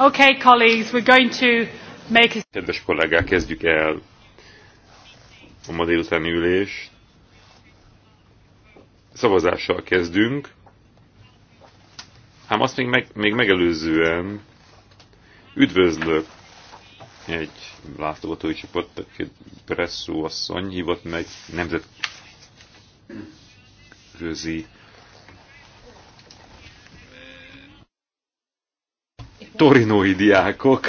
Okay, colleagues, we're going to make a... Kedves kollégák, kezdjük el a ma délutáni ülés. Szavazással kezdünk. Hát azt még, meg, még megelőzően üdvözlök egy látogatói csapat, egy presszó asszony hívott meg nemzetközi torinói diákok.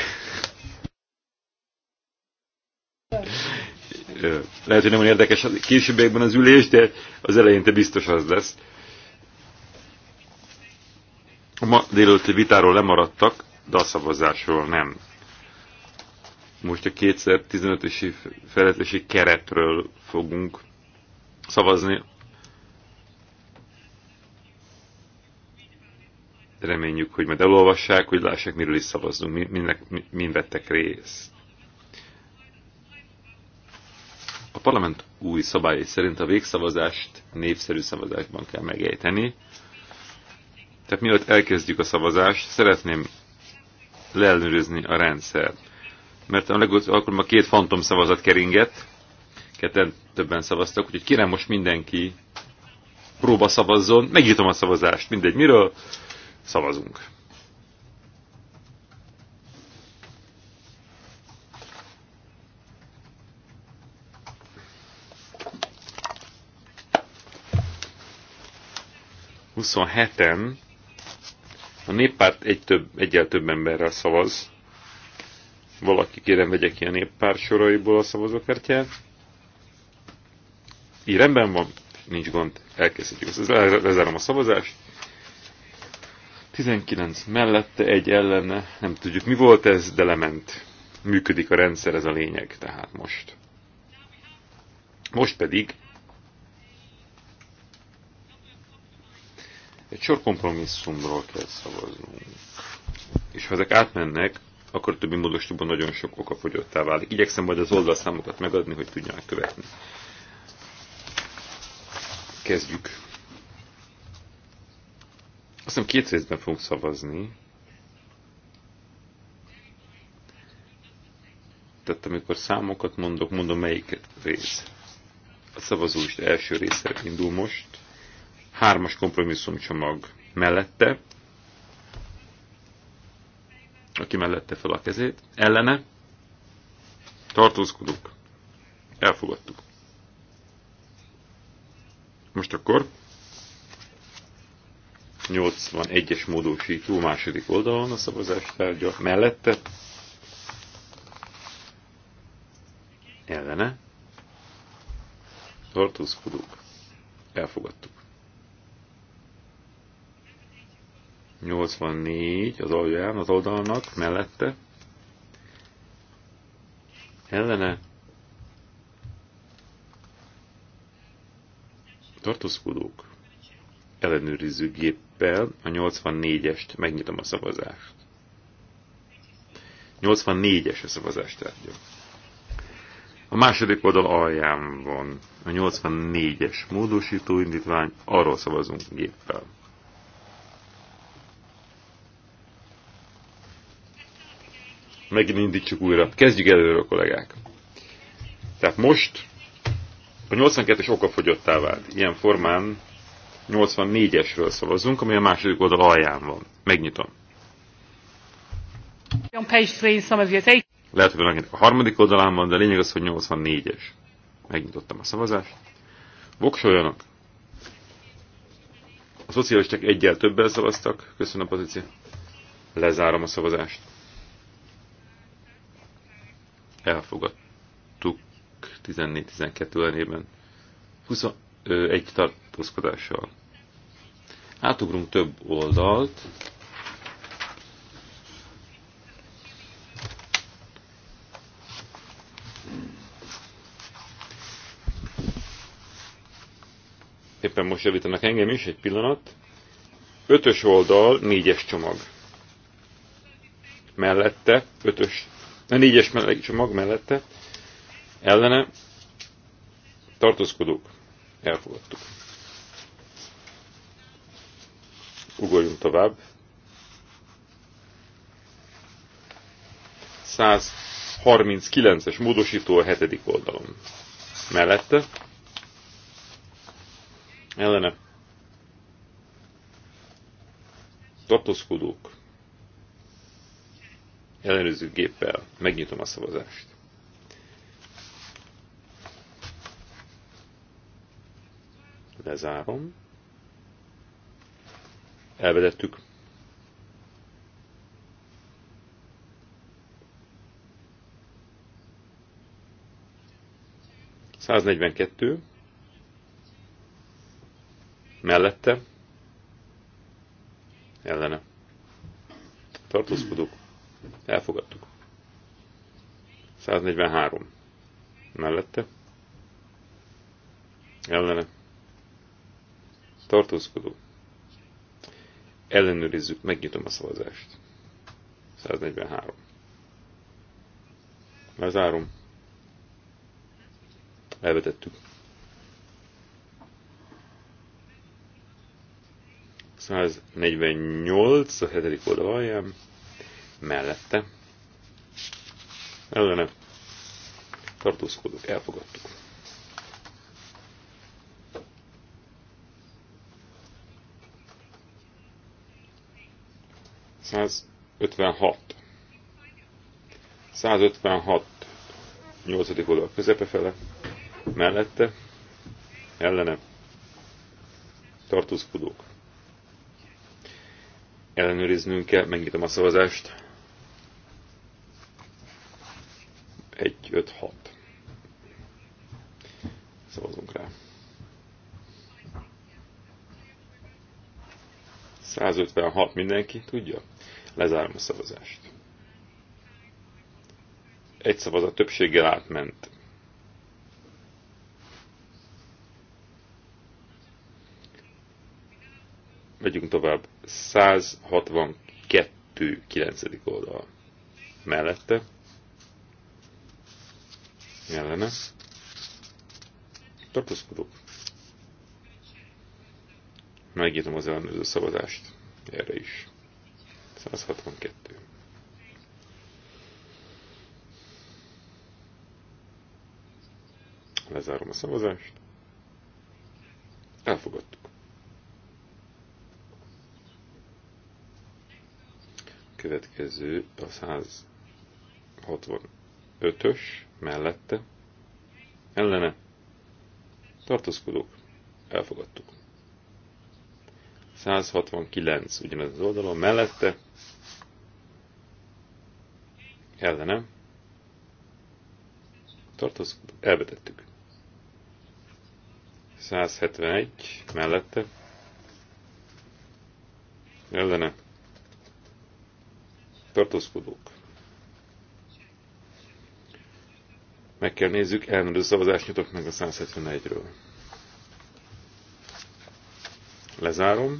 Lehet, hogy nem olyan érdekes későbbiekben az ülés, de az elején te biztos az lesz. A ma délőtti vitáról lemaradtak, de a szavazásról nem. Most a 2015-ös feletlesi keretről fogunk szavazni, Reményük, hogy majd elolvassák, hogy lássák, miről is szavazzunk, mind min vettek részt. A parlament új szabályai szerint a végszavazást népszerű szavazásban kell megejteni. Tehát mielőtt elkezdjük a szavazást, szeretném leellenőrizni a rendszer, Mert a legutóbb ma két fantom szavazat keringett, ketten többen szavaztak, úgyhogy kérem most mindenki próba szavazzon, megnyitom a szavazást, mindegy miről, Szavazunk. Huszonheten a néppárt egy több, egyel több emberrel szavaz. Valaki kérem vegye ki a néppárt soraiból a szavazókártyát. Így rendben van, nincs gond, elkészítjük. Lezárom a szavazást. 19 mellette, egy ellene, nem tudjuk mi volt ez, de lement. Működik a rendszer, ez a lényeg tehát most. Most pedig egy sor kompromisszumról kell szavaznunk. És ha ezek átmennek, akkor a többi módosítóban nagyon sok oka fogyottá válik. Igyekszem majd az oldalszámokat megadni, hogy tudják követni. Kezdjük. Azt hiszem két részben fogunk szavazni. Tehát amikor számokat mondok, mondom melyik rész. A szavazóist első része indul most. Hármas kompromisszumcsomag mellette. Aki mellette fel a kezét. Ellene. Tartózkodunk. Elfogadtuk. Most akkor 81-es módosító második oldalon a szavazás tárgya mellette. Ellene. Tartózkodók. Elfogadtuk. 84 az alján, az oldalnak, mellette. Ellene. Tartózkodók. Ellenőriző gép fel a 84-est, megnyitom a szavazást. 84-es a szavazás tárgya. A második oldal alján van a 84-es módosító indítvány, arról szavazunk géppel. Megint indítsuk újra. Kezdjük előről, kollégák. Tehát most a 82-es okafogyottá vált. Ilyen formán 84-esről szavazunk, ami a második oldal alján van. Megnyitom. Lehet, hogy a harmadik oldalán van, de lényeg az, hogy 84-es. Megnyitottam a szavazást. Voksoljanak. A szocialisták egyel többen szavaztak. Köszönöm a pozíció. Lezárom a szavazást. Elfogadtuk 14-12 ellenében. 20, egy tartózkodással. Átugrunk több oldalt. Éppen most javítanak engem is, egy pillanat. Ötös oldal, négyes csomag. Mellette, ötös, a négyes csomag mellette, ellene tartózkodók Elfogadtuk. Ugorjunk tovább. 139-es módosító a hetedik oldalon. Mellette. Ellene. Tartózkodók. Ellenőrző géppel megnyitom a szavazást. Lezárom. Elvedettük. negyvenkettő. Mellette. Ellene. Tartózkodók. Elfogadtuk. 143. Mellette. Ellene tartózkodó. Ellenőrizzük, megnyitom a szavazást. 143. Lezárom. Elvetettük. 148 a hetedik oldal alján, mellette, ellene tartózkodók, elfogadtuk. 156. 156. 8. oldal közepe fele. Mellette. Ellene. Tartózkodók. Ellenőriznünk kell. Megnyitom a szavazást. 1, 5, 6. Szavazunk rá. 156 mindenki tudja? Lezárom a szavazást. Egy szavazat többséggel átment. Megyünk tovább. 162. 9. oldal. Mellette. Ellene. Tartózkodók. Megírtam az ellenőző szavazást. Erre is. 162. Lezárom a szavazást. Elfogadtuk. Következő a 165-ös mellette. Ellene. Tartózkodók. Elfogadtuk. 169 ugyanaz az oldalon mellette, Ellenem. Tartoz, elvetettük. 171 mellette, ellene, tartózkodók. Meg kell nézzük, elmerő szavazást nyitok meg a 171-ről. Lezárom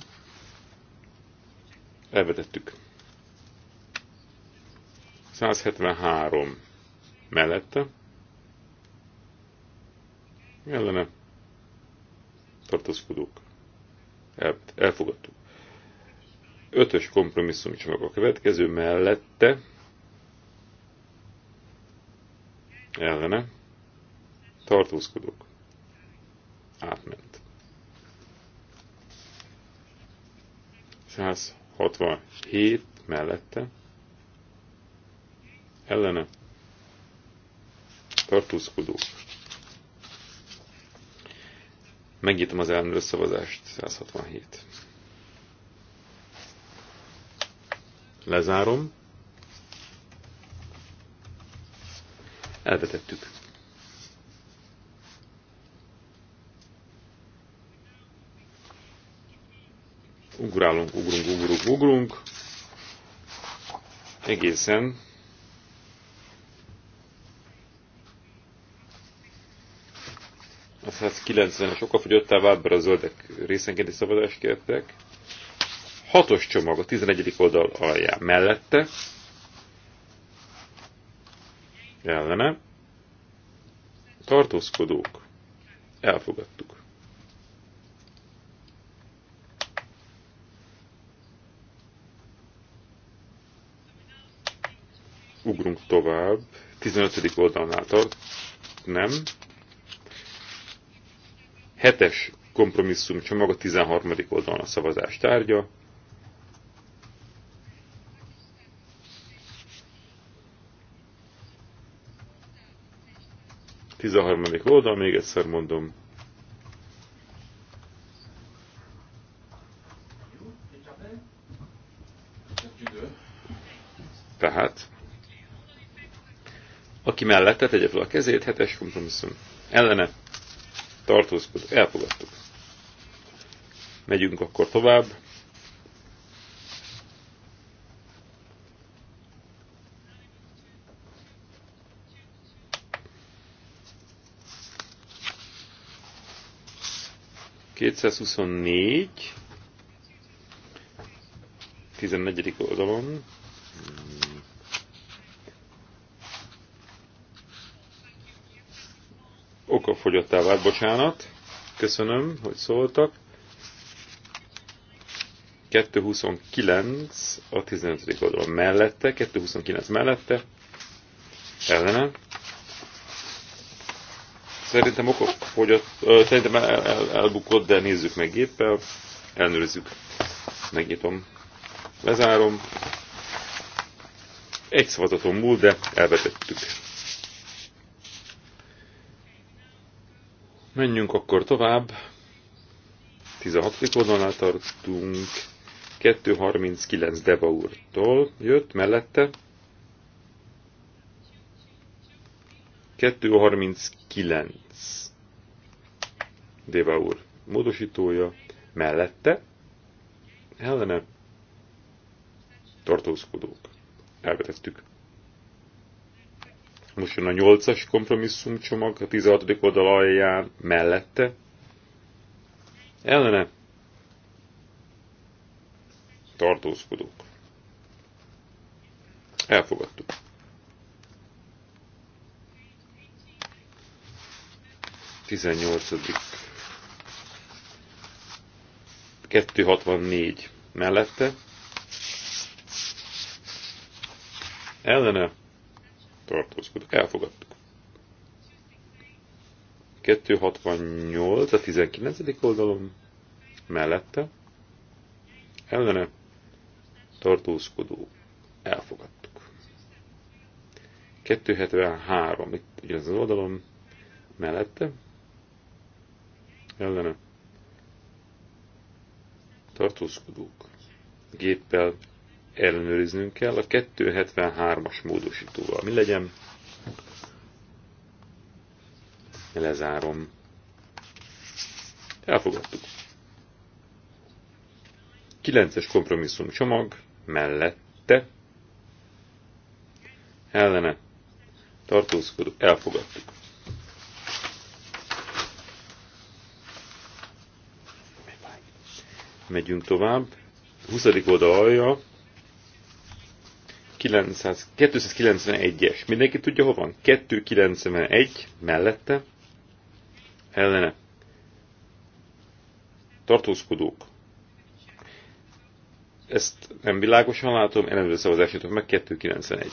elvetettük. 173 mellette, ellene tartózkodók, elfogadtuk. Ötös kompromisszumcsomag a következő mellette, ellene tartózkodók, átment. 100 67 mellette ellene tartózkodó. Megnyitom az ellenőrző szavazást, 167. Lezárom. Elvetettük. ugrálunk, ugrunk, ugrunk, ugrunk, egészen a 190-es okafogyottá vált, bár a zöldek részenkénti szabadást kértek. Hatos csomag a 11. oldal alján mellette. Ellene. Tartózkodók. Elfogadtuk. ugrunk tovább. 15. oldalnál tart. Nem. 7-es kompromisszum csomag a 13. oldalon a szavazás tárgya. Tizenharmadik oldal, még egyszer mondom, tehát aki mellette, tegye fel a kezét, hetes kompromisszum. Ellene tartózkodik, elfogadtuk. Megyünk akkor tovább. Kétszázhuszonnégy, tizennegyedik oldalon, fogyottá vált, bocsánat. Köszönöm, hogy szóltak. 229 a 15. oldalon mellette, 229 mellette, ellene. Szerintem fogyott, ö, szerintem el, el, elbukott, de nézzük meg géppel, elnőrizzük. Megnyitom, lezárom. Egy szavazaton múl, de elvetettük. Menjünk akkor tovább. 16. oldalnál tartunk. 239 Deva úrtól jött, mellette. 239 Deva úr módosítója, mellette ellene tartózkodók. Elvetettük. Most jön a 8-as kompromisszumcsomag, a 16. oldal alján mellette. Ellene tartózkodók. Elfogadtuk. Tizennyolcadik. 264 mellette. Ellene tartózkodik. Elfogadtuk. 268 a 19. oldalon mellette ellene tartózkodó elfogadtuk. 273 itt ugye az oldalon mellette ellene tartózkodók géppel ellenőriznünk kell a 273-as módosítóval. Mi legyen? Lezárom. Elfogadtuk. 9-es kompromisszum csomag mellette ellene tartózkodó elfogadtuk. Megyünk tovább. 20. alja. 291-es. Mindenki tudja, hol van? 291 mellette ellene. Tartózkodók. Ezt nem világosan látom, ellenőrző szavazásítok meg 291.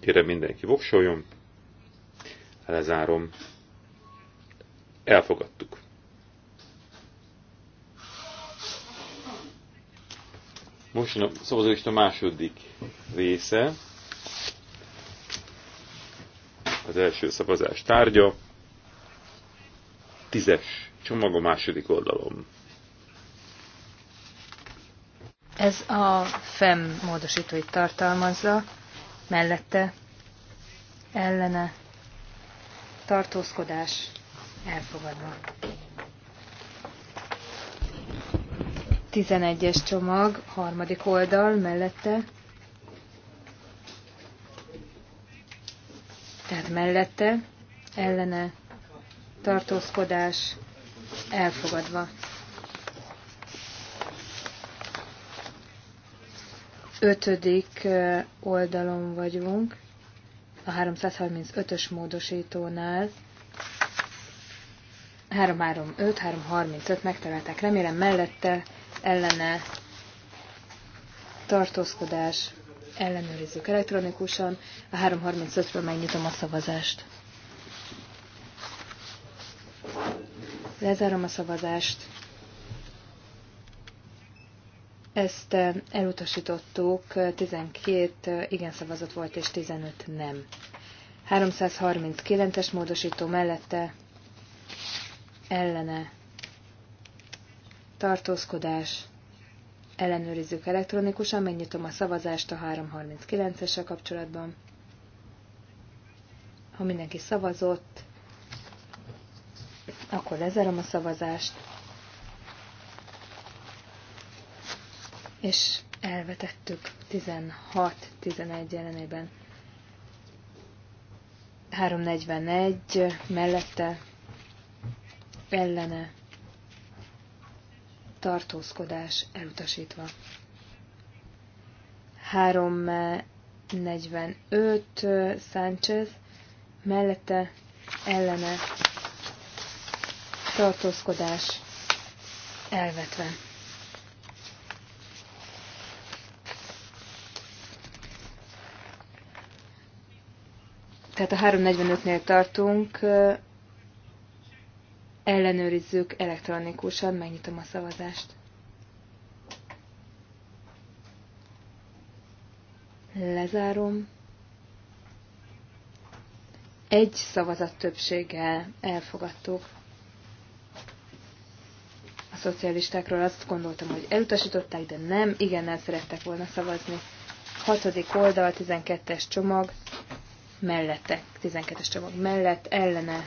Kérem mindenki voksoljon. Lezárom. Elfogadtuk. Most a a második része, az első szavazás tárgya, tízes csomag a második oldalon. Ez a FEM módosítóit tartalmazza, mellette ellene tartózkodás elfogadva. 11-es csomag, harmadik oldal mellette. Tehát mellette, ellene, tartózkodás, elfogadva. Ötödik oldalon vagyunk, a 335-ös módosítónál. 335, 335 megtalálták, remélem mellette ellene tartózkodás ellenőrizzük elektronikusan. A 335-ről megnyitom a szavazást. Lezárom a szavazást. Ezt eh, elutasítottuk, 12 eh, eh, igen szavazat volt és 15 nem. 339-es módosító mellette ellene tartózkodás, ellenőrizzük elektronikusan, megnyitom a szavazást a 339-essel kapcsolatban. Ha mindenki szavazott, akkor lezárom a szavazást, és elvetettük 16-11 jelenében. 341 mellette ellene tartózkodás elutasítva. 345 Sánchez mellette ellene tartózkodás elvetve. Tehát a 345-nél tartunk, ellenőrizzük elektronikusan, megnyitom a szavazást. Lezárom. Egy szavazat többséggel elfogadtuk. A szocialistákról azt gondoltam, hogy elutasították, de nem, Igen, el szerettek volna szavazni. Hatodik oldal, 12-es csomag mellette, 12-es csomag mellett, ellene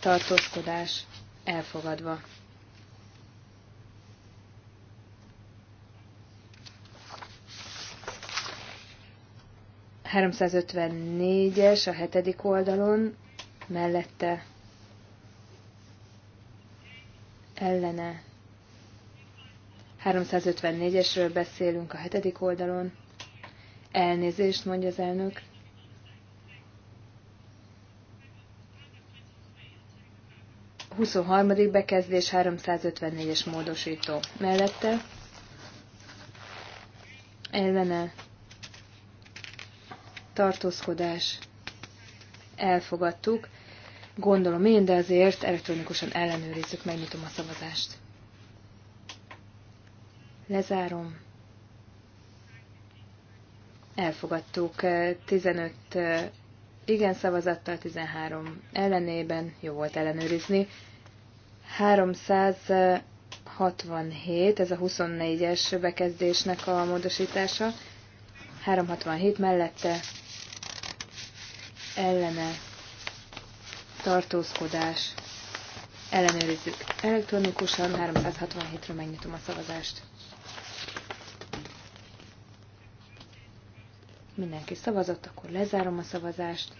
tartózkodás elfogadva. es a hetedik oldalon, mellette ellene. 354-esről beszélünk a hetedik oldalon. Elnézést, mondja az elnök. 23. bekezdés 354-es módosító mellette. Ellene tartózkodás elfogadtuk. Gondolom én, de azért elektronikusan ellenőrizzük, megnyitom a szavazást. Lezárom. Elfogadtuk 15 igen szavazattal, 13 ellenében, jó volt ellenőrizni. 367, ez a 24-es bekezdésnek a módosítása. 367 mellette ellene tartózkodás. Ellenőrizzük elektronikusan, 367-ről megnyitom a szavazást. Mindenki szavazott, akkor lezárom a szavazást.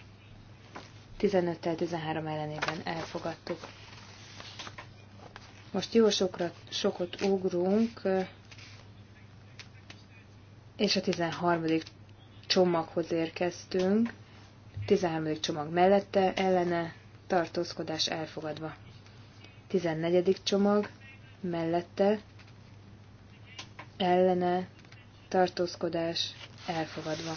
15-13 ellenében elfogadtuk. Most jó sokra, sokot ugrunk, eh, és a 13. csomaghoz érkeztünk. 13. csomag mellette, ellene, tartózkodás elfogadva. 14. csomag mellette, ellene, tartózkodás elfogadva.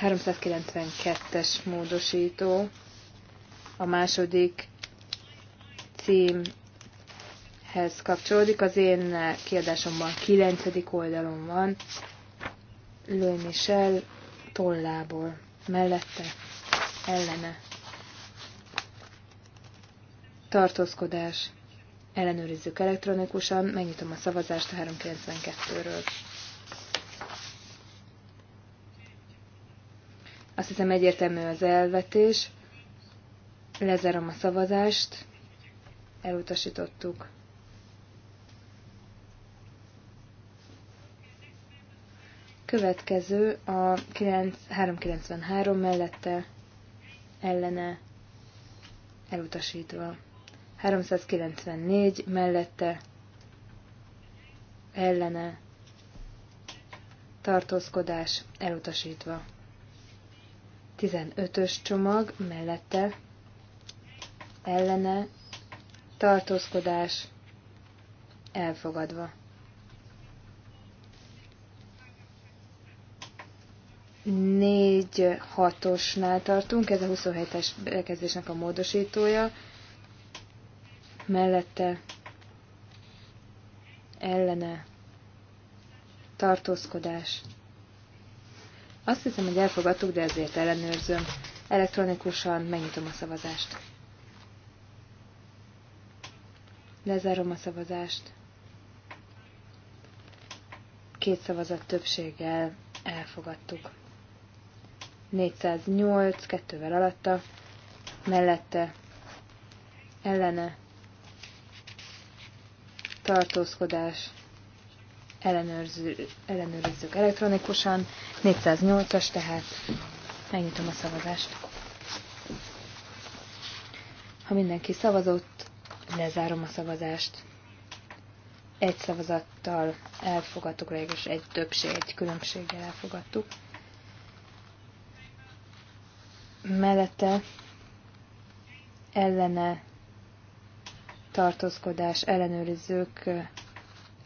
392-es módosító, a második címhez kapcsolódik. Az én kiadásomban kilencedik oldalon van. Le Michel tollából. Mellette. Ellene. Tartózkodás. Ellenőrizzük elektronikusan. Megnyitom a szavazást a 392-ről. Azt hiszem egyértelmű az elvetés. Lezárom a szavazást elutasítottuk. Következő a 393 mellette ellene elutasítva. 394 mellette ellene tartózkodás elutasítva. 15-ös csomag mellette ellene tartózkodás elfogadva. Négy hatosnál tartunk, ez a 27-es bekezdésnek a módosítója. Mellette ellene tartózkodás. Azt hiszem, hogy elfogadtuk, de ezért ellenőrzöm. Elektronikusan megnyitom a szavazást. Lezárom a szavazást. Két szavazat többséggel elfogadtuk. 408, kettővel alatta, mellette, ellene, tartózkodás, ellenőrző, ellenőrizzük elektronikusan, 408-as, tehát megnyitom a szavazást. Ha mindenki szavazott, Lezárom a szavazást. Egy szavazattal elfogadtuk, legalábbis egy többség, egy különbséggel elfogadtuk. Mellette ellene tartózkodás ellenőrizők,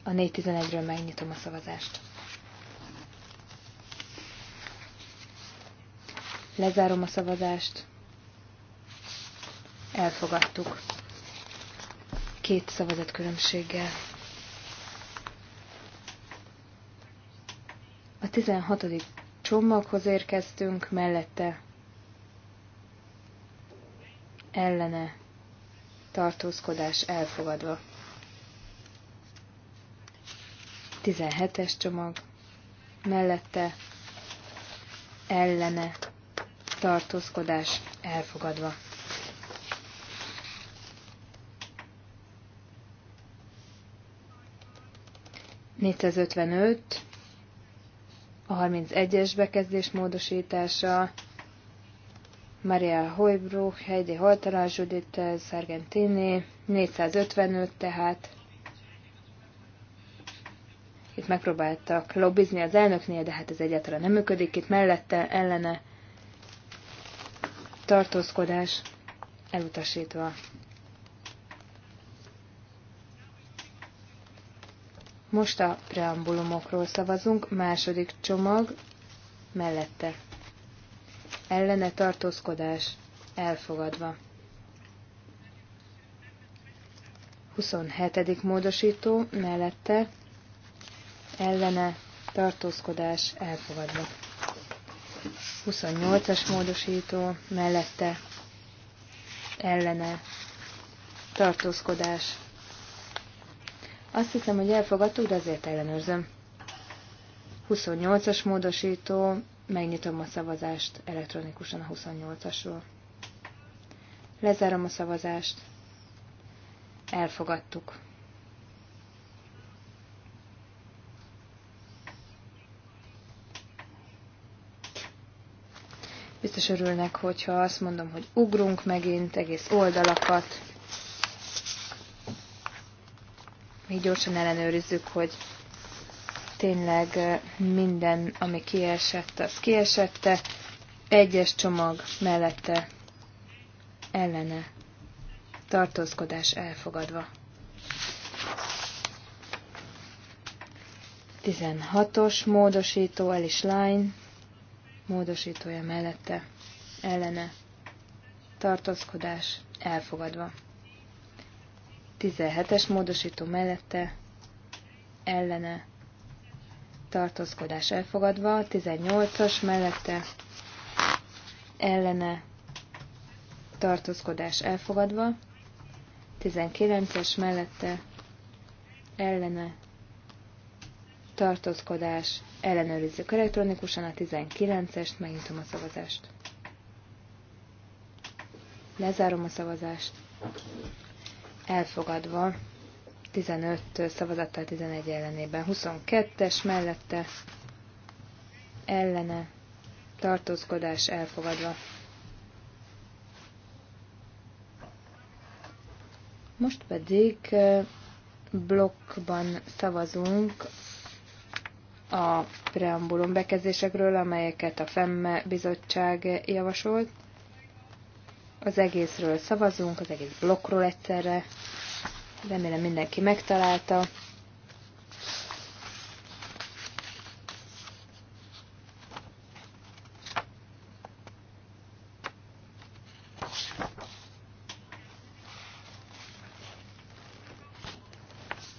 a 411-ről megnyitom a szavazást. Lezárom a szavazást. Elfogadtuk két szavazat különbséggel. A 16. csomaghoz érkeztünk, mellette ellene tartózkodás elfogadva. 17-es csomag, mellette ellene tartózkodás elfogadva. 455, a 31-es bekezdés módosítása, Maria Hoybruch, Heidi Holtalan, Judith Sargentini, 455 tehát. Itt megpróbáltak lobbizni az elnöknél, de hát ez egyáltalán nem működik. Itt mellette ellene tartózkodás elutasítva. Most a preambulumokról szavazunk, második csomag mellette. Ellene tartózkodás elfogadva. 27. módosító mellette ellene tartózkodás elfogadva. 28-as módosító mellette ellene tartózkodás azt hiszem, hogy elfogadtuk, de azért ellenőrzöm. 28-as módosító, megnyitom a szavazást elektronikusan a 28-asról. Lezárom a szavazást. Elfogadtuk. Biztos örülnek, hogyha azt mondom, hogy ugrunk megint egész oldalakat. még gyorsan ellenőrizzük, hogy tényleg minden, ami kiesett, az kiesette. Egyes csomag mellette ellene tartózkodás elfogadva. 16-os módosító, el is line, módosítója mellette, ellene, tartózkodás elfogadva. 17-es módosító mellette ellene tartózkodás elfogadva, 18-as mellette ellene tartózkodás elfogadva, 19-es mellette ellene tartózkodás, ellenőrizzük elektronikusan a 19-est, megnyitom a szavazást. Lezárom a szavazást elfogadva 15 szavazattal 11 ellenében. 22-es mellette ellene tartózkodás elfogadva. Most pedig eh, blokkban szavazunk a preambulum bekezdésekről, amelyeket a FEMME bizottság javasolt. Az egészről szavazunk, az egész blokkról egyszerre. Remélem mindenki megtalálta.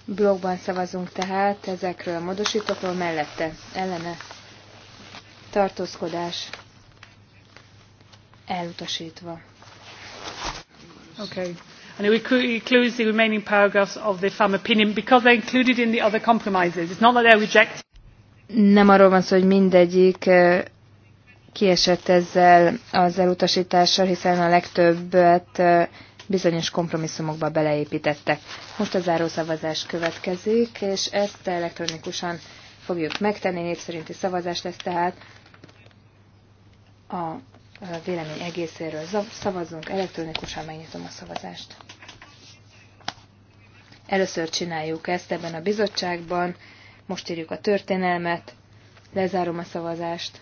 Blogban szavazunk tehát ezekről a módosítókról mellette, ellene tartózkodás elutasítva. Okay. And it includes the remaining paragraphs of the FAM opinion because they're included in the other compromises. It's not that they're rejected. Nem arról van szó, hogy mindegyik kiesett ezzel az elutasítással, hiszen a legtöbbet bizonyos kompromisszumokba beleépítettek. Most a zárószavazás következik, és ezt elektronikusan fogjuk megtenni, népszerinti szavazás lesz tehát a vélemény egészéről szavazzunk elektronikusan, megnyitom a szavazást. Először csináljuk ezt ebben a bizottságban, most írjuk a történelmet, lezárom a szavazást.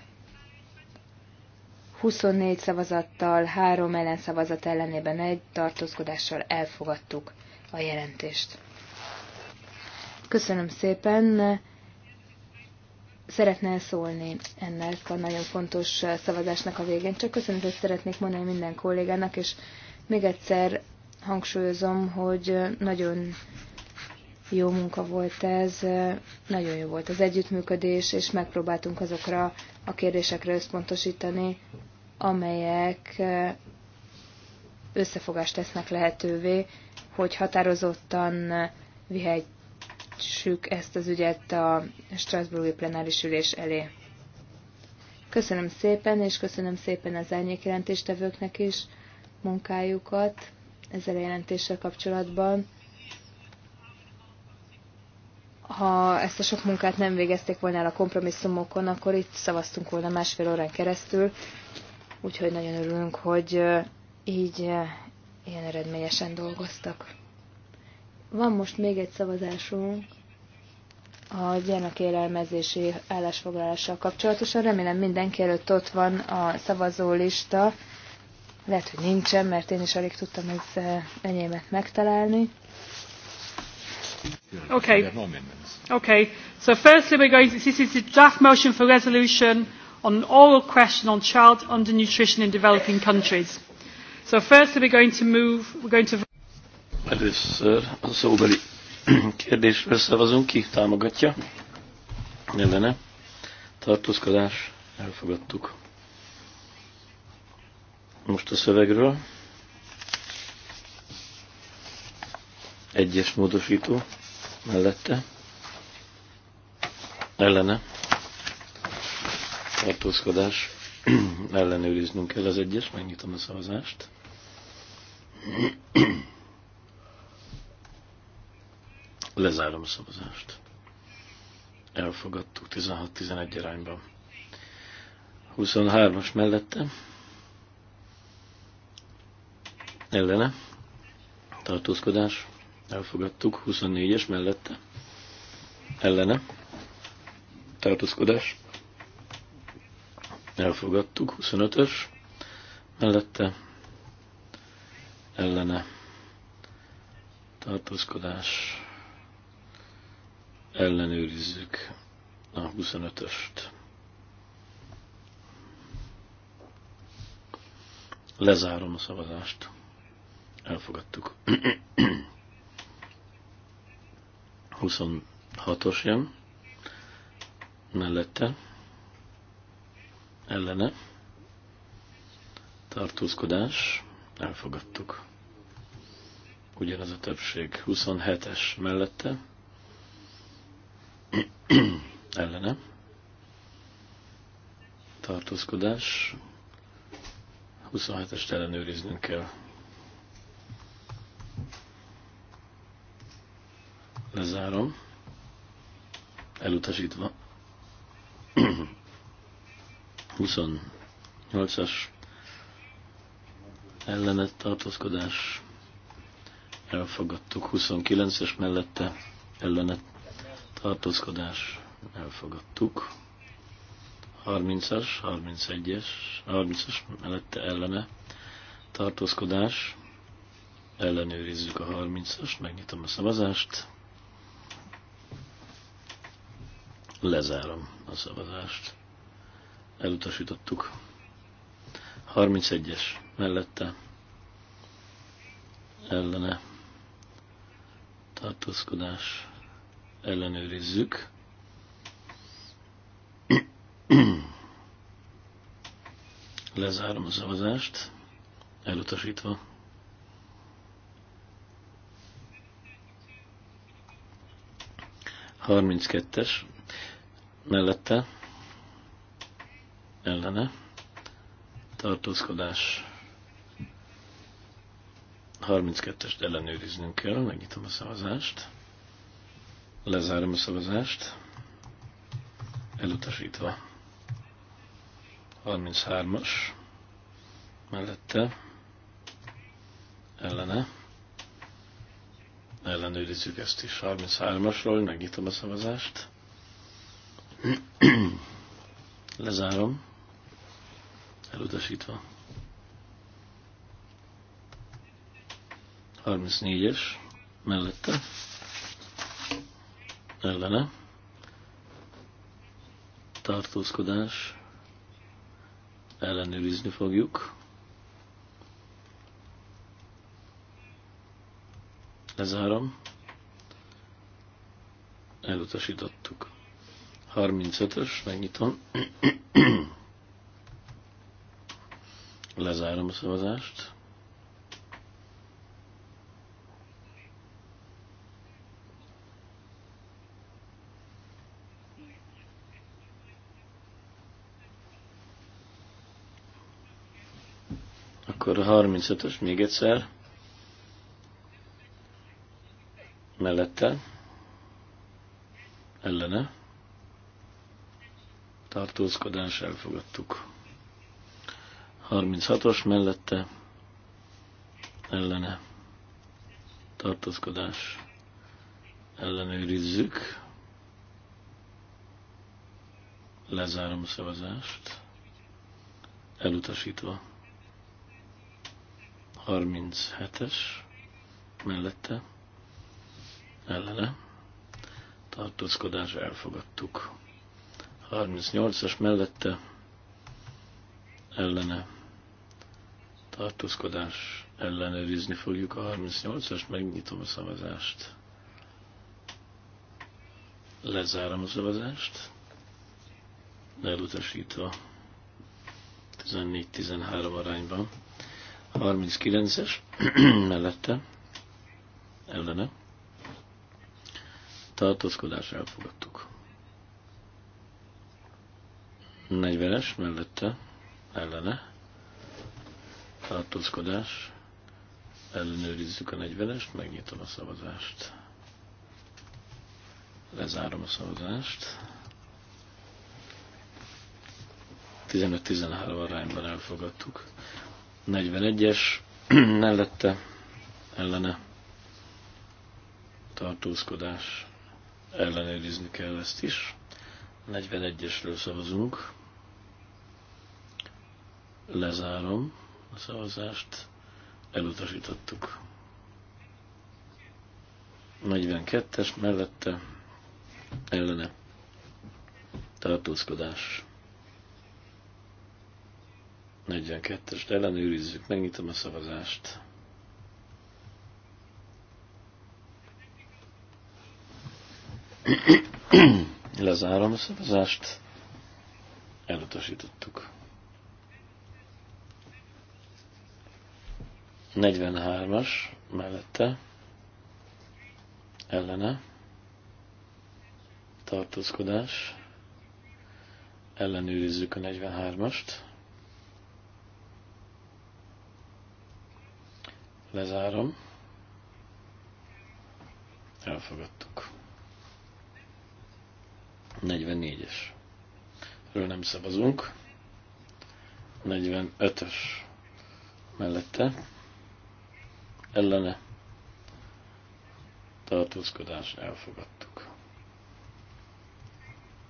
24 szavazattal, 3 ellenszavazat ellenében egy tartózkodással elfogadtuk a jelentést. Köszönöm szépen! szeretne szólni ennek a nagyon fontos uh, szavazásnak a végén. Csak köszönetet szeretnék mondani minden kollégának, és még egyszer hangsúlyozom, hogy uh, nagyon jó munka volt ez, uh, nagyon jó volt az együttműködés, és megpróbáltunk azokra a kérdésekre összpontosítani, amelyek összefogást tesznek lehetővé, hogy határozottan vihetjük terjessük ezt az ügyet a Strasbourgi plenáris ülés elé. Köszönöm szépen, és köszönöm szépen az árnyék jelentéstevőknek is munkájukat ezzel a jelentéssel kapcsolatban. Ha ezt a sok munkát nem végezték volna el a kompromisszumokon, akkor itt szavaztunk volna másfél órán keresztül, úgyhogy nagyon örülünk, hogy így ilyen eredményesen dolgoztak. Van most még egy szavazásunk a gyermekélelmezési állásfoglalással kapcsolatosan. Remélem mindenki előtt ott van a szavazólista. Lehet, hogy nincsen, mert én is alig tudtam ez eh, enyémet megtalálni. Okay. Okay. So firstly we're going to, this is a draft motion for resolution on an oral question on child undernutrition in developing countries. So firstly we're going to move, we're going to Először a szóbeli kérdésről szavazunk. Ki támogatja? Nevene, Tartózkodás. Elfogadtuk. Most a szövegről. Egyes módosító mellette. Ellene. Tartózkodás. Ellenőriznünk kell az egyes. Megnyitom a szavazást. Lezárom a szavazást. Elfogadtuk 16-11 arányban. 23-as mellette. Ellene. Tartózkodás. Elfogadtuk. 24-es mellette. Ellene. Tartózkodás. Elfogadtuk. 25-ös mellette. Ellene. Tartózkodás ellenőrizzük a 25-öst. Lezárom a szavazást. Elfogadtuk. 26-os jön. Mellette. Ellene. Tartózkodás. Elfogadtuk. Ugyanaz a többség. 27-es mellette ellene tartózkodás. 27-est ellenőriznünk kell. Lezárom. Elutasítva. 28-as ellenet tartózkodás. Elfogadtuk 29-es mellette ellenet tartózkodás elfogadtuk. 30-as, 31-es, 30-as mellette ellene tartózkodás. Ellenőrizzük a 30 as megnyitom a szavazást. Lezárom a szavazást. Elutasítottuk. 31-es mellette ellene tartózkodás ellenőrizzük. Lezárom a szavazást, elutasítva. kettes mellette ellene tartózkodás 32-est ellenőriznünk kell, megnyitom a szavazást. Lezárom a szavazást. Elutasítva. 33-as. Mellette. Ellene. Ellenőrizzük ezt is. 33-asról megnyitom a szavazást. Lezárom. Elutasítva. 34-es mellette ellene, tartózkodás, ellenőrizni fogjuk. Lezárom. Elutasítottuk. 35-ös, megnyitom. Lezárom a szavazást. Akkor a 35-ös még egyszer. Mellette. Ellene. Tartózkodás elfogadtuk. 36-os mellette. Ellene. Tartózkodás ellenőrizzük. Lezárom a szavazást. Elutasítva. 37-es mellette ellene tartózkodás elfogadtuk. 38-as mellette ellene tartózkodás ellenőrizni fogjuk a 38-as, megnyitom a szavazást. Lezárom a szavazást, elutasítva 14-13 arányban. 39-es mellette ellene tartózkodás elfogadtuk. 40-es mellette ellene tartózkodás ellenőrizzük a 40-est, megnyitom a szavazást. Lezárom a szavazást. 15-13 arányban elfogadtuk. 41-es mellette ellene tartózkodás ellenőrizni kell ezt is. 41-esről szavazunk. Lezárom a szavazást. Elutasítottuk. 42-es mellette ellene tartózkodás 42-est ellenőrizzük, megnyitom a szavazást. Lezárom a szavazást. Elutasítottuk. 43-as mellette ellene tartózkodás ellenőrizzük a 43-ast. Lezárom. Elfogadtuk. 44-es. Ről nem szavazunk. 45-ös mellette. Ellene tartózkodás elfogadtuk.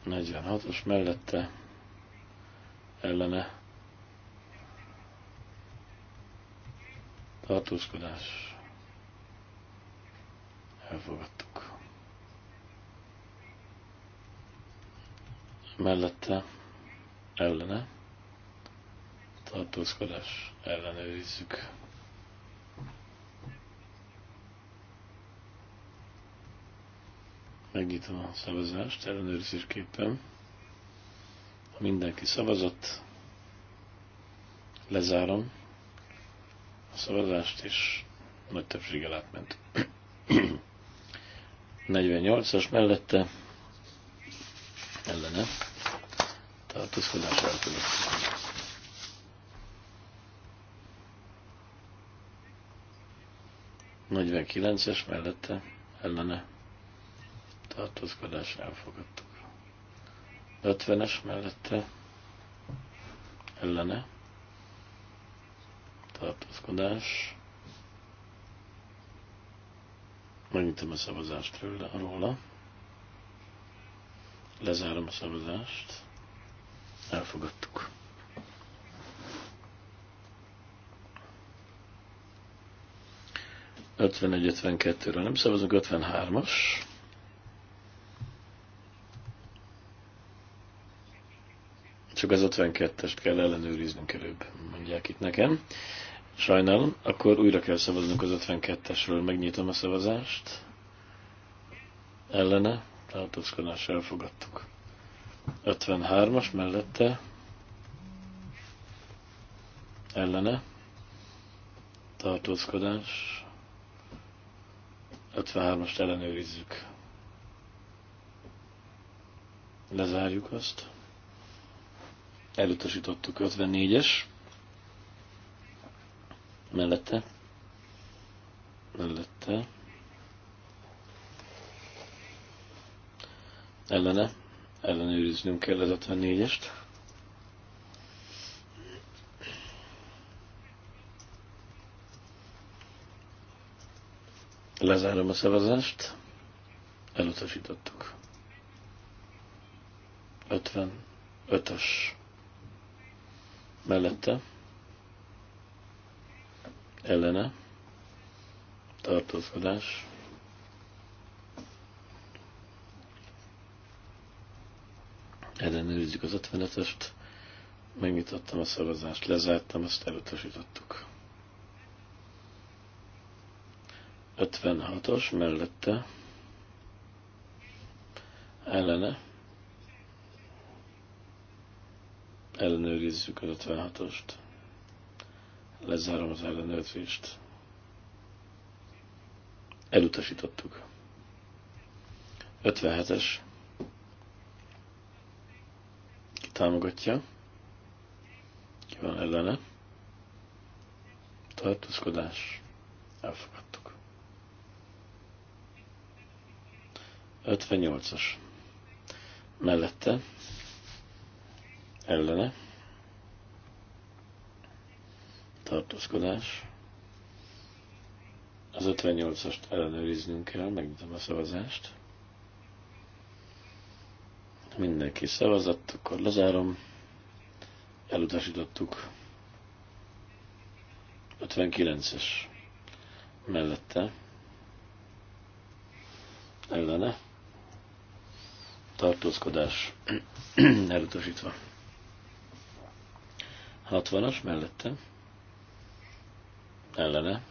46-os mellette ellene tartózkodás elfogadtuk. Mellette ellene tartózkodás ellenőrizzük. Megnyitom a szavazást ellenőrzésképpen. Ha mindenki szavazott, lezárom a szavazást, és nagy többséggel átment. 48-as mellette ellene tartózkodás elkövetkezik. es mellette ellene tartózkodás elfogadtuk. 50-es mellette ellene tartózkodás. Megnyitom a szavazást róla. Lezárom a szavazást. Elfogadtuk. Ötvenegy, ről nem szavazunk, 53-as. Csak az 52-est kell ellenőriznünk előbb, mondják itt nekem. Sajnálom, akkor újra kell szavaznunk az 52-esről. Megnyitom a szavazást. Ellene, tartózkodás elfogadtuk. 53-as mellette. Ellene, tartózkodás. 53-ast ellenőrizzük. Lezárjuk azt. Elutasítottuk 54-es mellette, mellette, ellene, ellenőriznünk kell az 54-est. Lezárom a szavazást, elutasítottuk. 55-ös mellette ellene tartózkodás. Ellenőrizzük az 55-est, megnyitottam a szavazást, lezártam, azt elutasítottuk. 56-os mellette ellene ellenőrizzük az 56-ost. Lezárom az ellenőrzést. Elutasítottuk. 57-es. Ki támogatja? Ki van ellene? Tartózkodás. Elfogadtuk. 58-as. Mellette. Ellene tartózkodás. Az 58-ast ellenőriznünk kell, megnyitom a szavazást. Mindenki szavazott, akkor lezárom. Elutasítottuk. 59-es mellette. Ellene. Tartózkodás elutasítva. 60-as mellette ellene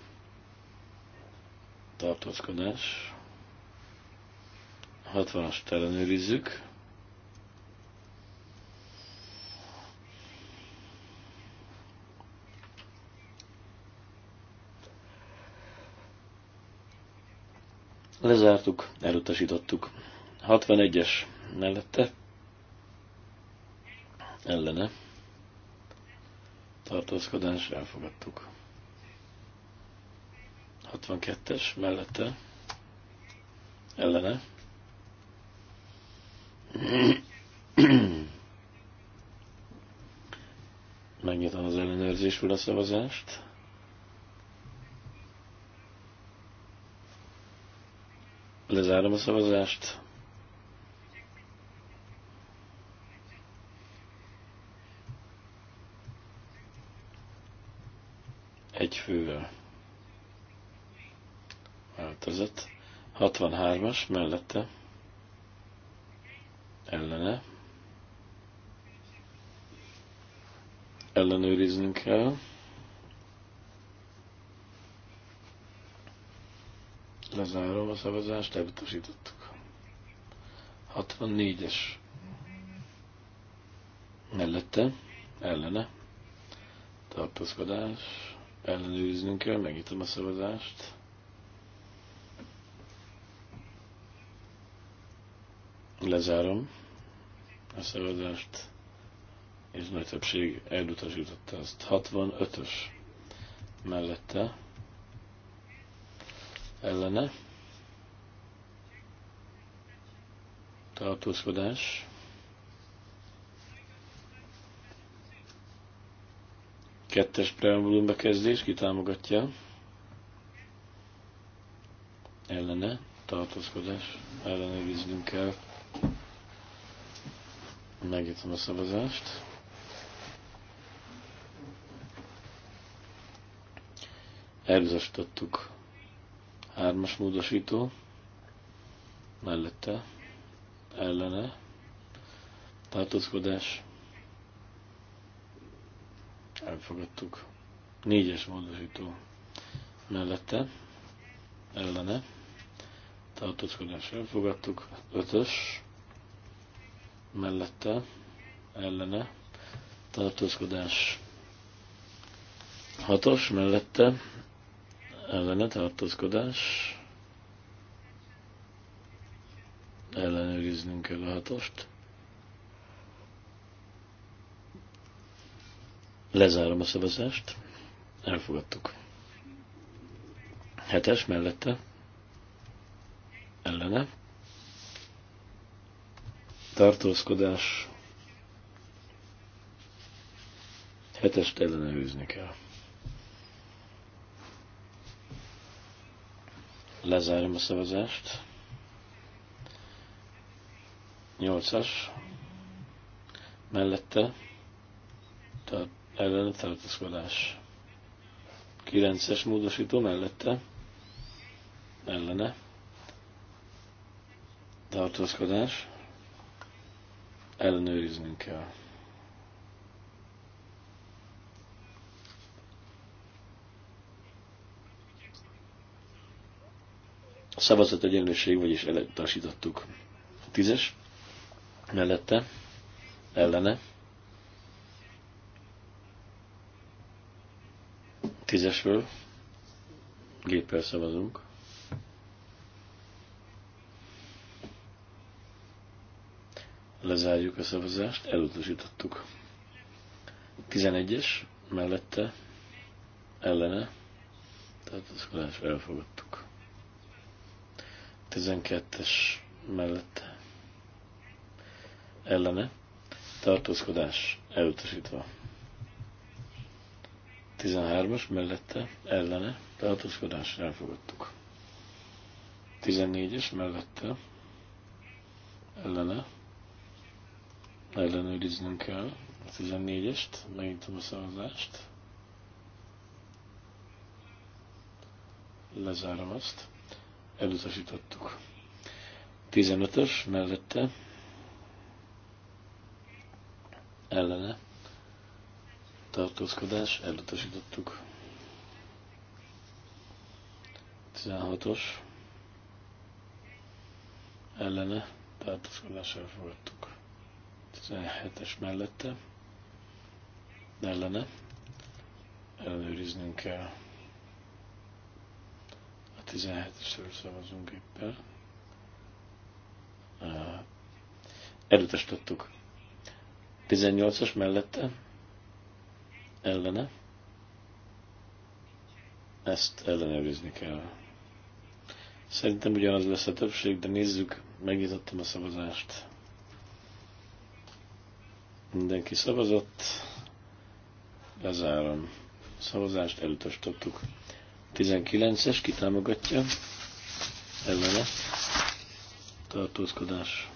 tartózkodás. 60 as ellenőrizzük. Lezártuk, elutasítottuk. 61-es mellette, ellene, tartózkodás, elfogadtuk. 62-es mellette ellene. Megnyitom az ellenőrzésül a szavazást. Lezárom a szavazást. Egy fővel. Változat. 63-as mellette. Ellene. Ellenőriznünk kell. Lezárom a szavazást, elutasítottuk. 64-es. Mellette. Ellene. Tartózkodás. Ellenőriznünk kell, megnyitom a szavazást. Lezárom a szavazást, és nagy többség elutasította azt. 65-ös mellette ellene tartózkodás. Kettes preambulum bekezdés, ki támogatja? Ellene, tartózkodás, ellenőriznünk kell. Megnyitom a szavazást. Elvizasítottuk hármas módosító mellette, ellene, tartózkodás, elfogadtuk. Négyes módosító mellette, ellene, tartózkodás elfogadtuk, ötös, mellette ellene tartózkodás hatos mellette ellene tartózkodás ellenőriznünk kell a hatost lezárom a szavazást elfogadtuk hetes mellette ellene tartózkodás, hetest ellenőrizni kell. Lezárom a szavazást. nyolcas, mellette tehát ellene tartózkodás. Kilences módosító mellette ellene tartózkodás ellenőriznünk kell. A szavazat egyenlőség, vagyis elutasítottuk. A tízes mellette, ellene. Tízesről géppel szavazunk. Lezárjuk a szavazást, elutasítottuk. 11-es mellette, ellene, tehát a szavazást elfogadtuk. 12-es mellette, ellene, tartózkodás elutasítva. 13-as mellette, ellene, tartózkodás elfogadtuk. 14-es mellette, ellene, ellenőriznünk kell a 14-est, megintem a szavazást. Lezárom azt. Elutasítottuk. 15-ös mellette ellene tartózkodás, elutasítottuk. 16-os ellene tartózkodás elfogadtuk. 17-es mellette ellene ellenőriznünk kell. A 17-esről szavazunk éppen. Elutasítottuk. 18-as mellette ellene ezt ellenőrizni kell. Szerintem ugyanaz lesz a többség, de nézzük, megnyitottam a szavazást. Mindenki szavazott. Lezárom. Szavazást elutasítottuk. 19-es kitámogatja. Ellene. Tartózkodás.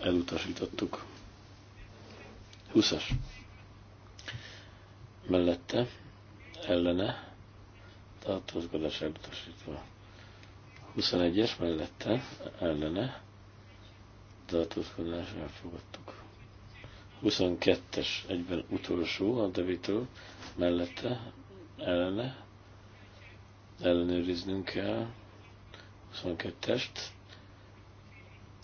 Elutasítottuk. 20-as. Mellette. Ellene. Tartózkodás elutasítva. 21-es mellette, ellene, tartózkodás elfogadtuk. 22-es egyben utolsó a Devitől mellette ellene ellenőriznünk kell 22-est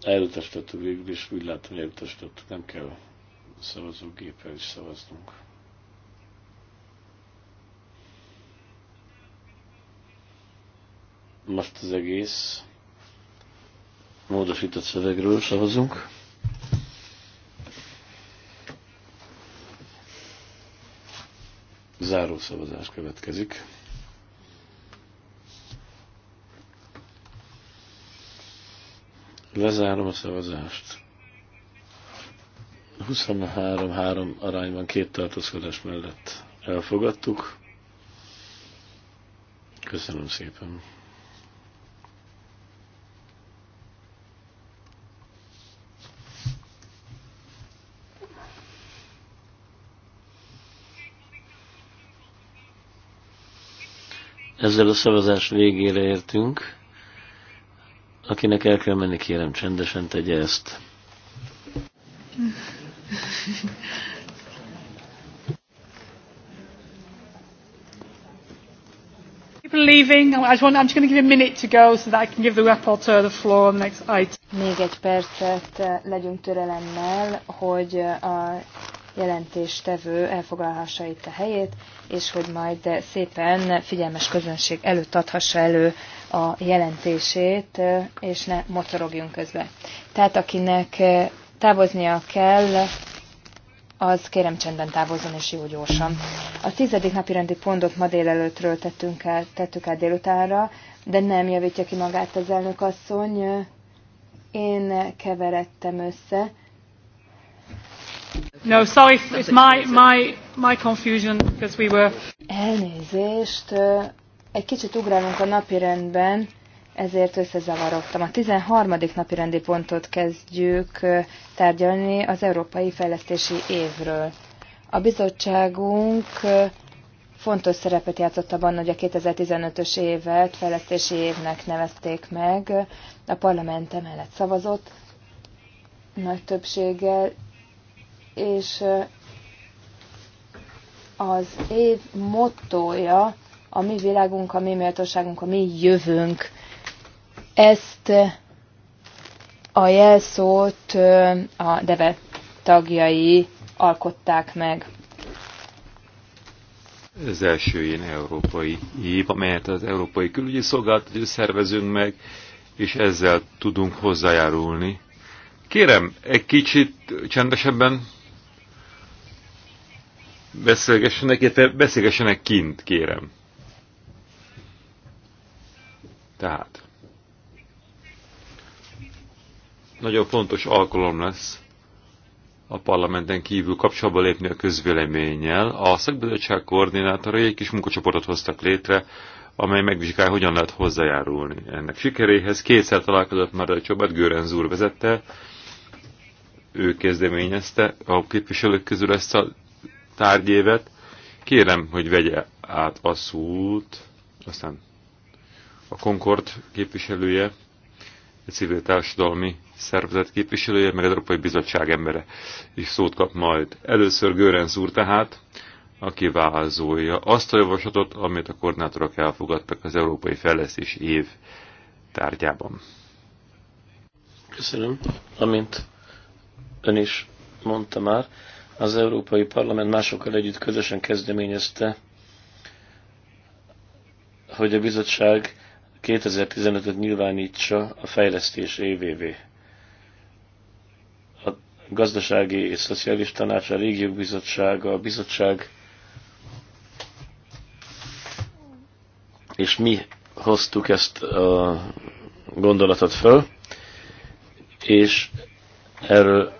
elutasítottuk végül és úgy látom, hogy elutasítottuk nem kell szavazógéppel is szavaznunk most az egész módosított szövegről szavazunk Záró szavazás következik. Lezárom a szavazást. 23-3 arányban két tartózkodás mellett elfogadtuk. Köszönöm szépen. Ezzel a szavazás végére értünk. Akinek el kell menni, kérem csendesen tegye ezt. People leaving. I just want, I'm just going to give a minute to go so that I can give the rapporteur the floor on the next item. Még egy percet legyünk türelemmel, hogy a jelentéstevő elfoglalhassa itt a helyét, és hogy majd szépen figyelmes közönség előtt adhassa elő a jelentését, és ne motorogjunk közben. Tehát akinek távoznia kell, az kérem csendben távozzon és jó gyorsan. A tizedik napi rendi pontot ma délelőttről tettünk el, tettük el délutánra, de nem javítja ki magát az elnök asszony. Én keveredtem össze. No, sorry, it's my, my, my confusion, because we were... Elnézést, egy kicsit ugrálunk a napirendben, ezért összezavarodtam. A 13. napirendi pontot kezdjük tárgyalni az Európai Fejlesztési Évről. A bizottságunk fontos szerepet játszott abban, hogy a 2015-ös évet fejlesztési évnek nevezték meg. A parlament emellett szavazott nagy többséggel, és az év mottója a mi világunk, a mi méltóságunk, a mi jövőnk. Ezt a jelszót a DEVE tagjai alkották meg. Ez első ilyen európai év, amelyet az Európai Külügyi Szolgálat szervezünk meg, és ezzel tudunk hozzájárulni. Kérem, egy kicsit csendesebben beszélgessenek, illetve beszélgessenek kint, kérem. Tehát. Nagyon fontos alkalom lesz a parlamenten kívül kapcsolatba lépni a közvéleménnyel. A szakbizottság koordinátorai egy kis munkacsoportot hoztak létre, amely megvizsgálja, hogyan lehet hozzájárulni ennek sikeréhez. Kétszer találkozott már a csapat, Görenz úr vezette, ő kezdeményezte a képviselők közül ezt a tárgyévet. Kérem, hogy vegye át a szót, aztán a Concord képviselője, egy civil társadalmi szervezet képviselője, meg az Európai Bizottság embere is szót kap majd. Először Görenz úr tehát, aki vázolja azt a javaslatot, amit a koordinátorok elfogadtak az Európai Fejlesztés év tárgyában. Köszönöm, amint ön is mondta már. Az Európai Parlament másokkal együtt közösen kezdeményezte, hogy a bizottság 2015-öt nyilvánítsa a fejlesztés évévé. A gazdasági és szociális tanács, a régiók bizottsága, a bizottság és mi hoztuk ezt a gondolatot föl, és erről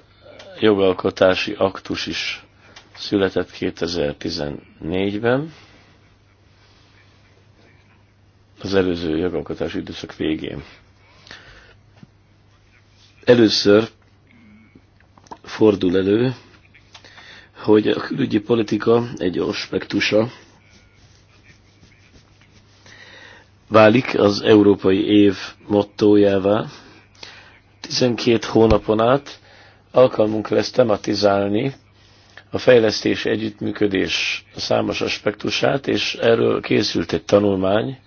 jogalkotási aktus is született 2014-ben, az előző jogalkotási időszak végén. Először fordul elő, hogy a külügyi politika egy aspektusa válik az európai év mottójává. 12 hónapon át alkalmunk lesz tematizálni a fejlesztés együttműködés számos aspektusát, és erről készült egy tanulmány,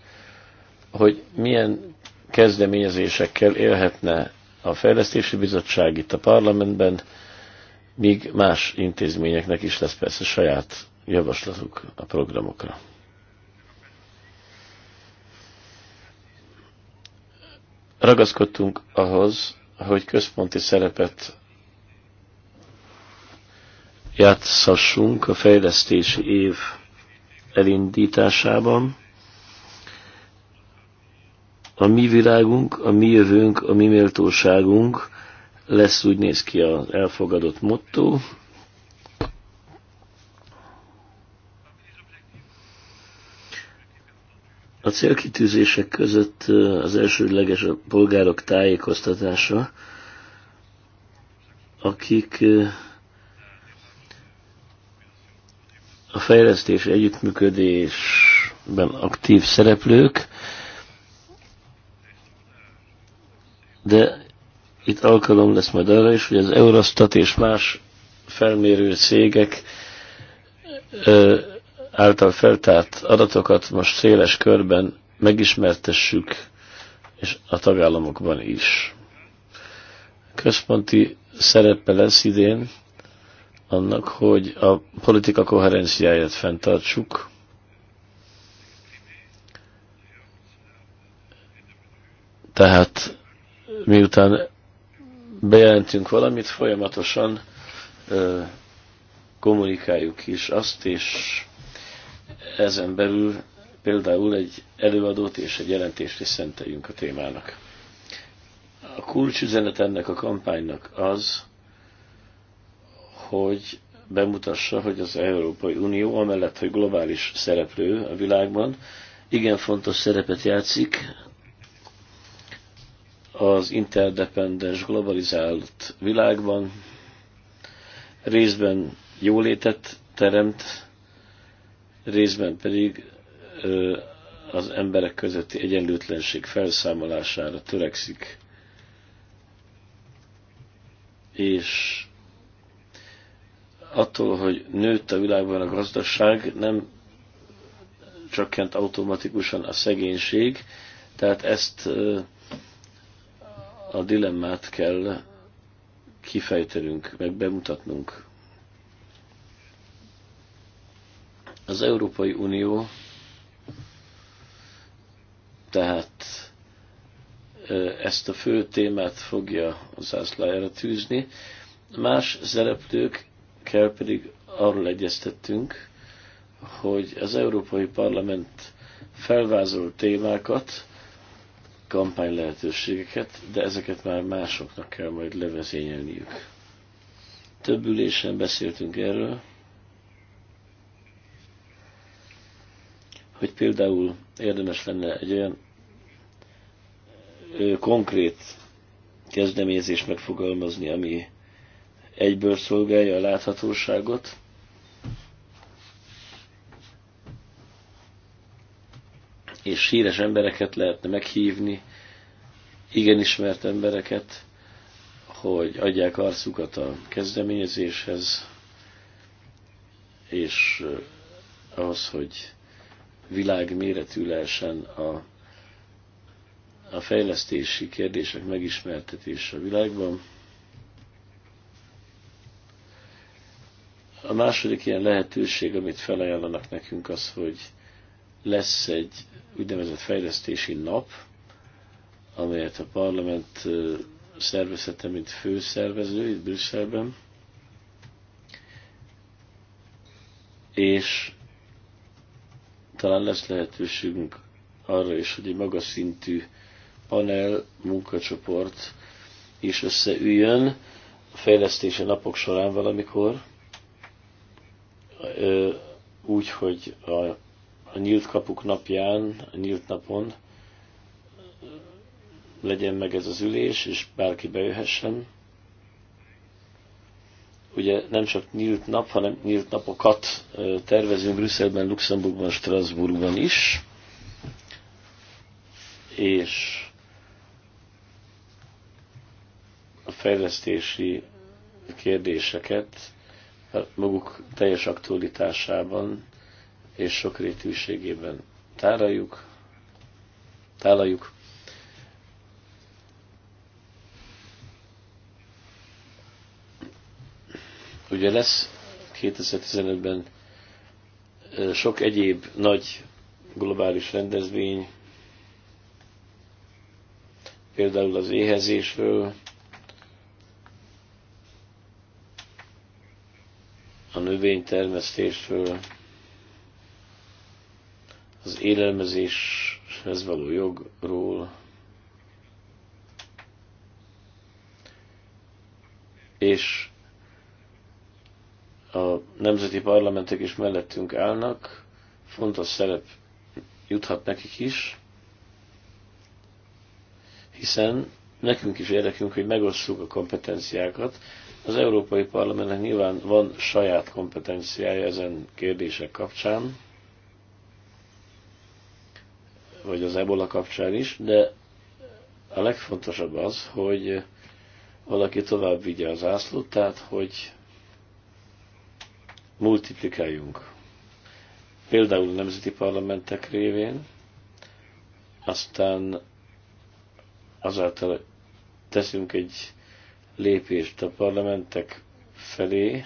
hogy milyen kezdeményezésekkel élhetne a Fejlesztési Bizottság itt a parlamentben, míg más intézményeknek is lesz persze saját javaslatuk a programokra. Ragaszkodtunk ahhoz, hogy központi szerepet játszassunk a fejlesztési év elindításában. A mi világunk, a mi jövőnk, a mi méltóságunk lesz, úgy néz ki az elfogadott motto. A célkitűzések között az elsődleges a polgárok tájékoztatása, akik a fejlesztés együttműködésben aktív szereplők, de itt alkalom lesz majd arra is, hogy az Eurostat és más felmérő cégek által feltárt adatokat most széles körben megismertessük, és a tagállamokban is. Központi szerepe lesz idén annak, hogy a politika koherenciáját fenntartsuk, tehát miután bejelentünk valamit, folyamatosan ö, kommunikáljuk is azt, és ezen belül például egy előadót és egy jelentést is szenteljünk a témának. A kulcsüzenet ennek a kampánynak az, hogy bemutassa, hogy az Európai Unió, amellett, hogy globális szereplő a világban, igen fontos szerepet játszik az interdependens, globalizált világban, részben jólétet teremt, részben pedig az emberek közötti egyenlőtlenség felszámolására törekszik. És attól, hogy nőtt a világban a gazdaság, nem csökkent automatikusan a szegénység, tehát ezt a dilemmát kell kifejtenünk, meg bemutatnunk. Az Európai Unió tehát ezt a fő témát fogja az zászlájára tűzni. Más szereplők elnökkel pedig arról egyeztettünk, hogy az Európai Parlament felvázol témákat, kampány lehetőségeket, de ezeket már másoknak kell majd levezényelniük. Több ülésen beszéltünk erről, hogy például érdemes lenne egy olyan konkrét kezdeményezést megfogalmazni, ami egyből szolgálja a láthatóságot. És híres embereket lehetne meghívni, igen ismert embereket, hogy adják arcukat a kezdeményezéshez, és ahhoz, hogy világméretű lehessen a, a fejlesztési kérdések megismertetése a világban. A második ilyen lehetőség, amit felajánlanak nekünk az, hogy lesz egy úgynevezett fejlesztési nap, amelyet a parlament szervezete, mint főszervező itt Brüsszelben, és talán lesz lehetőségünk arra is, hogy egy magas szintű panel, munkacsoport is összeüljön a fejlesztési napok során valamikor, úgy, hogy a, a nyílt kapuk napján, a nyílt napon legyen meg ez az ülés, és bárki bejöhessen. Ugye nem csak nyílt nap, hanem nyílt napokat tervezünk Brüsszelben, Luxemburgban, Strasbourgban is. És a fejlesztési kérdéseket maguk teljes aktualitásában és sokrétűségében táraljuk, tálaljuk. Ugye lesz 2015-ben sok egyéb nagy globális rendezvény, például az éhezésről, növénytermesztésről, az élelmezéshez való jogról, és a nemzeti parlamentek is mellettünk állnak, fontos szerep juthat nekik is, hiszen nekünk is érdekünk, hogy megosszuk a kompetenciákat, az Európai Parlamentnek nyilván van saját kompetenciája ezen kérdések kapcsán, vagy az ebola kapcsán is, de a legfontosabb az, hogy valaki tovább vigye az ászlót, tehát hogy multiplikáljunk. Például a nemzeti parlamentek révén, aztán azáltal teszünk egy lépést a parlamentek felé,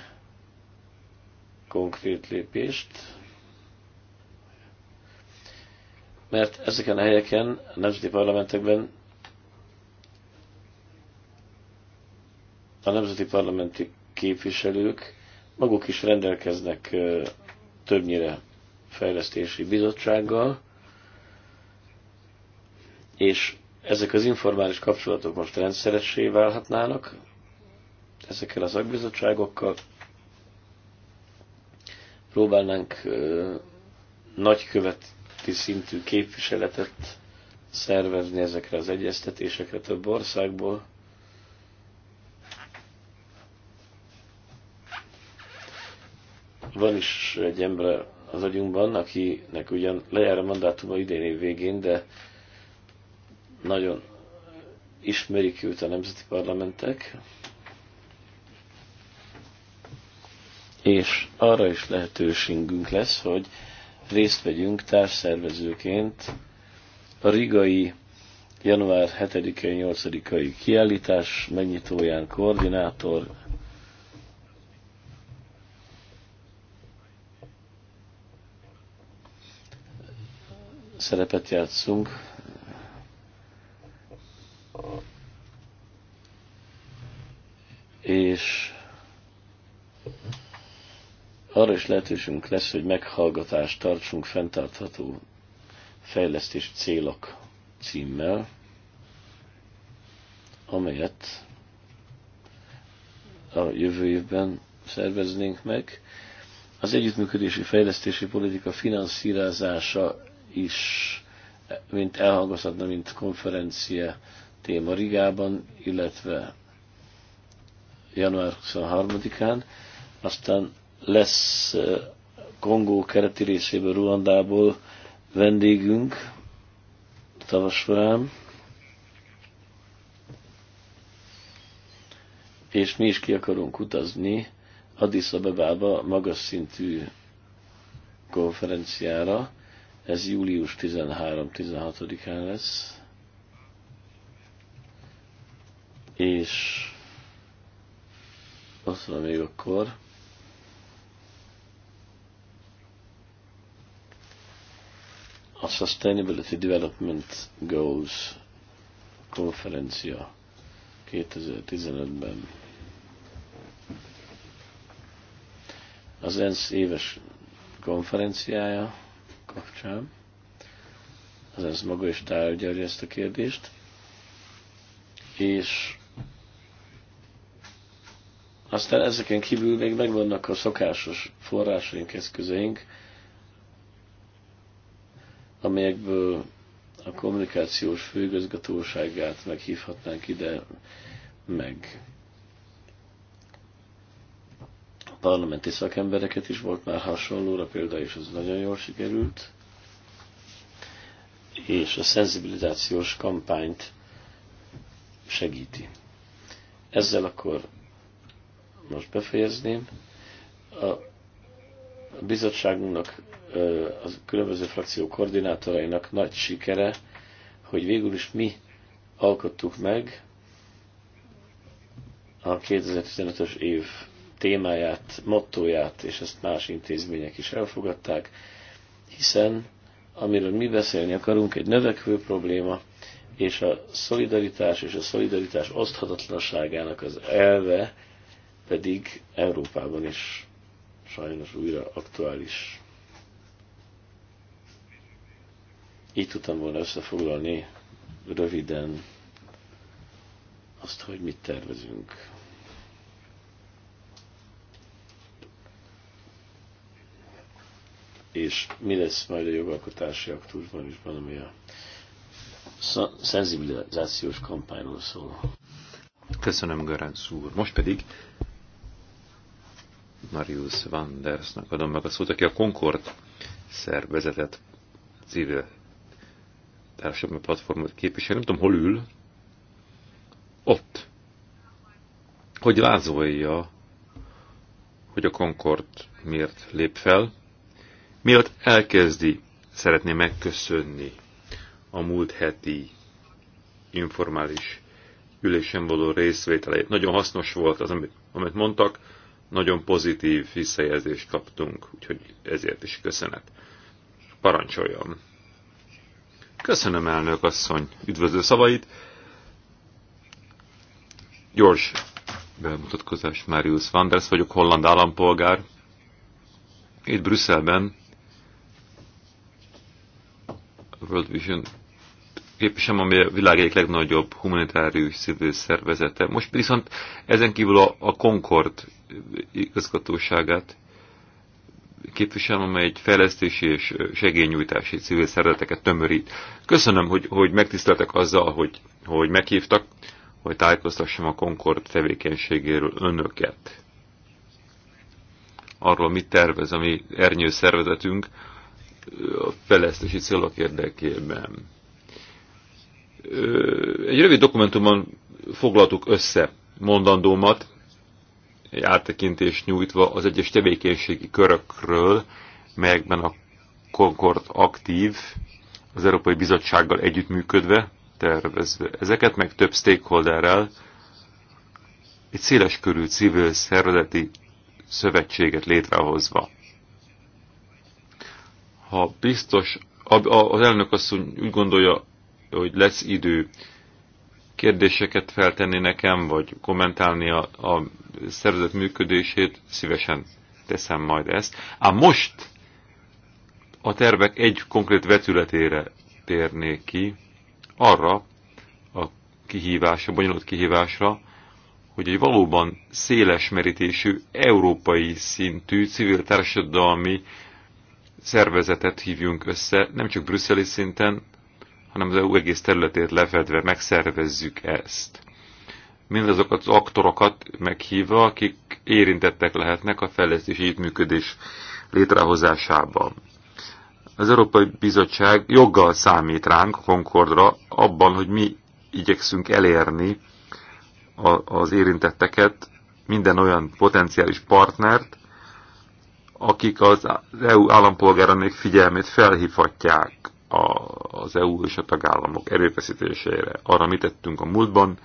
konkrét lépést, mert ezeken a helyeken, a nemzeti parlamentekben a nemzeti parlamenti képviselők maguk is rendelkeznek többnyire fejlesztési bizottsággal, és ezek az informális kapcsolatok most rendszeressé válhatnának ezekkel az agbizottságokkal. Próbálnánk ö, nagyköveti szintű képviseletet szervezni ezekre az egyeztetésekre több országból. Van is egy ember az agyunkban, akinek ugyan lejár a mandátuma idén év végén, de nagyon ismerik őt a nemzeti parlamentek, és arra is lehetőségünk lesz, hogy részt vegyünk társszervezőként a rigai január 7-8-ai kiállítás megnyitóján koordinátor szerepet játszunk és arra is lehetőségünk lesz, hogy meghallgatást tartsunk fenntartható fejlesztés célok címmel, amelyet a jövő évben szerveznénk meg. Az együttműködési fejlesztési politika finanszírozása is, mint elhangozhatna, mint konferencia téma Rigában, illetve január 23-án, aztán lesz Kongó kereti részéből, Ruandából vendégünk tavas során, és mi is ki akarunk utazni Addis Abebába magas szintű konferenciára, ez július 13-16-án lesz, és azt mondom még akkor. A Sustainability Development Goals konferencia 2015-ben. Az ENSZ éves konferenciája kapcsán. Az ENSZ maga is tárgyalja ezt a kérdést. És aztán ezeken kívül még megvannak a szokásos forrásaink, eszközeink, amelyekből a kommunikációs főigazgatóságát meghívhatnánk ide, meg a parlamenti szakembereket is volt már hasonlóra példa, és az nagyon jól sikerült. És a szenzibilizációs kampányt segíti. Ezzel akkor most befejezném. A bizottságunknak, a különböző frakció koordinátorainak nagy sikere, hogy végül is mi alkottuk meg a 2015-ös év témáját, mottóját, és ezt más intézmények is elfogadták, hiszen amiről mi beszélni akarunk, egy növekvő probléma, és a szolidaritás és a szolidaritás oszthatatlanságának az elve pedig Európában is sajnos újra aktuális. Így tudtam volna összefoglalni röviden azt, hogy mit tervezünk. És mi lesz majd a jogalkotási aktusban is, ami a szenzibilizációs kampányról szól. Köszönöm, Garánc úr. Most pedig Marius Vandersnak adom meg a szót, aki a Concord szervezetet, civil társadalmi platformot képvisel. Nem tudom, hol ül. Ott. Hogy vázolja, hogy a Concord miért lép fel. Miatt elkezdi, szeretné megköszönni a múlt heti informális ülésen való részvételeit. Nagyon hasznos volt az, amit, amit mondtak nagyon pozitív visszajelzést kaptunk, úgyhogy ezért is köszönet. Parancsoljon! Köszönöm, elnök asszony, üdvözlő szavait! Gyors bemutatkozás, Marius Vanders vagyok, holland állampolgár. Itt Brüsszelben World Vision képvisem, ami a világ egyik legnagyobb humanitárius civil szervezete. Most viszont ezen kívül a, a Concord igazgatóságát képvisem, amely egy fejlesztési és segélynyújtási civil szervezeteket tömörít. Köszönöm, hogy, hogy megtiszteltek azzal, hogy, hogy meghívtak, hogy tájékoztassam a Concord tevékenységéről önöket. Arról mit tervez a mi ernyő szervezetünk a fejlesztési célok érdekében egy rövid dokumentumon foglaltuk össze mondandómat, egy áttekintést nyújtva az egyes tevékenységi körökről, melyekben a Concord aktív, az Európai Bizottsággal együttműködve, tervezve ezeket, meg több stakeholderrel, egy körű civil szervezeti szövetséget létrehozva. Ha biztos, az elnök asszony úgy gondolja, hogy lesz idő kérdéseket feltenni nekem, vagy kommentálni a, a szervezet működését, szívesen teszem majd ezt. Ám most a tervek egy konkrét vetületére térnék ki, arra a kihívásra, bonyolult kihívásra, hogy egy valóban szélesmerítésű, európai szintű civil társadalmi szervezetet hívjunk össze, nem csak brüsszeli szinten, hanem az EU egész területét lefedve megszervezzük ezt. Mindazokat az aktorokat meghívva, akik érintettek lehetnek a fejlesztési együttműködés létrehozásában. Az Európai Bizottság joggal számít ránk, Concordra, abban, hogy mi igyekszünk elérni az érintetteket, minden olyan potenciális partnert, akik az EU még figyelmét felhívhatják a az EU és a tagállamok erőfeszítésére, arra mit tettünk a múltban,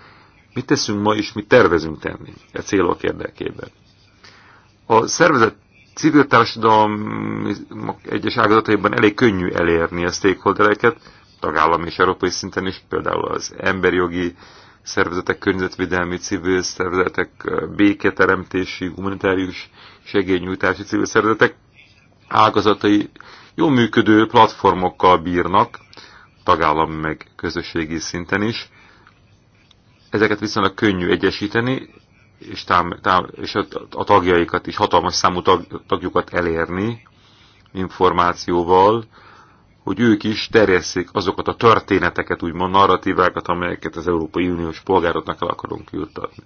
mit teszünk ma és mit tervezünk tenni a e célok érdekében. A szervezet civil társadalmak egyes ágazataiban elég könnyű elérni a stakeholdereket, tagállami és európai szinten is, például az emberi jogi szervezetek, környezetvédelmi civil szervezetek, béketeremtési, humanitárius segélynyújtási civil szervezetek ágazatai jó működő platformokkal bírnak, tagállam meg közösségi szinten is. Ezeket viszonylag könnyű egyesíteni, és, tám, tám, és a, a tagjaikat is, hatalmas számú tag, tagjukat elérni információval, hogy ők is terjesszék azokat a történeteket, úgymond narratívákat, amelyeket az Európai Uniós polgároknak el akarunk juttatni.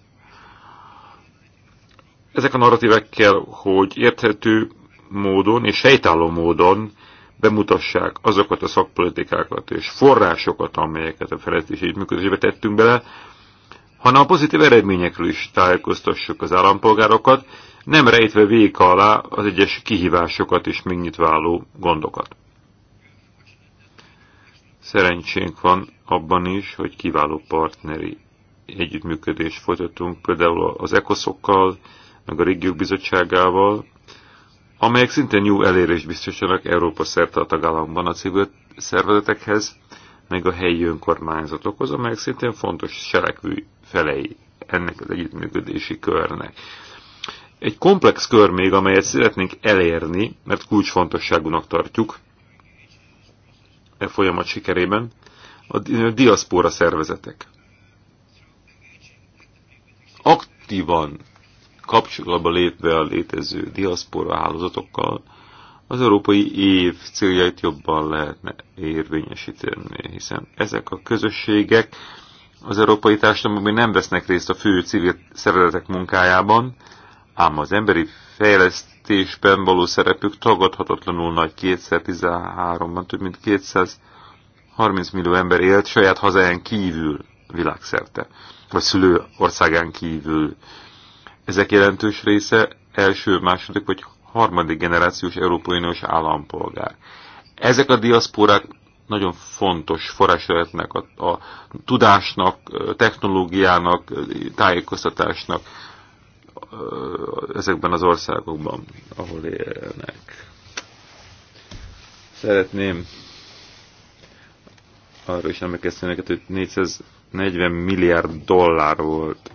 Ezek a narratívek kell, hogy érthető, módon és helytálló módon bemutassák azokat a szakpolitikákat és forrásokat, amelyeket a fejlesztési működésbe tettünk bele, hanem a pozitív eredményekről is tájékoztassuk az állampolgárokat, nem rejtve vék alá az egyes kihívásokat és minyitváló gondokat. Szerencsénk van abban is, hogy kiváló partneri együttműködést folytatunk például az ECOSZokkal, meg a Régiók Bizottságával, amelyek szintén jó elérés biztosanak Európa szerte a tagállamban a civil szervezetekhez, meg a helyi önkormányzatokhoz, amelyek szintén fontos selekvű felei ennek az együttműködési körnek. Egy komplex kör még, amelyet szeretnénk elérni, mert kulcsfontosságúnak tartjuk e folyamat sikerében, a diaszpóra szervezetek. Aktívan kapcsolatba lépve a létező diaszpora hálózatokkal az európai év céljait jobban lehetne érvényesíteni, hiszen ezek a közösségek az európai társadalomban nem vesznek részt a fő civil szervezetek munkájában, ám az emberi fejlesztésben való szerepük tagadhatatlanul nagy 2013-ban több mint 230 millió ember élt saját hazáján kívül világszerte, vagy szülő országán kívül ezek jelentős része első, második vagy harmadik generációs Európai Uniós állampolgár. Ezek a diaszporák nagyon fontos forrás lehetnek a, a tudásnak, technológiának, tájékoztatásnak ezekben az országokban, ahol élnek. Szeretném arról is emlékezteni hogy 440 milliárd dollár volt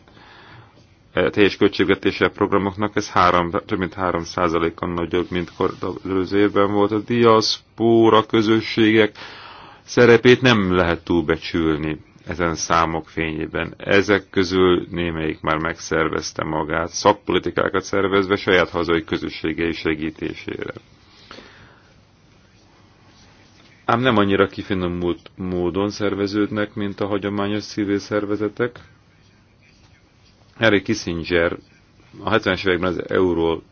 teljes költségvetése a programoknak, ez három, több mint 3 százalékan nagyobb, mint előző évben volt. A diaszpóra közösségek szerepét nem lehet túlbecsülni ezen számok fényében. Ezek közül némelyik már megszervezte magát, szakpolitikákat szervezve saját hazai közösségei segítésére. Ám nem annyira kifinomult módon szerveződnek, mint a hagyományos civil szervezetek, Henry Kissinger a 70-es években az euról,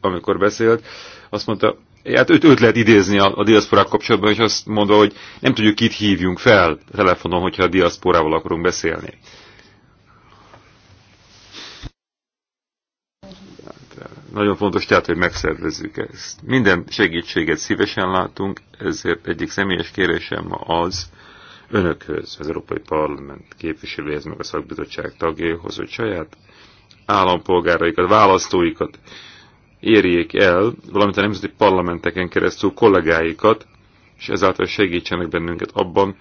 amikor beszélt, azt mondta, hát őt, őt lehet idézni a, a diaszporák kapcsolatban, és azt mondva, hogy nem tudjuk, kit hívjunk fel telefonon, hogyha a diaszporával akarunk beszélni. nagyon fontos tehát, hogy megszervezzük ezt. Minden segítséget szívesen látunk, ezért egyik személyes kérésem az, önökhöz, az Európai Parlament képviselőhez, meg a szakbizottság tagjaihoz, hogy saját állampolgáraikat, választóikat érjék el, valamint a nemzeti parlamenteken keresztül kollégáikat, és ezáltal segítsenek bennünket abban,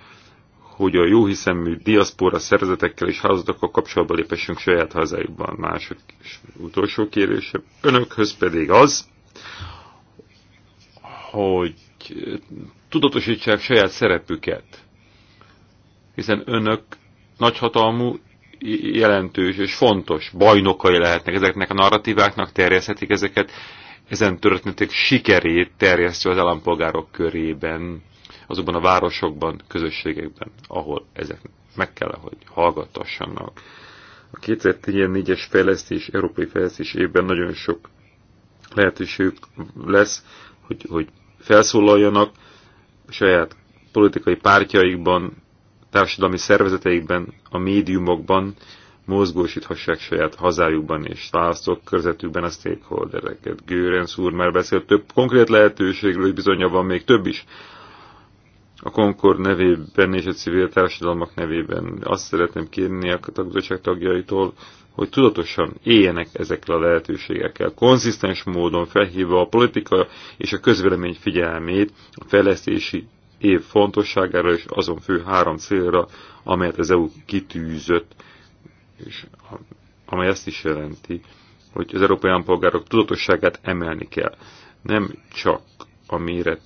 hogy a jóhiszemű diaszpora szervezetekkel és házatokkal kapcsolatba lépessünk saját hazájukban. Mások és utolsó kérdése. önökhöz pedig az, hogy tudatosítsák saját szerepüket hiszen önök nagyhatalmú, jelentős és fontos bajnokai lehetnek ezeknek a narratíváknak, terjeszthetik ezeket, ezen történetek sikerét terjesztő az állampolgárok körében, azokban a városokban, közösségekben, ahol ezek meg kell, hogy hallgatassanak. A 2014-es fejlesztés, európai fejlesztés évben nagyon sok lehetőség lesz, hogy, hogy felszólaljanak saját politikai pártjaikban, társadalmi szervezeteikben, a médiumokban mozgósíthassák saját hazájukban és választók körzetükben a stakeholdereket. Gőrenc úr már beszélt több konkrét lehetőségről, és bizonyja van még több is. A Concord nevében és a civil társadalmak nevében azt szeretném kérni a tagbizottság tagjaitól, hogy tudatosan éljenek ezekkel a lehetőségekkel, konzisztens módon felhívva a politika és a közvélemény figyelmét a fejlesztési év fontosságára és azon fő három célra, amelyet az EU kitűzött, és amely ezt is jelenti, hogy az európai állampolgárok tudatosságát emelni kell. Nem csak a méret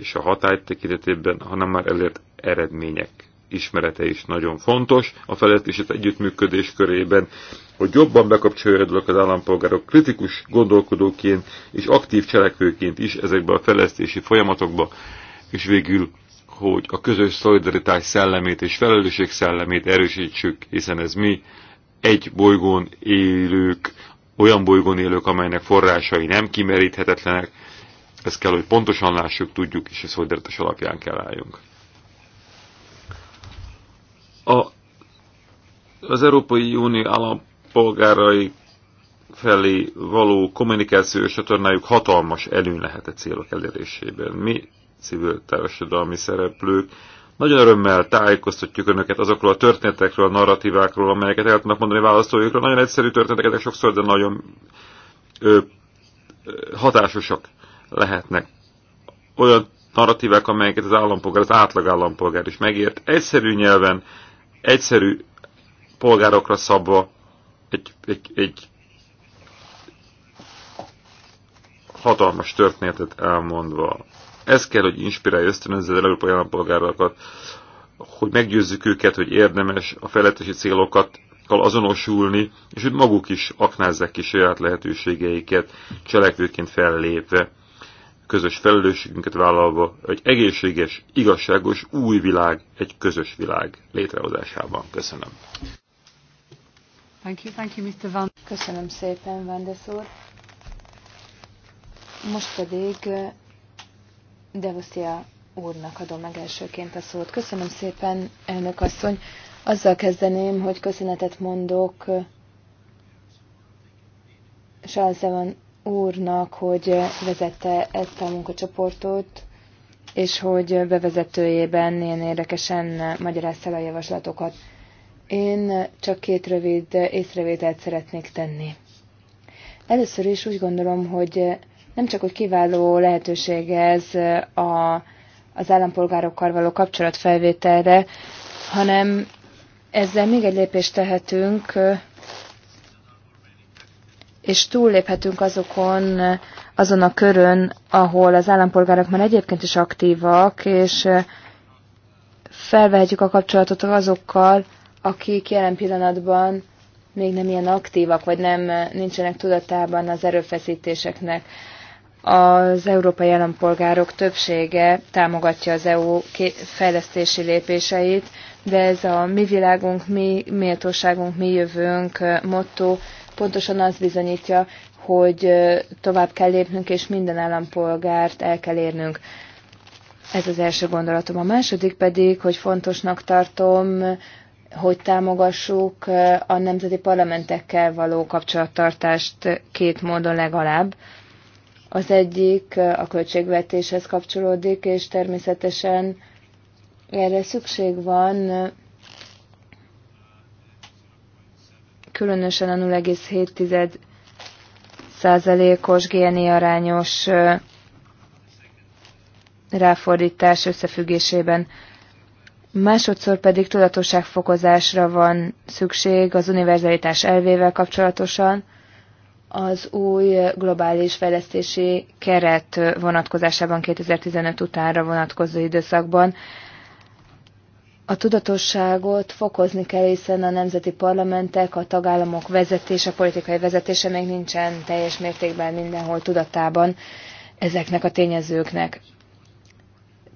és a hatály tekintetében, hanem már elért eredmények ismerete is nagyon fontos a az együttműködés körében, hogy jobban bekapcsolódjanak az állampolgárok kritikus gondolkodóként és aktív cselekvőként is ezekbe a fejlesztési folyamatokba, és végül, hogy a közös szolidaritás szellemét és felelősség szellemét erősítsük, hiszen ez mi egy bolygón élők, olyan bolygón élők, amelynek forrásai nem kimeríthetetlenek, ezt kell, hogy pontosan lássuk, tudjuk, és a szolidaritás alapján kell álljunk. A, az Európai Unió állampolgárai felé való kommunikációs csatornájuk hatalmas előny lehet a célok elérésében. Mi civil társadalmi szereplők. Nagyon örömmel tájékoztatjuk Önöket azokról a történetekről, a narratívákról, amelyeket el tudnak mondani választóikról. Nagyon egyszerű történetek, ezek sokszor, de nagyon ö, hatásosak lehetnek. Olyan narratívák, amelyeket az állampolgár, az átlag állampolgár is megért, egyszerű nyelven, egyszerű polgárokra szabva egy, egy, egy hatalmas történetet elmondva. Ez kell, hogy inspirálja ösztönözze az európai állampolgárokat, hogy meggyőzzük őket, hogy érdemes a felettesi célokat azonosulni, és hogy maguk is aknázzák ki saját lehetőségeiket, cselekvőként fellépve, közös felelősségünket vállalva, egy egészséges, igazságos új világ, egy közös világ létrehozásában. Köszönöm. Thank you, thank you, Mr. Van. Köszönöm szépen, Vendes úr. Most pedig Devosia úrnak adom meg elsőként a szót. Köszönöm szépen, elnök asszony. Azzal kezdeném, hogy köszönetet mondok uh, Salzevan úrnak, hogy uh, vezette ezt a munkacsoportot, és hogy uh, bevezetőjében ilyen érdekesen magyarázta a javaslatokat. Én csak két rövid észrevételt szeretnék tenni. Először is úgy gondolom, hogy nem csak hogy kiváló lehetőség ez eh, a, az állampolgárokkal való kapcsolatfelvételre, hanem ezzel még egy lépést tehetünk, eh, és túlléphetünk azokon, eh, azon a körön, ahol az állampolgárok már egyébként is aktívak, és felvehetjük a kapcsolatot azokkal, akik jelen pillanatban még nem ilyen aktívak, vagy nem nincsenek tudatában az erőfeszítéseknek. Az európai állampolgárok többsége támogatja az EU fejlesztési lépéseit, de ez a mi világunk, mi méltóságunk, mi jövőnk motto pontosan azt bizonyítja, hogy tovább kell lépnünk, és minden állampolgárt el kell érnünk. Ez az első gondolatom. A második pedig, hogy fontosnak tartom, hogy támogassuk a nemzeti parlamentekkel való kapcsolattartást két módon legalább. Az egyik eh, a költségvetéshez kapcsolódik, és természetesen erre szükség van, eh, különösen a 0,7 os GNI arányos eh, ráfordítás összefüggésében. Másodszor pedig tudatosságfokozásra van szükség az univerzalitás elvével kapcsolatosan, az új globális fejlesztési keret vonatkozásában 2015 utánra vonatkozó időszakban. A tudatosságot fokozni kell, hiszen a nemzeti parlamentek, a tagállamok vezetése, a politikai vezetése még nincsen teljes mértékben mindenhol tudatában ezeknek a tényezőknek.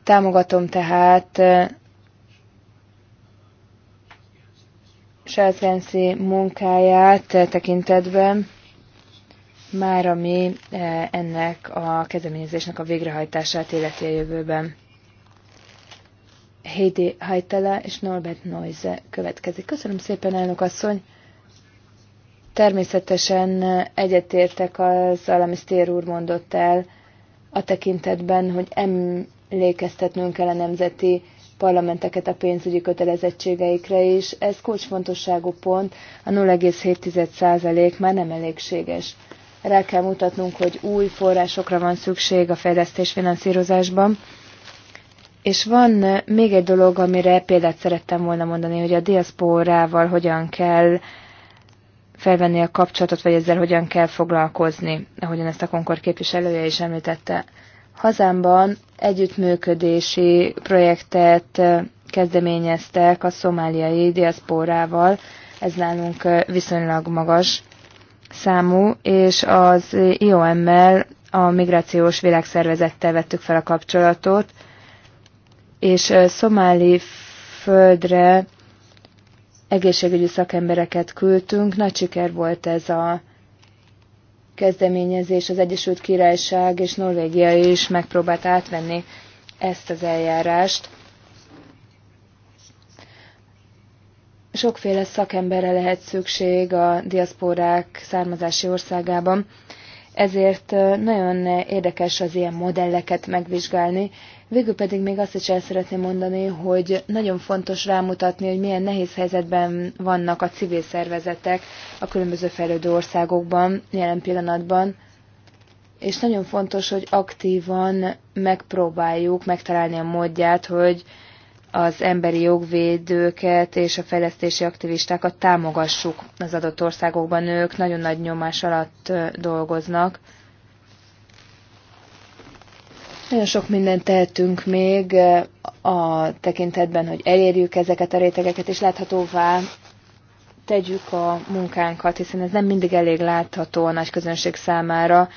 Támogatom tehát eh, Charles munkáját eh, tekintetben, már ami eh, ennek a kezdeményezésnek a végrehajtását életi a jövőben. Heidi Haitala és Norbert Noise következik. Köszönöm szépen, elnök asszony! Természetesen egyetértek azzal, amit Stér úr mondott el, a tekintetben, hogy emlékeztetnünk kell a nemzeti parlamenteket a pénzügyi kötelezettségeikre is. Ez kulcsfontosságú pont, a 0,7% már nem elégséges rá kell mutatnunk, hogy új forrásokra van szükség a fejlesztés finanszírozásban. És van eh, még egy dolog, amire példát szerettem volna mondani, hogy a diaszporával hogyan kell felvenni a kapcsolatot, vagy ezzel hogyan kell foglalkozni, ahogyan ezt a Konkord képviselője is említette. Hazámban együttműködési projektet eh, kezdeményeztek a szomáliai diaszporával, ez nálunk eh, viszonylag magas számú, és az IOM-mel, a Migrációs Világszervezettel vettük fel a kapcsolatot, és szomáli földre egészségügyi szakembereket küldtünk. Nagy siker volt ez a kezdeményezés, az Egyesült Királyság és Norvégia is megpróbált átvenni ezt az eljárást. sokféle szakemberre lehet szükség a diaszporák származási országában, ezért nagyon érdekes az ilyen modelleket megvizsgálni. Végül pedig még azt is el szeretném mondani, hogy nagyon fontos rámutatni, hogy milyen nehéz helyzetben vannak a civil szervezetek a különböző fejlődő országokban jelen pillanatban, és nagyon fontos, hogy aktívan megpróbáljuk megtalálni a módját, hogy az emberi jogvédőket és a fejlesztési aktivistákat támogassuk az adott országokban. Ők nagyon nagy nyomás alatt dolgoznak. Nagyon sok mindent tehetünk még a tekintetben, hogy elérjük ezeket a rétegeket, és láthatóvá tegyük a munkánkat, hiszen ez nem mindig elég látható a nagy közönség számára.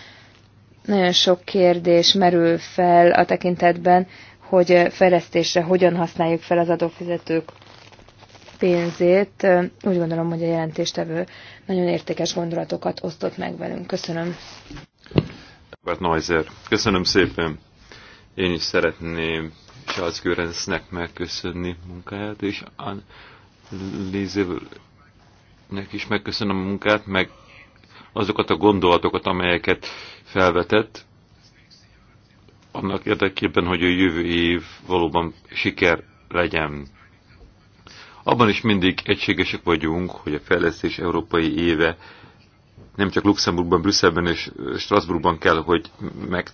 Nagyon sok kérdés merül fel a tekintetben, hogy fejlesztésre hogyan használjuk fel az adófizetők pénzét. Úgy gondolom, hogy a jelentéstevő nagyon értékes gondolatokat osztott meg velünk. Köszönöm. Robert Neuser. Köszönöm szépen. Én is szeretném Charles Görensznek megköszönni munkáját, és Lizének is megköszönöm a munkát, meg azokat a gondolatokat, amelyeket felvetett annak érdekében, hogy a jövő év valóban siker legyen. Abban is mindig egységesek vagyunk, hogy a fejlesztés európai éve nem csak Luxemburgban, Brüsszelben és Strasbourgban kell, hogy meg,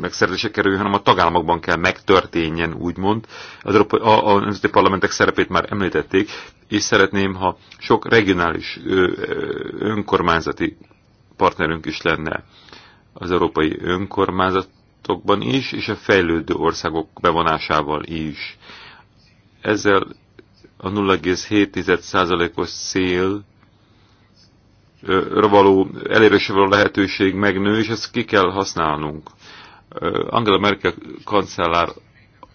megszerzése kerüljön, hanem a tagállamokban kell megtörténjen, úgymond. Az Európai, a, a nemzeti parlamentek szerepét már említették, és szeretném, ha sok regionális ö, önkormányzati partnerünk is lenne. Az európai önkormányzat csoportokban is, és a fejlődő országok bevonásával is. Ezzel a 0,7%-os cél való elérésre való lehetőség megnő, és ezt ki kell használnunk. Angela Merkel kancellár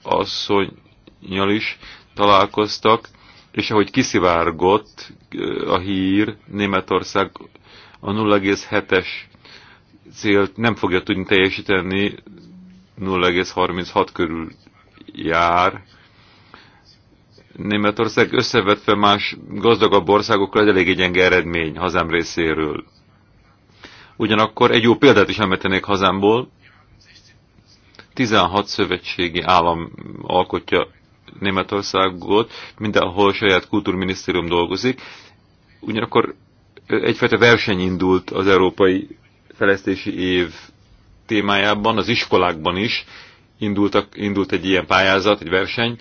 asszonyjal is találkoztak, és ahogy kiszivárgott a hír, Németország a 0,7-es célt nem fogja tudni teljesíteni 0,36 körül jár. Németország összevetve más gazdagabb országokkal egy eléggé gyenge eredmény hazám részéről. Ugyanakkor egy jó példát is említenék hazámból. 16 szövetségi állam alkotja Németországot, mindenhol saját kultúrminisztérium dolgozik. Ugyanakkor egyfajta verseny indult az európai fejlesztési év témájában, az iskolákban is indultak, indult egy ilyen pályázat, egy verseny.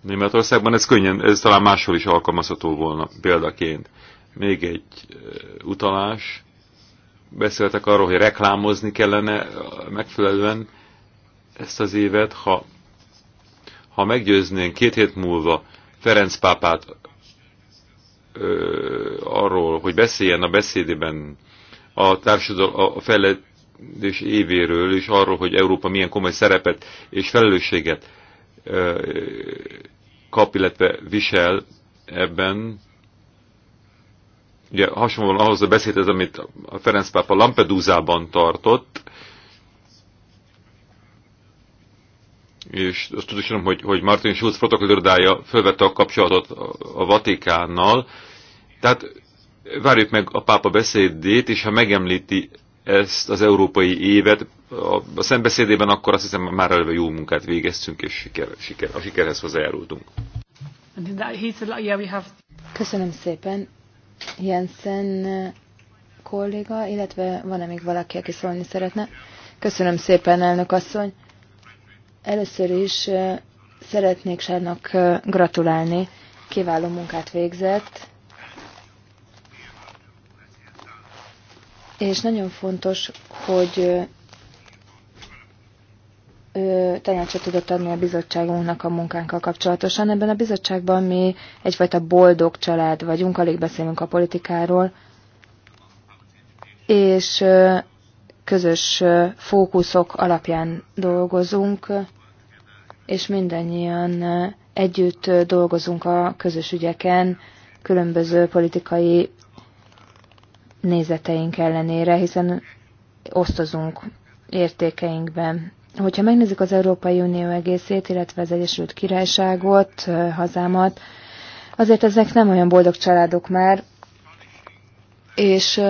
Németországban ez könnyen, ez talán máshol is alkalmazható volna példaként. Még egy utalás. Beszéltek arról, hogy reklámozni kellene megfelelően ezt az évet, ha, ha meggyőznénk két hét múlva Ferenc pápát ö, arról, hogy beszéljen a beszédében a, társadal, a fejlett és évéről, és arról, hogy Európa milyen komoly szerepet és felelősséget kap, illetve visel ebben. Ugye hasonlóan ahhoz a beszédhez, amit a Ferenc pápa Lampedúzában tartott, és azt tudom, hogy, hogy Martin Schulz protokollirodája felvette a kapcsolatot a Vatikánnal, tehát várjuk meg a pápa beszédét, és ha megemlíti ezt az európai évet. A szembeszédében akkor azt hiszem már előbb jó munkát végeztünk, és siker, siker, a sikerhez hozzájárultunk. Köszönöm szépen. Jensen kolléga, illetve van-e még valaki, aki szólni szeretne? Köszönöm szépen, elnök asszony. Először is eh, szeretnék Sárnak eh, gratulálni. Kiváló munkát végzett és nagyon fontos, hogy tanácsot tudott adni a bizottságunknak a munkánkkal kapcsolatosan. Ebben a bizottságban mi egyfajta boldog család vagyunk, alig beszélünk a politikáról, és közös fókuszok alapján dolgozunk, és mindannyian együtt dolgozunk a közös ügyeken, különböző politikai nézeteink ellenére, hiszen osztozunk értékeinkben. Hogyha megnézzük az Európai Unió egészét, illetve az Egyesült Királyságot, hazámat, azért ezek nem olyan boldog családok már, és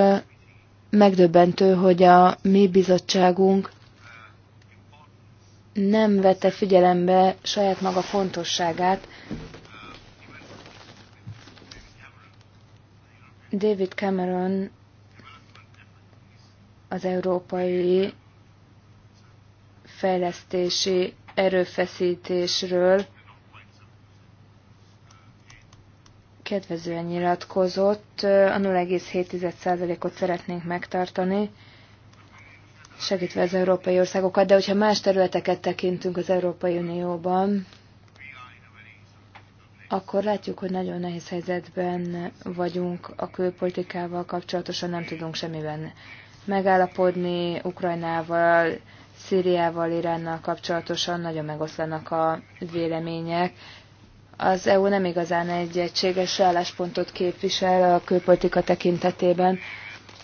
megdöbbentő, hogy a mi bizottságunk nem vette figyelembe saját maga fontosságát. David Cameron az európai fejlesztési erőfeszítésről kedvezően nyilatkozott. A 0,7%-ot szeretnénk megtartani, segítve az európai országokat, de hogyha más területeket tekintünk az Európai Unióban, akkor látjuk, hogy nagyon nehéz helyzetben vagyunk a külpolitikával kapcsolatosan, nem tudunk semmiben megállapodni Ukrajnával, Szíriával, Iránnal kapcsolatosan, nagyon megoszlanak a vélemények. Az EU nem igazán egy egységes álláspontot képvisel a külpolitika tekintetében.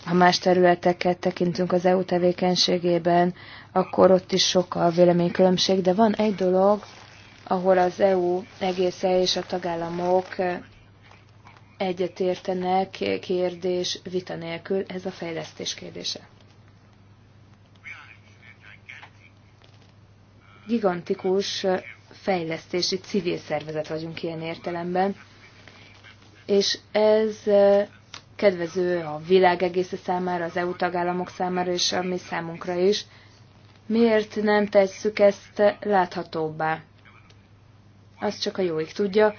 Ha más területeket tekintünk az EU tevékenységében, akkor ott is sok a véleménykülönbség, de van egy dolog, ahol az EU egésze és a tagállamok egyetértenek kérdés vita nélkül, ez a fejlesztés kérdése. Gigantikus fejlesztési civil szervezet vagyunk ilyen értelemben, és ez kedvező a világ egésze számára, az EU tagállamok számára és a mi számunkra is. Miért nem tesszük ezt láthatóbbá? Azt csak a jóik tudja,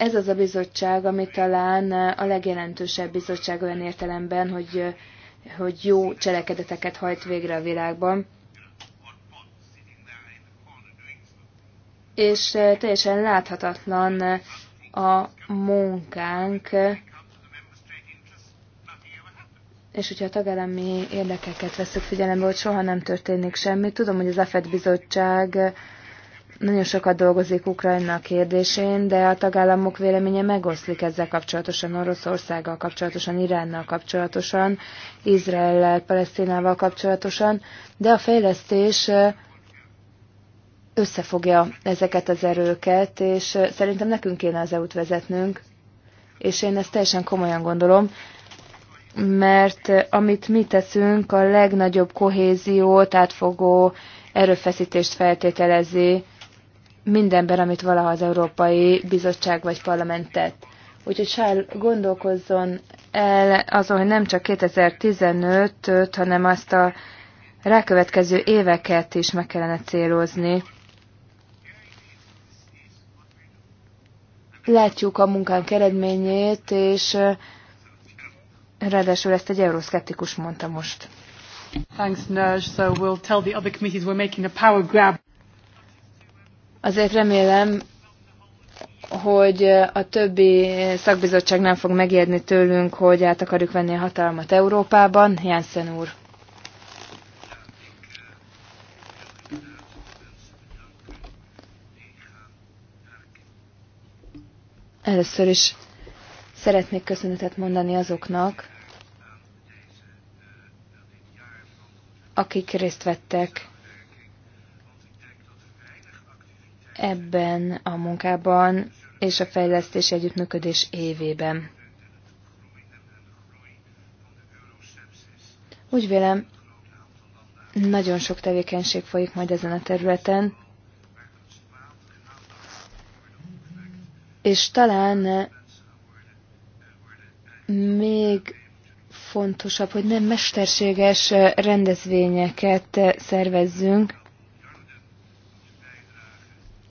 ez az a bizottság, ami talán a legjelentősebb bizottság olyan értelemben, hogy, hogy jó cselekedeteket hajt végre a világban. És teljesen láthatatlan a munkánk, és hogyha a tagállami érdekeket veszük figyelembe, hogy soha nem történik semmi. Tudom, hogy az AFED bizottság nagyon sokat dolgozik Ukrajna kérdésén, de a tagállamok véleménye megoszlik ezzel kapcsolatosan, Oroszországgal kapcsolatosan, Iránnal kapcsolatosan, Izraellel, Palesztinával kapcsolatosan, de a fejlesztés összefogja ezeket az erőket, és szerintem nekünk kéne az EU-t vezetnünk, és én ezt teljesen komolyan gondolom, mert amit mi teszünk, a legnagyobb kohéziót átfogó erőfeszítést feltételezi mindenben, amit valaha az Európai Bizottság vagy Parlament tett. Úgyhogy Sár gondolkozzon el azon, hogy nem csak 2015-öt, hanem azt a rákövetkező éveket is meg kellene célozni. Látjuk a munkánk eredményét, és ráadásul ezt egy euroszkeptikus mondta most. Thanks, Nerj. So we'll tell the other committees we're making a power grab. Azért remélem, hogy a többi szakbizottság nem fog megérni tőlünk, hogy át akarjuk venni a hatalmat Európában. Jensen úr. Először is szeretnék köszönetet mondani azoknak, akik részt vettek ebben a munkában és a fejlesztés együttműködés évében. Úgy vélem, nagyon sok tevékenység folyik majd ezen a területen, és talán még fontosabb, hogy nem mesterséges rendezvényeket szervezzünk,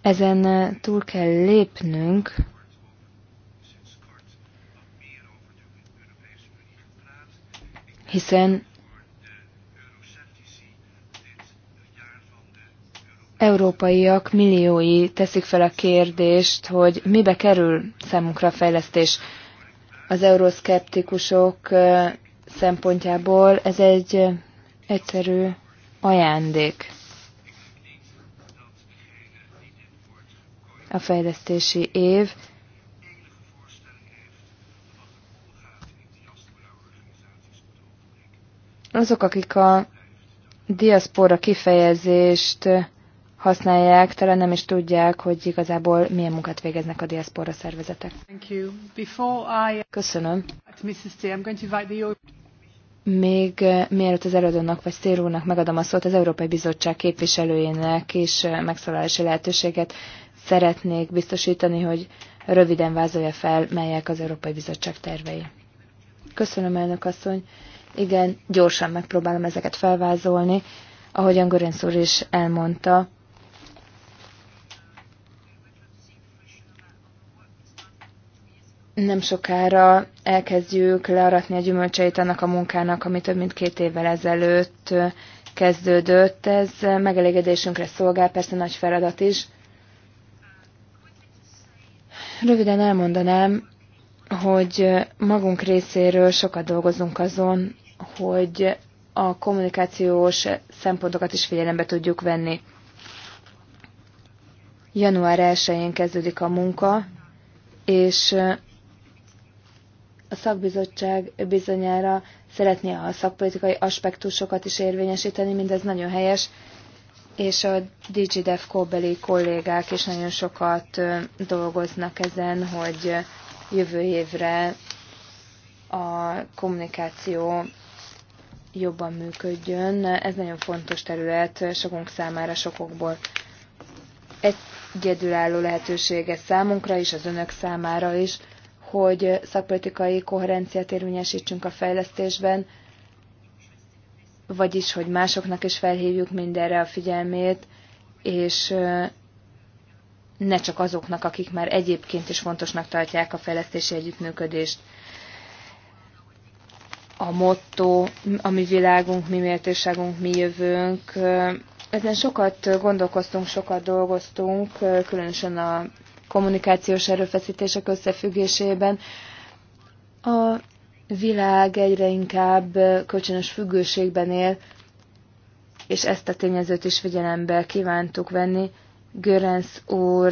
ezen túl kell lépnünk, hiszen európaiak milliói teszik fel a kérdést, hogy mibe kerül számunkra a fejlesztés. Az euroszkeptikusok szempontjából ez egy egyszerű ajándék. a fejlesztési év. Azok, akik a diaszpora kifejezést használják, talán nem is tudják, hogy igazából milyen munkát végeznek a diaszpora szervezetek. Uh, Köszönöm. Még uh, mielőtt az előadónak vagy Szélónak megadom a szót, az Európai Bizottság képviselőjének is uh, megszólalási lehetőséget szeretnék biztosítani, hogy röviden vázolja fel, melyek az Európai Bizottság tervei. Köszönöm, elnök asszony. Igen, gyorsan megpróbálom ezeket felvázolni. Ahogyan Görenc úr is elmondta, nem sokára elkezdjük learatni a gyümölcseit annak a munkának, ami több mint két évvel ezelőtt kezdődött. Ez megelégedésünkre szolgál, persze nagy feladat is, Röviden elmondanám, hogy magunk részéről sokat dolgozunk azon, hogy a kommunikációs szempontokat is figyelembe tudjuk venni. Január 1-én kezdődik a munka, és a szakbizottság bizonyára szeretné a szakpolitikai aspektusokat is érvényesíteni, mindez nagyon helyes, és a DigiDev kóbeli kollégák is nagyon sokat dolgoznak ezen, hogy jövő évre a kommunikáció jobban működjön. Ez nagyon fontos terület sokunk számára, sokokból. Egyedülálló lehetősége számunkra is, az önök számára is, hogy szakpolitikai koherenciát érvényesítsünk a fejlesztésben, vagyis hogy másoknak is felhívjuk mindenre a figyelmét, és ne csak azoknak, akik már egyébként is fontosnak tartják a fejlesztési együttműködést. A motto, a mi világunk, mi méltóságunk, mi jövőnk. Ezen sokat gondolkoztunk, sokat dolgoztunk, különösen a kommunikációs erőfeszítések összefüggésében. A világ egyre inkább kölcsönös függőségben él, és ezt a tényezőt is figyelembe kívántuk venni. Görenc úr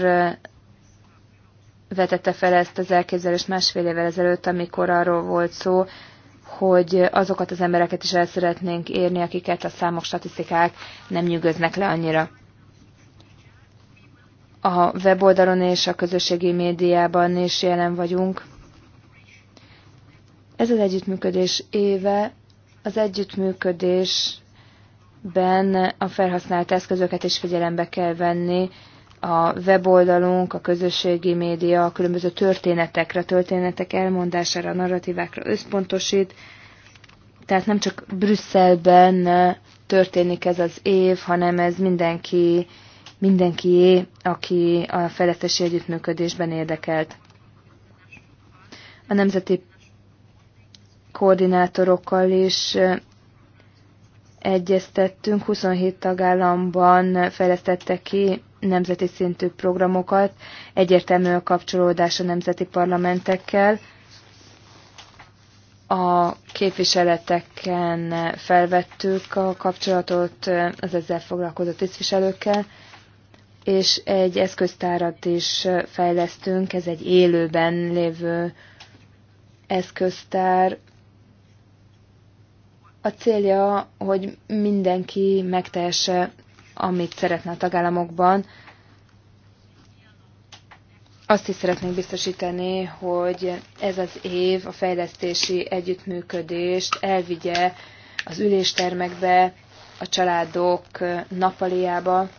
vetette fel ezt az elképzelést másfél évvel ezelőtt, amikor arról volt szó, hogy azokat az embereket is el szeretnénk érni, akiket a számok, statisztikák nem nyűgöznek le annyira. A weboldalon és a közösségi médiában is jelen vagyunk. Ez az együttműködés éve az együttműködésben a felhasznált eszközöket is figyelembe kell venni, a weboldalunk, a közösségi média a különböző történetekre, történetek elmondására, narratívákra összpontosít. Tehát nem csak Brüsszelben történik ez az év, hanem ez mindenki, é, aki a felettesi együttműködésben érdekelt. A nemzeti koordinátorokkal is egyeztettünk, 27 tagállamban fejlesztettek ki nemzeti szintű programokat, egyértelmű a kapcsolódás a nemzeti parlamentekkel, a képviseleteken felvettük a kapcsolatot az ezzel foglalkozó tisztviselőkkel, és egy eszköztárat is fejlesztünk, ez egy élőben lévő eszköztár, a célja, hogy mindenki megtehesse, amit szeretne a tagállamokban. Azt is szeretnénk biztosítani, hogy ez az év a fejlesztési együttműködést elvigye az üléstermekbe, a családok napaliába,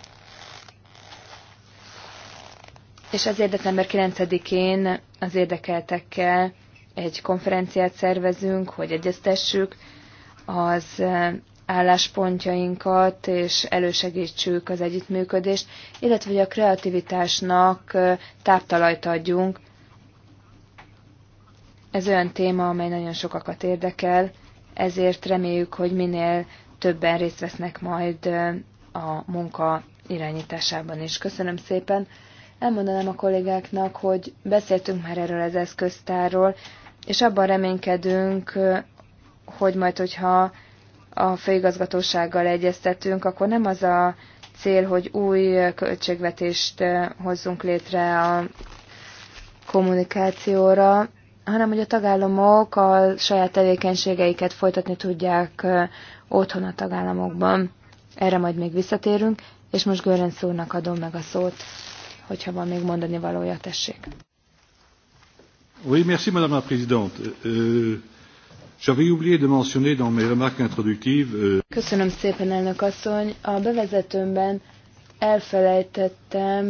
és ezért december 9-én az érdekeltekkel egy konferenciát szervezünk, hogy egyeztessük az álláspontjainkat, és elősegítsük az együttműködést, illetve hogy a kreativitásnak táptalajt adjunk. Ez olyan téma, amely nagyon sokakat érdekel, ezért reméljük, hogy minél többen részt vesznek majd a munka irányításában is. Köszönöm szépen! Elmondanám a kollégáknak, hogy beszéltünk már erről az eszköztárról, és abban reménykedünk, hogy majd, hogyha a főigazgatósággal egyeztetünk, akkor nem az a cél, hogy új költségvetést hozzunk létre a kommunikációra, hanem hogy a tagállamok a saját tevékenységeiket folytatni tudják otthon a tagállamokban. Erre majd még visszatérünk, és most Görenc úrnak adom meg a szót, hogyha van még mondani valója, tessék. Oui, merci, madame la présidente. Euh... J'avais oublié de mentionner dans mes remarques introductives. Euh... Köszönöm szépen, elnök asszony. A bevezetőmben elfelejtettem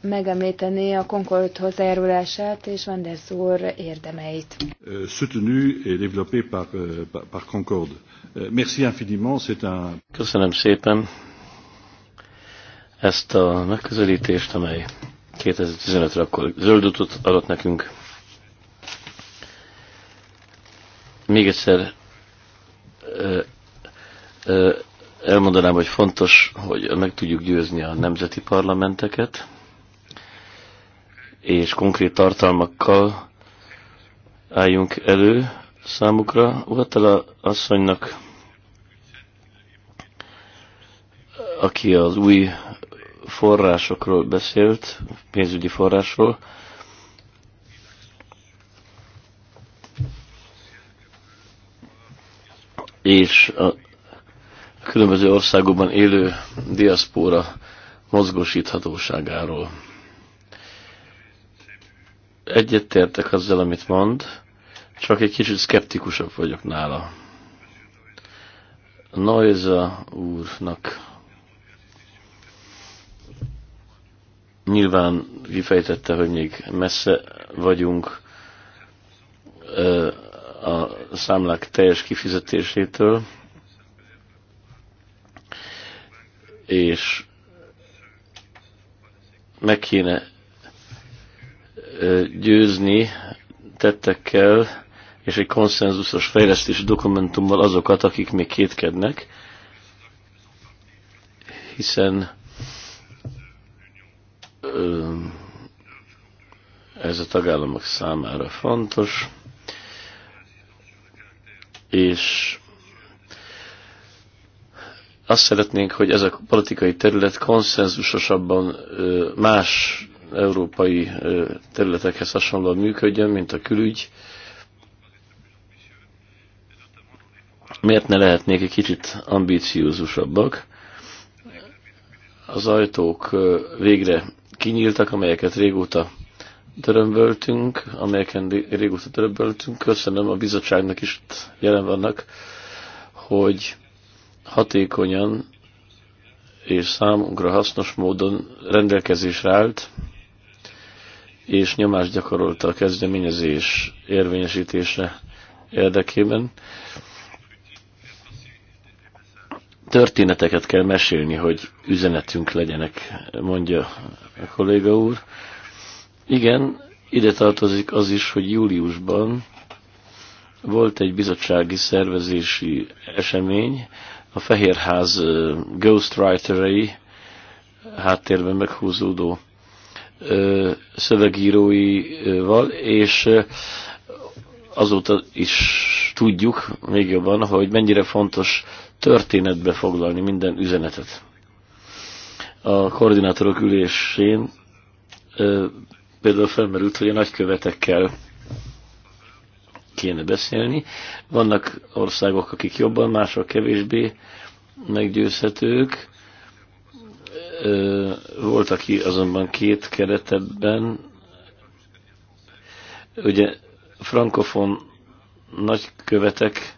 megemlíteni a Concord hozzájárulását és Wenders úr érdemeit. Euh, soutenu et développé euh, par, par Concord. Euh, merci infiniment, c'est un... Köszönöm szépen ezt a megközelítést, amely 2015-re akkor zöld utat adott nekünk. Még egyszer elmondanám, hogy fontos, hogy meg tudjuk győzni a nemzeti parlamenteket, és konkrét tartalmakkal álljunk elő számukra. Ugatala asszonynak, aki az új forrásokról beszélt, pénzügyi forrásról, és a különböző országokban élő diaszpóra mozgósíthatóságáról. Egyetértek azzal, amit mond, csak egy kicsit szkeptikusabb vagyok nála. Noéza úrnak nyilván kifejtette, hogy még messze vagyunk a számlák teljes kifizetésétől, és meg kéne győzni tettekkel és egy konszenzusos fejlesztési dokumentummal azokat, akik még kétkednek, hiszen ez a tagállamok számára fontos és azt szeretnénk, hogy ez a politikai terület konszenzusosabban más európai területekhez hasonlóan működjön, mint a külügy. Miért ne lehetnék egy kicsit ambíciózusabbak? Az ajtók végre kinyíltak, amelyeket régóta törömböltünk, amelyeken régóta törömböltünk. Köszönöm a bizottságnak is jelen vannak, hogy hatékonyan és számunkra hasznos módon rendelkezésre állt, és nyomást gyakorolta a kezdeményezés érvényesítése érdekében. Történeteket kell mesélni, hogy üzenetünk legyenek, mondja a kolléga úr. Igen, ide tartozik az is, hogy júliusban volt egy bizottsági szervezési esemény, a Fehérház ghostwriterei háttérben meghúzódó szövegíróival, és azóta is tudjuk még jobban, hogy mennyire fontos történetbe foglalni minden üzenetet. A koordinátorok ülésén Például felmerült, hogy a nagykövetekkel kéne beszélni. Vannak országok, akik jobban, mások kevésbé meggyőzhetők. Volt, aki azonban két keretebben, ugye frankofon nagykövetek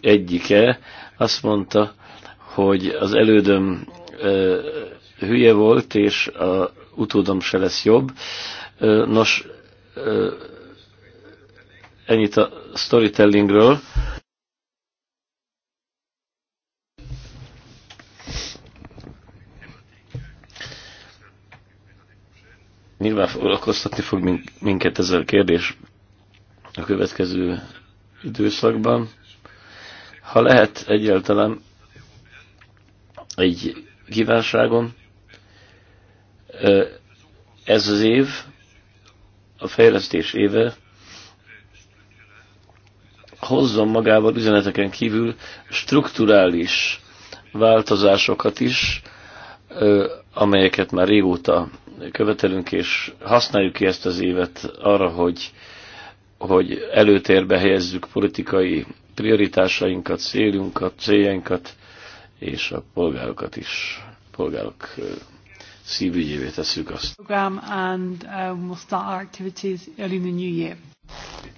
egyike azt mondta, hogy az elődöm hülye volt, és a utódom se lesz jobb. Nos, ennyit a storytellingről. Nyilván foglalkoztatni fog minket ez a kérdés a következő időszakban. Ha lehet egyáltalán egy kívánságom, ez az év, a fejlesztés éve hozzon magával üzeneteken kívül strukturális változásokat is, amelyeket már régóta követelünk, és használjuk ki ezt az évet arra, hogy, hogy előtérbe helyezzük politikai prioritásainkat, célunkat, céljainkat, és a polgárokat is, polgárok szívügyévé tesszük azt. And, we'll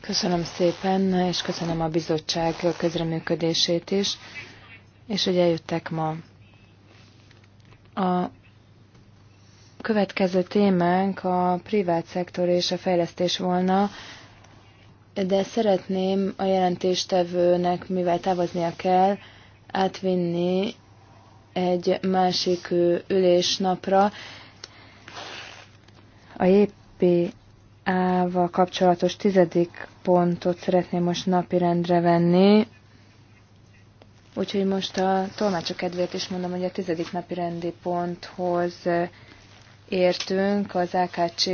köszönöm szépen, és köszönöm a bizottság közreműködését is, és hogy eljöttek ma. A következő témánk a privát szektor és a fejlesztés volna, de szeretném a jelentéstevőnek, mivel távoznia kell, átvinni egy másik ülésnapra a JPA-val kapcsolatos tizedik pontot szeretném most napirendre venni. Úgyhogy most a tolmácsok kedvéért is mondom, hogy a tizedik napi rendi ponthoz értünk az AKC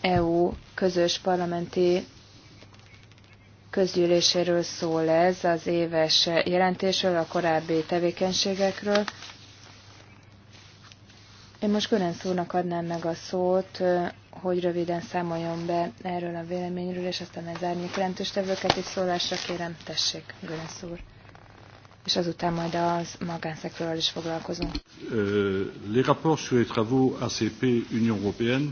EU közös parlamenti közgyűléséről szól ez az éves jelentésről, a korábbi tevékenységekről. Én most Görenc úrnak adnám meg a szót, hogy röviden számoljon be erről a véleményről, és aztán az árnyék jelentőstevőket is szólásra kérem, tessék, Görenc úr. És azután majd az magánszektorral is foglalkozunk. les rapports sur les travaux ACP Union Européenne.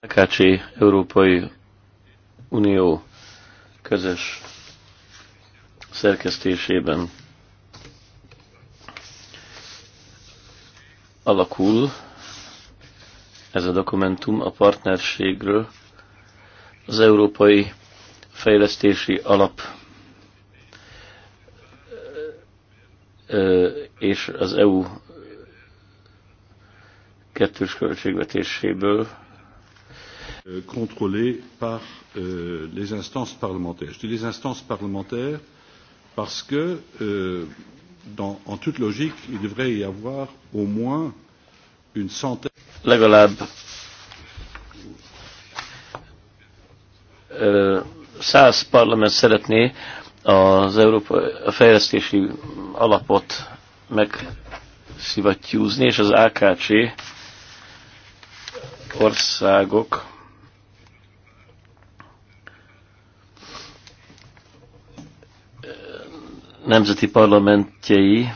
AKC Európai Unió közös szerkesztésében alakul ez a dokumentum a partnerségről, az Európai Fejlesztési Alap és az EU kettős költségvetéséből contrôlé par euh, les instances parlementaires. Je dis les instances parlementaires parce que, euh, dans, en toute logique, il devrait y avoir au moins une centaine legalább száz parlament szeretné az Európa a fejlesztési alapot megszivattyúzni, és az AKC országok nemzeti parlamentjei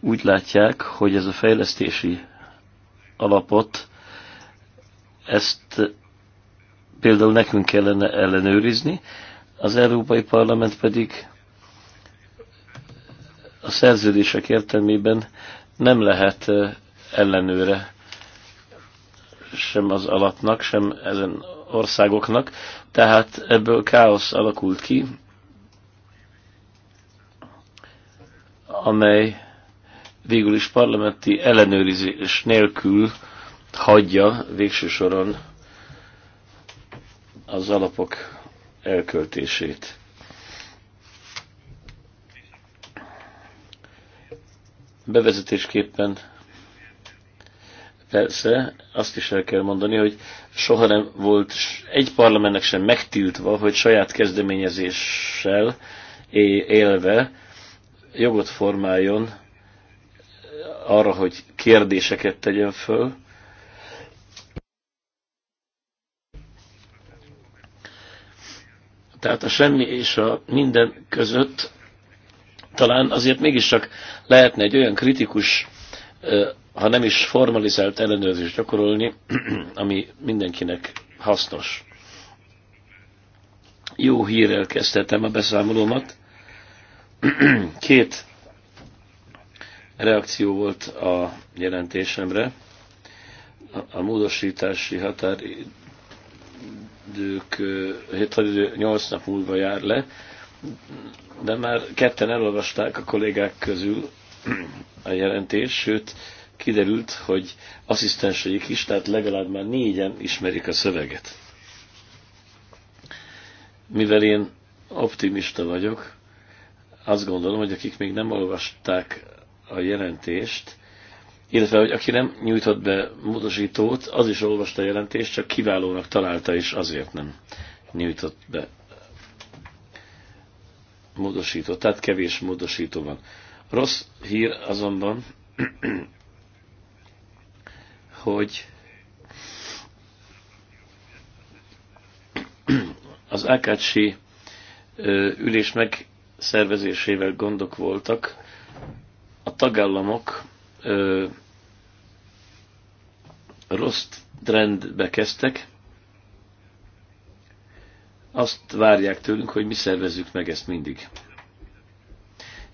úgy látják, hogy ez a fejlesztési alapot ezt eh, például nekünk kellene ellenőrizni, az Európai Parlament pedig a szerződések értelmében nem lehet eh, ellenőre sem az alapnak, sem ezen országoknak, tehát ebből káosz alakult ki, amely végül is parlamenti ellenőrizés nélkül hagyja végső soron az alapok elköltését. Bevezetésképpen persze azt is el kell mondani, hogy soha nem volt egy parlamentnek sem megtiltva, hogy saját kezdeményezéssel élve jogot formáljon arra, hogy kérdéseket tegyen föl, tehát a semmi és a minden között talán azért mégiscsak lehetne egy olyan kritikus, ha nem is formalizált ellenőrzést gyakorolni, ami mindenkinek hasznos. Jó hírrel kezdhetem a beszámolómat. Két reakció volt a jelentésemre. A módosítási határ ők határidő 8 nap múlva jár le, de már ketten elolvasták a kollégák közül a jelentést, sőt, kiderült, hogy asszisztenseik is, tehát legalább már négyen ismerik a szöveget. Mivel én optimista vagyok, azt gondolom, hogy akik még nem olvasták a jelentést, illetve hogy aki nem nyújtott be módosítót, az is olvasta a jelentést, csak kiválónak találta, és azért nem nyújtott be módosítót. Tehát kevés módosító van. Rossz hír azonban, hogy az Ákácsi ülés megszervezésével gondok voltak. A tagállamok ö, rossz trendbe kezdtek, azt várják tőlünk, hogy mi szervezzük meg ezt mindig.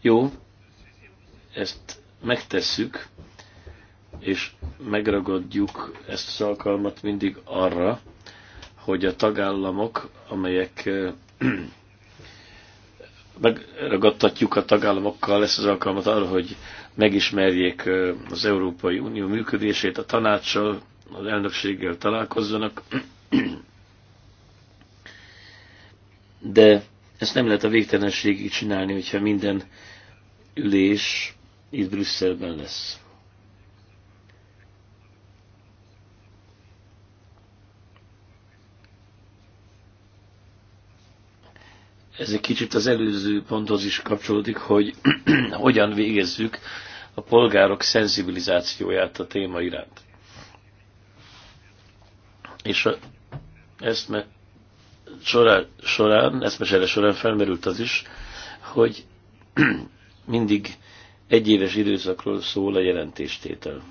Jó, ezt megtesszük, és megragadjuk ezt az alkalmat mindig arra, hogy a tagállamok, amelyek megragadtatjuk a tagállamokkal ezt az alkalmat arra, hogy megismerjék az Európai Unió működését, a tanácssal, az elnökséggel találkozzanak, de ezt nem lehet a végtelenségig csinálni, hogyha minden ülés itt Brüsszelben lesz. ez egy kicsit az előző ponthoz is kapcsolódik, hogy hogyan végezzük a polgárok szenzibilizációját a téma iránt. És a me, során, során mesele során felmerült az is, hogy mindig egyéves időszakról szól a jelentéstétel.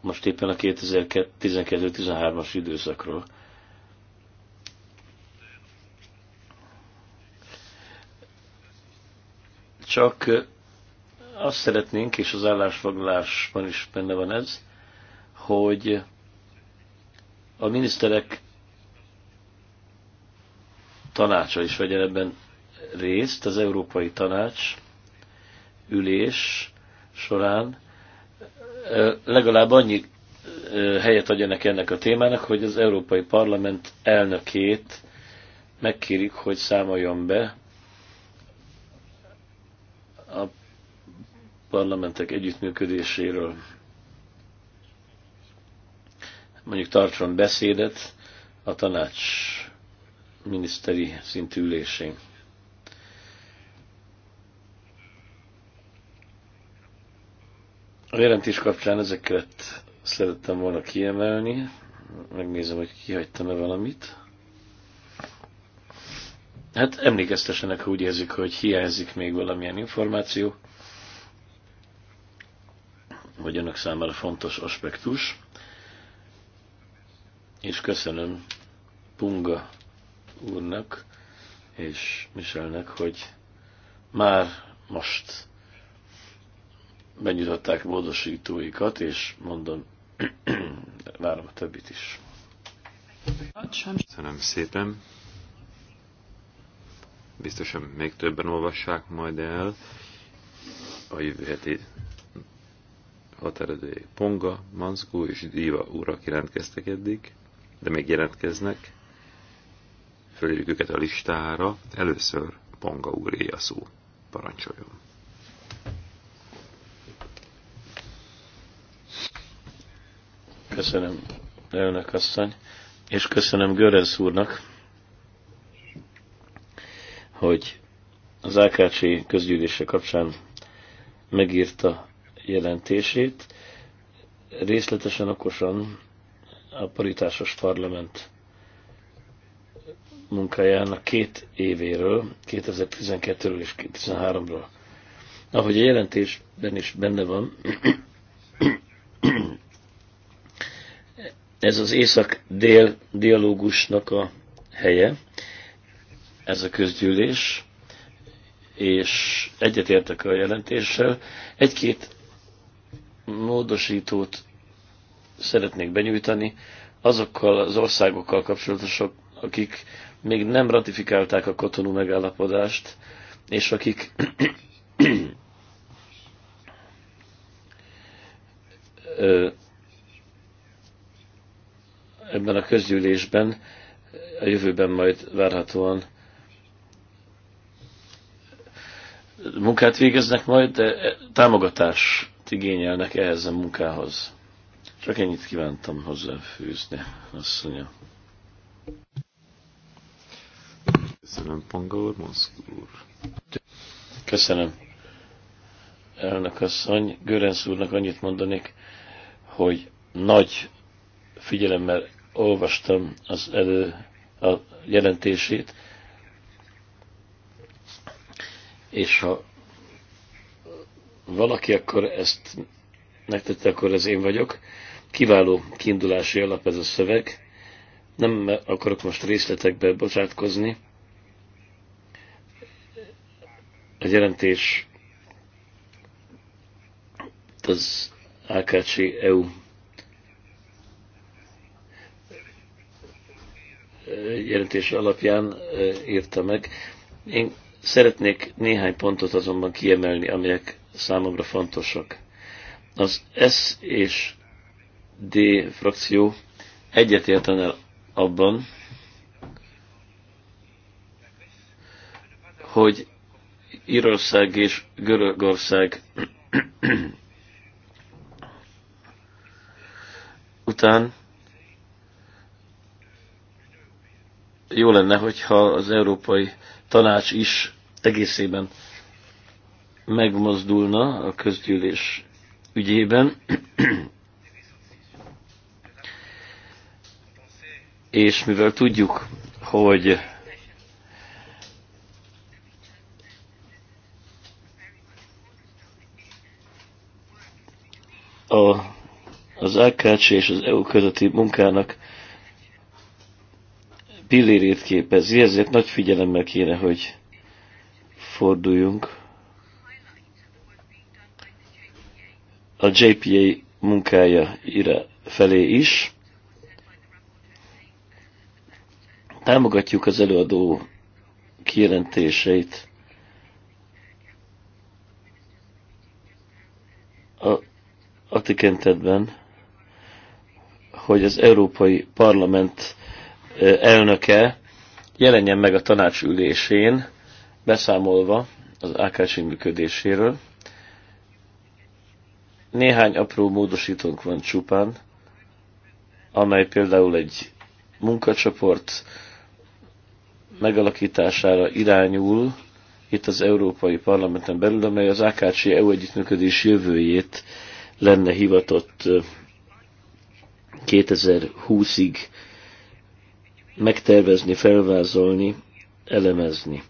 Most éppen a 2012-13-as időszakról. Csak azt szeretnénk, és az állásfoglalásban is benne van ez, hogy a miniszterek tanácsa is vegyen ebben részt, az Európai Tanács ülés során legalább annyi helyet adjanak ennek a témának, hogy az Európai Parlament elnökét megkérik, hogy számoljon be parlamentek együttműködéséről. Mondjuk tartson beszédet a tanács miniszteri szintű ülésén. A jelentés kapcsán ezeket szerettem volna kiemelni. Megnézem, hogy kihagytam-e valamit. Hát emlékeztesenek, ha úgy érzik, hogy hiányzik még valamilyen információ vagy önök számára fontos aspektus, és köszönöm Punga úrnak és Michelnek, hogy már most megnyitották módosítóikat, és mondom, várom a többit is. Köszönöm szépen. Biztosan még többen olvassák majd el a jövő heti határidőjék. Ponga, Manzgó és Diva úrak jelentkeztek eddig, de még jelentkeznek. Fölírjuk őket a listára. Először Ponga úré a szó. Parancsoljon. Köszönöm, elnök asszony, és köszönöm Görez úrnak, hogy az AKC közgyűlése kapcsán megírta jelentését részletesen, okosan a paritásos parlament munkájának két évéről, 2012-ről és 2013-ról. Ahogy a jelentésben is benne van, ez az észak-dél dialógusnak a helye, ez a közgyűlés, és egyetértek a jelentéssel. Egy-két módosítót szeretnék benyújtani azokkal az országokkal kapcsolatosok, akik még nem ratifikálták a kotonú megállapodást, és akik ebben a közgyűlésben a jövőben majd várhatóan munkát végeznek majd, de támogatás igényelnek ehhez a munkához. Csak ennyit kívántam hozzáfűzni, asszonya. Köszönöm, Panga úr, úr. Köszönöm. Elnök asszony, Görenc úrnak annyit mondanék, hogy nagy figyelemmel olvastam az elő a jelentését, és ha valaki, akkor ezt megtette, akkor ez én vagyok. Kiváló kiindulási alap ez a szöveg. Nem akarok most részletekbe bocsátkozni. A jelentés az AKC EU jelentés alapján eh, írta meg. Én szeretnék néhány pontot azonban kiemelni, amelyek számomra fontosak. Az S és D frakció egyetértene abban, hogy Írország és Görögország után jó lenne, hogyha az Európai Tanács is egészében megmozdulna a közgyűlés ügyében, és mivel tudjuk, hogy a, az AKC és az EU közötti munkának pillérét képezi, ezért nagy figyelemmel kéne, hogy forduljunk a JPA munkája ire felé is. Támogatjuk az előadó kijelentéseit. A, a tekintetben, hogy az Európai Parlament elnöke jelenjen meg a tanácsülésén, beszámolva az AKC működéséről. Néhány apró módosítónk van csupán, amely például egy munkacsoport megalakítására irányul, itt az Európai Parlamenten belül, amely az AKC EU együttműködés jövőjét lenne hivatott 2020-ig megtervezni, felvázolni, elemezni.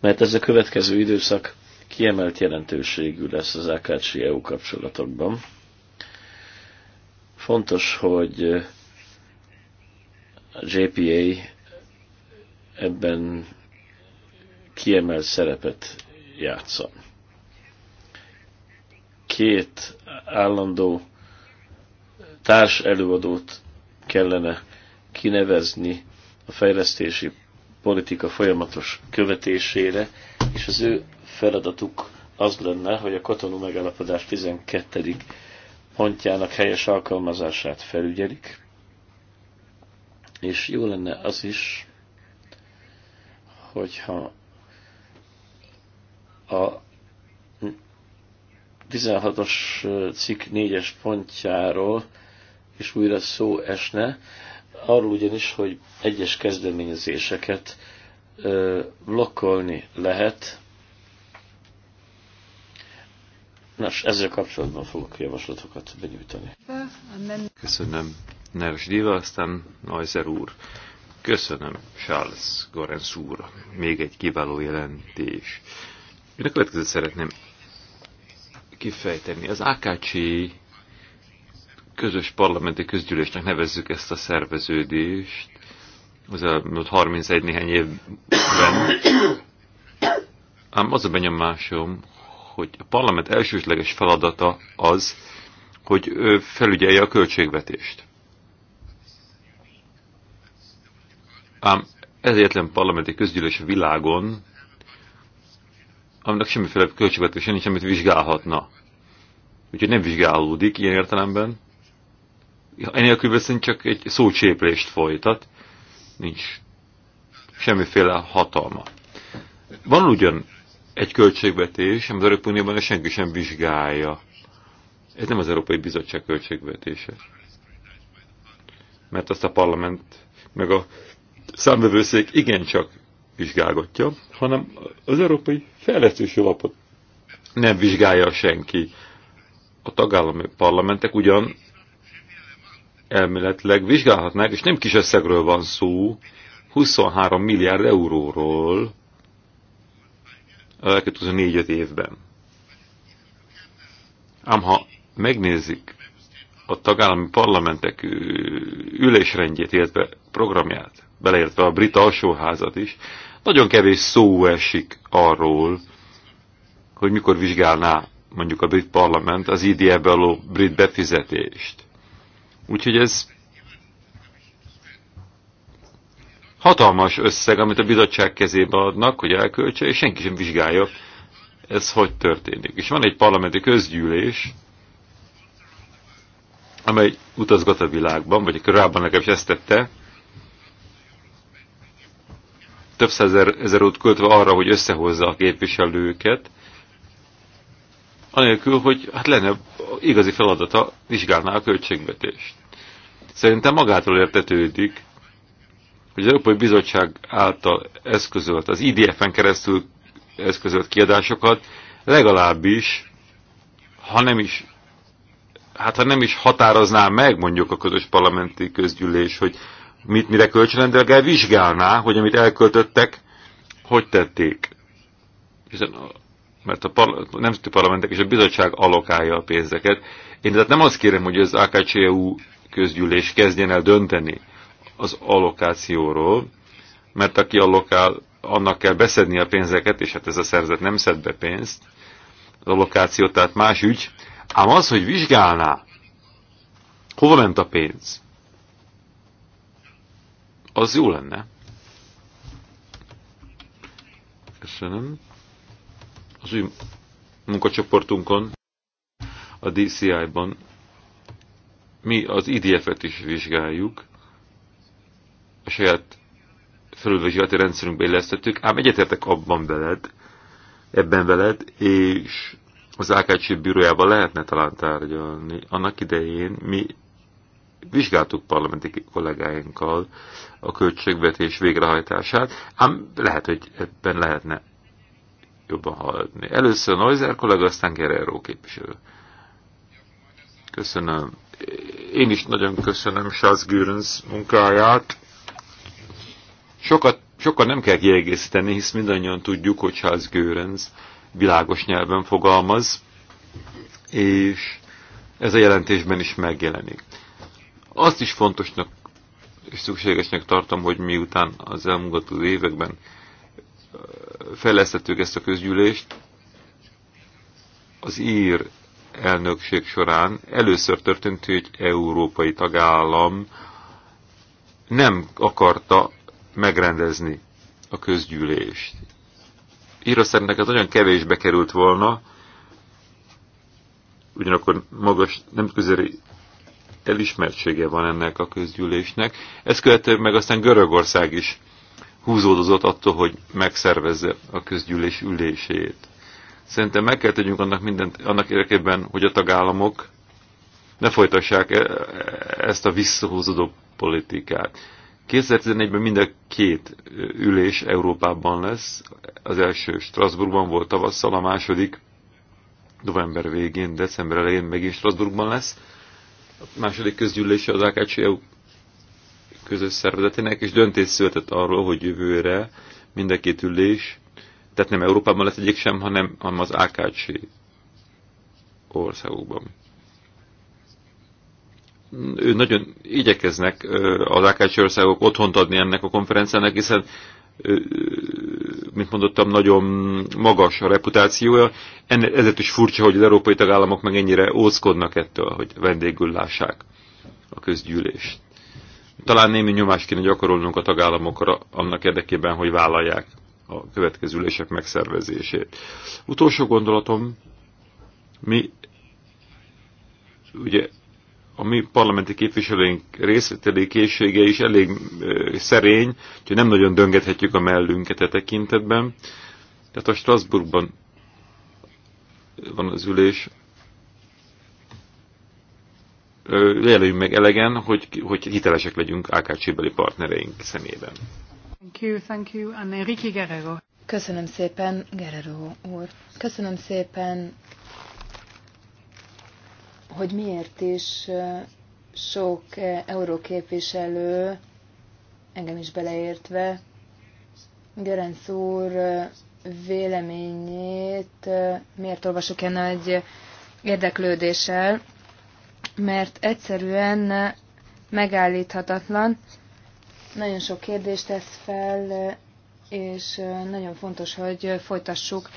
Mert ez a következő időszak kiemelt jelentőségű lesz az AKC-EU kapcsolatokban. Fontos, hogy a JPA ebben kiemelt szerepet játszan. Két állandó társ előadót kellene kinevezni a fejlesztési politika folyamatos követésére, és az ő feladatuk az lenne, hogy a katonú megállapodás 12. pontjának helyes alkalmazását felügyelik, és jó lenne az is, hogyha a 16-os cikk 4-es pontjáról is újra szó esne, arról ugyanis, hogy egyes kezdeményezéseket blokkolni lehet, Nos, ezzel kapcsolatban fogok javaslatokat benyújtani. Köszönöm. Neves Diva, aztán Neuser úr. Köszönöm, Charles Gorenz úr. Még egy kiváló jelentés. Én a következőt szeretném kifejteni. Az AKC közös parlamenti közgyűlésnek nevezzük ezt a szerveződést. Az elmúlt 31 néhány évben. Ám az a benyomásom, hogy a parlament elsősleges feladata az, hogy felügyelje a költségvetést. Ám ez egyetlen parlamenti közgyűlés a világon, aminek semmiféle költségvetése nincs, amit vizsgálhatna. Úgyhogy nem vizsgálódik ilyen értelemben. Enélkül viszont csak egy szócséplést folytat, nincs semmiféle hatalma. Van ugyan egy költségvetés, amit az Európai Unióban senki sem vizsgálja. Ez nem az Európai Bizottság költségvetése. Mert azt a parlament, meg a számvevőszék igencsak vizsgálgatja, hanem az Európai Fejlesztési Alapot nem vizsgálja senki. A tagállami parlamentek ugyan elméletileg vizsgálhatnák, és nem kis összegről van szó, 23 milliárd euróról, a elkövetkező négy-öt évben. Ám ha megnézzük a tagállami parlamentek ülésrendjét, illetve programját, beleértve a brit alsóházat is, nagyon kevés szó esik arról, hogy mikor vizsgálná mondjuk a brit parlament az idf brit befizetést. Úgyhogy ez Hatalmas összeg, amit a bizottság kezébe adnak, hogy elköltse, és senki sem vizsgálja, ez hogy történik. És van egy parlamenti közgyűlés, amely utazgat a világban, vagy korábban is ezt tette, több százer ezer út költve arra, hogy összehozza a képviselőket, anélkül, hogy hát lenne igazi feladata, vizsgálná a költségvetést. Szerintem magától értetődik, hogy az Európai Bizottság által eszközölt, az IDF-en keresztül eszközölt kiadásokat legalábbis, ha nem is, hát ha nem is határozná meg mondjuk a közös parlamenti közgyűlés, hogy mit mire kölcsön, de legalább vizsgálná, hogy amit elköltöttek, hogy tették. Hiszen mert a parla- nemzeti parlamentek és a bizottság alokálja a pénzeket. Én tehát nem azt kérem, hogy az AKCU e közgyűlés kezdjen el dönteni az allokációról, mert aki allokál, annak kell beszedni a pénzeket, és hát ez a szerzet nem szed be pénzt, az allokáció tehát más ügy, ám az, hogy vizsgálná, hova ment a pénz, az jó lenne. Köszönöm. Az új munkacsoportunkon, a DCI-ban mi az IDF-et is vizsgáljuk, a saját felülvizsgálati rendszerünkbe illesztettük, ám egyetértek abban veled, ebben veled, és az AKC bürójában lehetne talán tárgyalni. Annak idején mi vizsgáltuk parlamenti kollégáinkkal a költségvetés végrehajtását, ám lehet, hogy ebben lehetne jobban haladni. Először Neuser kollega, aztán Guerrero képviselő. Köszönöm. Én is nagyon köszönöm Charles Gürens munkáját. Sokat, sokat nem kell kiegészíteni, hisz mindannyian tudjuk, hogy Charles Görenz világos nyelven fogalmaz, és ez a jelentésben is megjelenik. Azt is fontosnak és szükségesnek tartom, hogy miután az elmúlt években fejlesztettük ezt a közgyűlést, az ír elnökség során először történt, hogy egy európai tagállam nem akarta megrendezni a közgyűlést. Írországnak ez nagyon kevésbe került volna, ugyanakkor magas nemzetközi elismertsége van ennek a közgyűlésnek. Ezt követően meg aztán Görögország is húzódozott attól, hogy megszervezze a közgyűlés ülését. Szerintem meg kell tegyünk annak, mindent, annak érdekében, hogy a tagállamok ne folytassák e- e- ezt a visszahúzódó politikát. 2014-ben mind a két ülés Európában lesz. Az első Strasbourgban volt tavasszal, a második november végén, december elején megint Strasbourgban lesz. A második közgyűlése az AKC EU közös szervezetének, és döntés született arról, hogy jövőre mind a két ülés, tehát nem Európában lesz egyik sem, hanem, hanem az AKC e országokban ő nagyon igyekeznek az AKC országok otthont adni ennek a konferenciának, hiszen mint mondottam, nagyon magas a reputációja. Ezért is furcsa, hogy az európai tagállamok meg ennyire óckodnak ettől, hogy vendégül lássák a közgyűlést. Talán némi nyomást kéne gyakorolnunk a tagállamokra annak érdekében, hogy vállalják a következő ülések megszervezését. Utolsó gondolatom, mi ugye a mi parlamenti képviselőink részletelékészsége is elég szerény, hogy nem nagyon döngethetjük a mellünket e tekintetben. Tehát a Strasbourgban van az ülés. Jelöljünk meg elegen, hogy, hogy hitelesek legyünk AKC-beli partnereink szemében. Thank you, thank you. Enrique Guerrero. Köszönöm szépen, Guerrero úr. Köszönöm szépen, hogy miért is sok euróképviselő, engem is beleértve, Gerenc úr véleményét miért olvasok én nagy érdeklődéssel, mert egyszerűen megállíthatatlan, nagyon sok kérdést tesz fel, és nagyon fontos, hogy folytassuk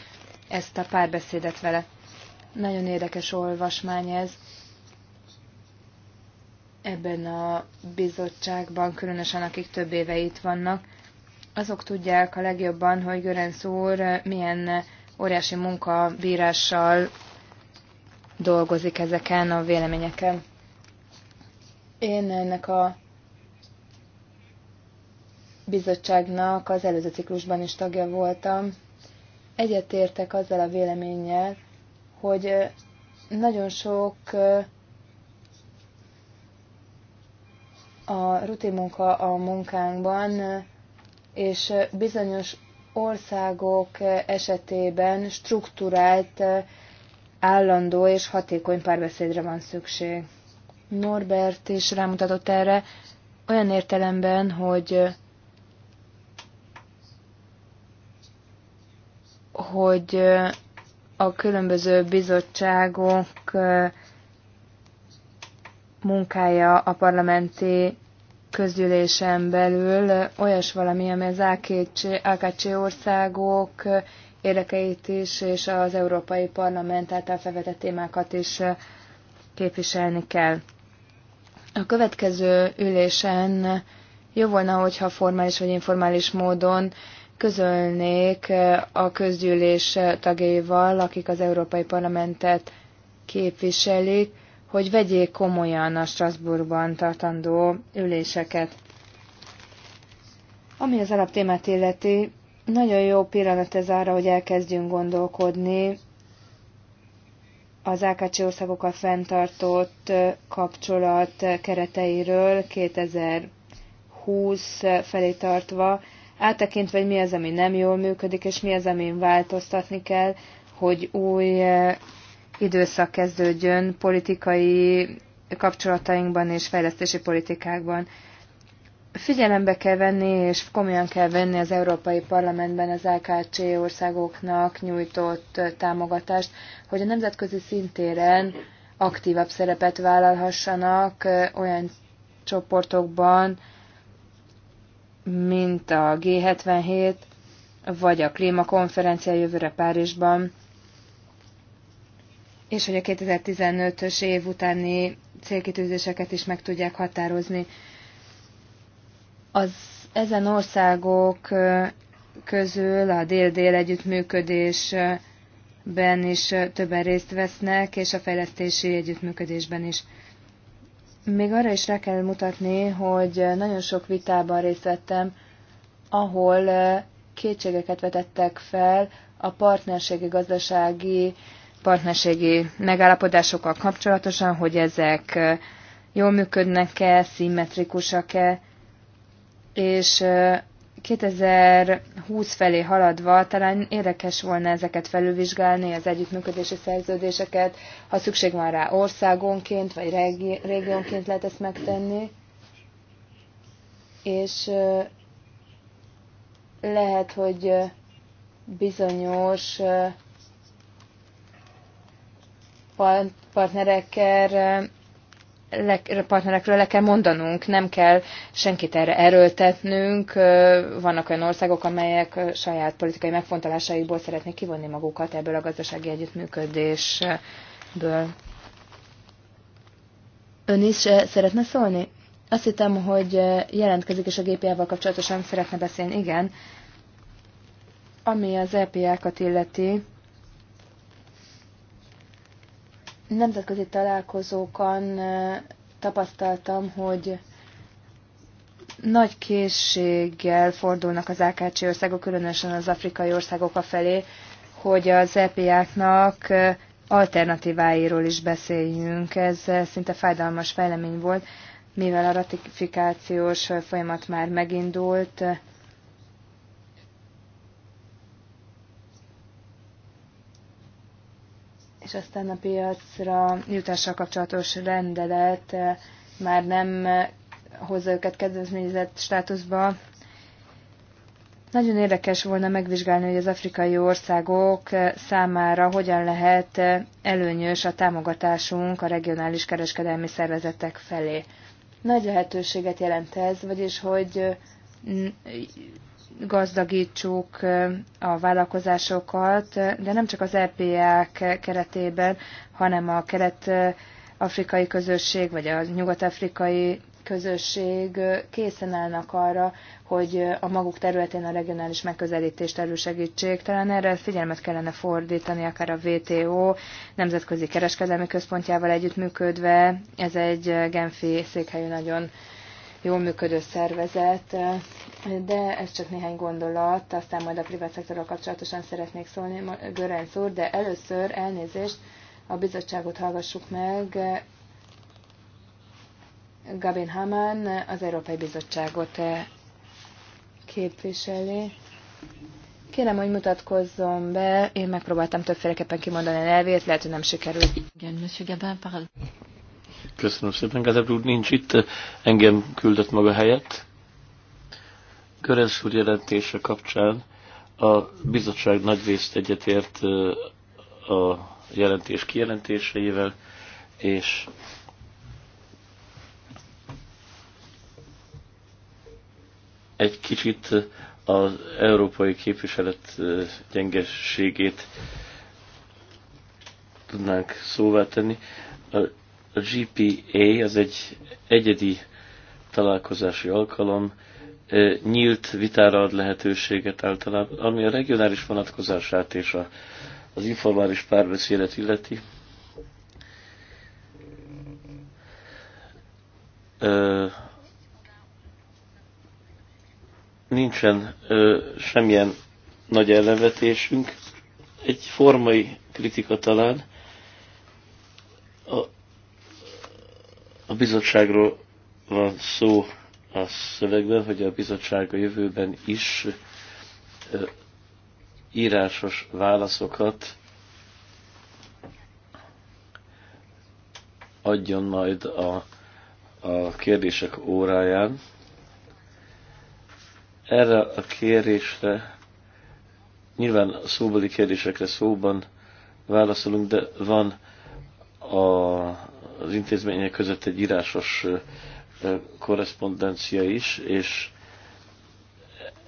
ezt a párbeszédet vele. Nagyon érdekes olvasmány ez ebben a bizottságban, különösen akik több éve itt vannak, azok tudják a legjobban, hogy Görenc úr milyen óriási munkabírással dolgozik ezeken a véleményeken. Én ennek a bizottságnak az előző ciklusban is tagja voltam. Egyetértek azzal a véleménnyel, hogy nagyon sok a rutin munka a munkánkban, és bizonyos országok esetében strukturált, állandó és hatékony párbeszédre van szükség. Norbert is rámutatott erre, olyan értelemben, hogy hogy a különböző bizottságok munkája a parlamenti közgyűlésen belül olyas valami, ami az AKC országok érdekeit is, és az Európai Parlament által felvetett témákat is képviselni kell. A következő ülésen jó volna, hogyha formális vagy informális módon közölnék a közgyűlés tagjaival, akik az Európai Parlamentet képviselik, hogy vegyék komolyan a Strasbourgban tartandó üléseket. Ami az alaptémát illeti, nagyon jó pillanat ez arra, hogy elkezdjünk gondolkodni az AKC országokkal fenntartott kapcsolat kereteiről 2020 felé tartva, áttekintve, hogy mi az, ami nem jól működik, és mi az, amin változtatni kell, hogy új időszak kezdődjön politikai kapcsolatainkban és fejlesztési politikákban. Figyelembe kell venni, és komolyan kell venni az Európai Parlamentben az LKC országoknak nyújtott támogatást, hogy a nemzetközi szintéren aktívabb szerepet vállalhassanak olyan csoportokban, mint a G77, vagy a klímakonferencia jövőre Párizsban, és hogy a 2015-ös év utáni célkitűzéseket is meg tudják határozni. Az ezen országok közül a dél-dél együttműködésben is többen részt vesznek, és a fejlesztési együttműködésben is. Még arra is rá kell mutatni, hogy nagyon sok vitában részt vettem, ahol kétségeket vetettek fel a partnerségi gazdasági partnerségi megállapodásokkal kapcsolatosan, hogy ezek jól működnek-e, szimmetrikusak-e, és 2020 felé haladva talán érdekes volna ezeket felülvizsgálni, az együttműködési szerződéseket, ha szükség van rá országonként vagy régi, régiónként lehet ezt megtenni. És lehet, hogy bizonyos partnerekkel le, partnerekről le kell mondanunk, nem kell senkit erre erőltetnünk. Vannak olyan országok, amelyek saját politikai megfontolásaiból szeretnék kivonni magukat ebből a gazdasági együttműködésből. Ön is eh, szeretne szólni? Azt hittem, hogy eh, jelentkezik, és a GPA-val kapcsolatosan szeretne beszélni. Igen. Ami az EPA-kat illeti, nemzetközi találkozókon tapasztaltam, hogy nagy készséggel fordulnak az AKC országok, különösen az afrikai országok a felé, hogy az EPA-knak alternatíváiról is beszéljünk. Ez szinte fájdalmas fejlemény volt, mivel a ratifikációs folyamat már megindult, és aztán a piacra jutással kapcsolatos rendelet eh, már nem eh, hozza őket kedvezményezett státuszba. Nagyon érdekes volna megvizsgálni, hogy az afrikai országok eh, számára hogyan lehet előnyös a támogatásunk a regionális kereskedelmi szervezetek felé. Nagy lehetőséget jelent ez, vagyis hogy gazdagítsuk a vállalkozásokat, de nem csak az EPA keretében, hanem a kelet-afrikai közösség, vagy a nyugat-afrikai közösség készen állnak arra, hogy a maguk területén a regionális megközelítést elősegítsék. Talán erre figyelmet kellene fordítani, akár a WTO nemzetközi kereskedelmi központjával együttműködve. Ez egy Genfi székhelyű nagyon jól működő szervezet, de ez csak néhány gondolat, aztán majd a privát szektorral kapcsolatosan szeretnék szólni, Görenc úr, de először elnézést, a bizottságot hallgassuk meg, Gabin Haman az Európai Bizottságot eh, képviseli. Kérem, hogy mutatkozzon be. Én megpróbáltam többféleképpen kimondani a nevét, lehet, hogy nem sikerült. Igen, Köszönöm szépen, Gazebrúd úr nincs itt, engem küldött maga helyett. Körenc úr jelentése kapcsán a bizottság nagy részt egyetért a jelentés kijelentéseivel, és egy kicsit az európai képviselet gyengeségét tudnánk szóvá tenni. A GPA az egy egyedi találkozási alkalom, nyílt vitára ad lehetőséget általában, ami a regionális vonatkozását és a, az informális párbeszédet illeti. Ö, nincsen ö, semmilyen nagy ellenvetésünk. Egy formai kritika talán a, a bizottságról van szó a szövegben, hogy a bizottság a jövőben is írásos válaszokat adjon majd a, a kérdések óráján. Erre a kérésre, nyilván a szóbeli kérdésekre szóban válaszolunk, de van a, az intézmények között egy írásos korrespondencia is, és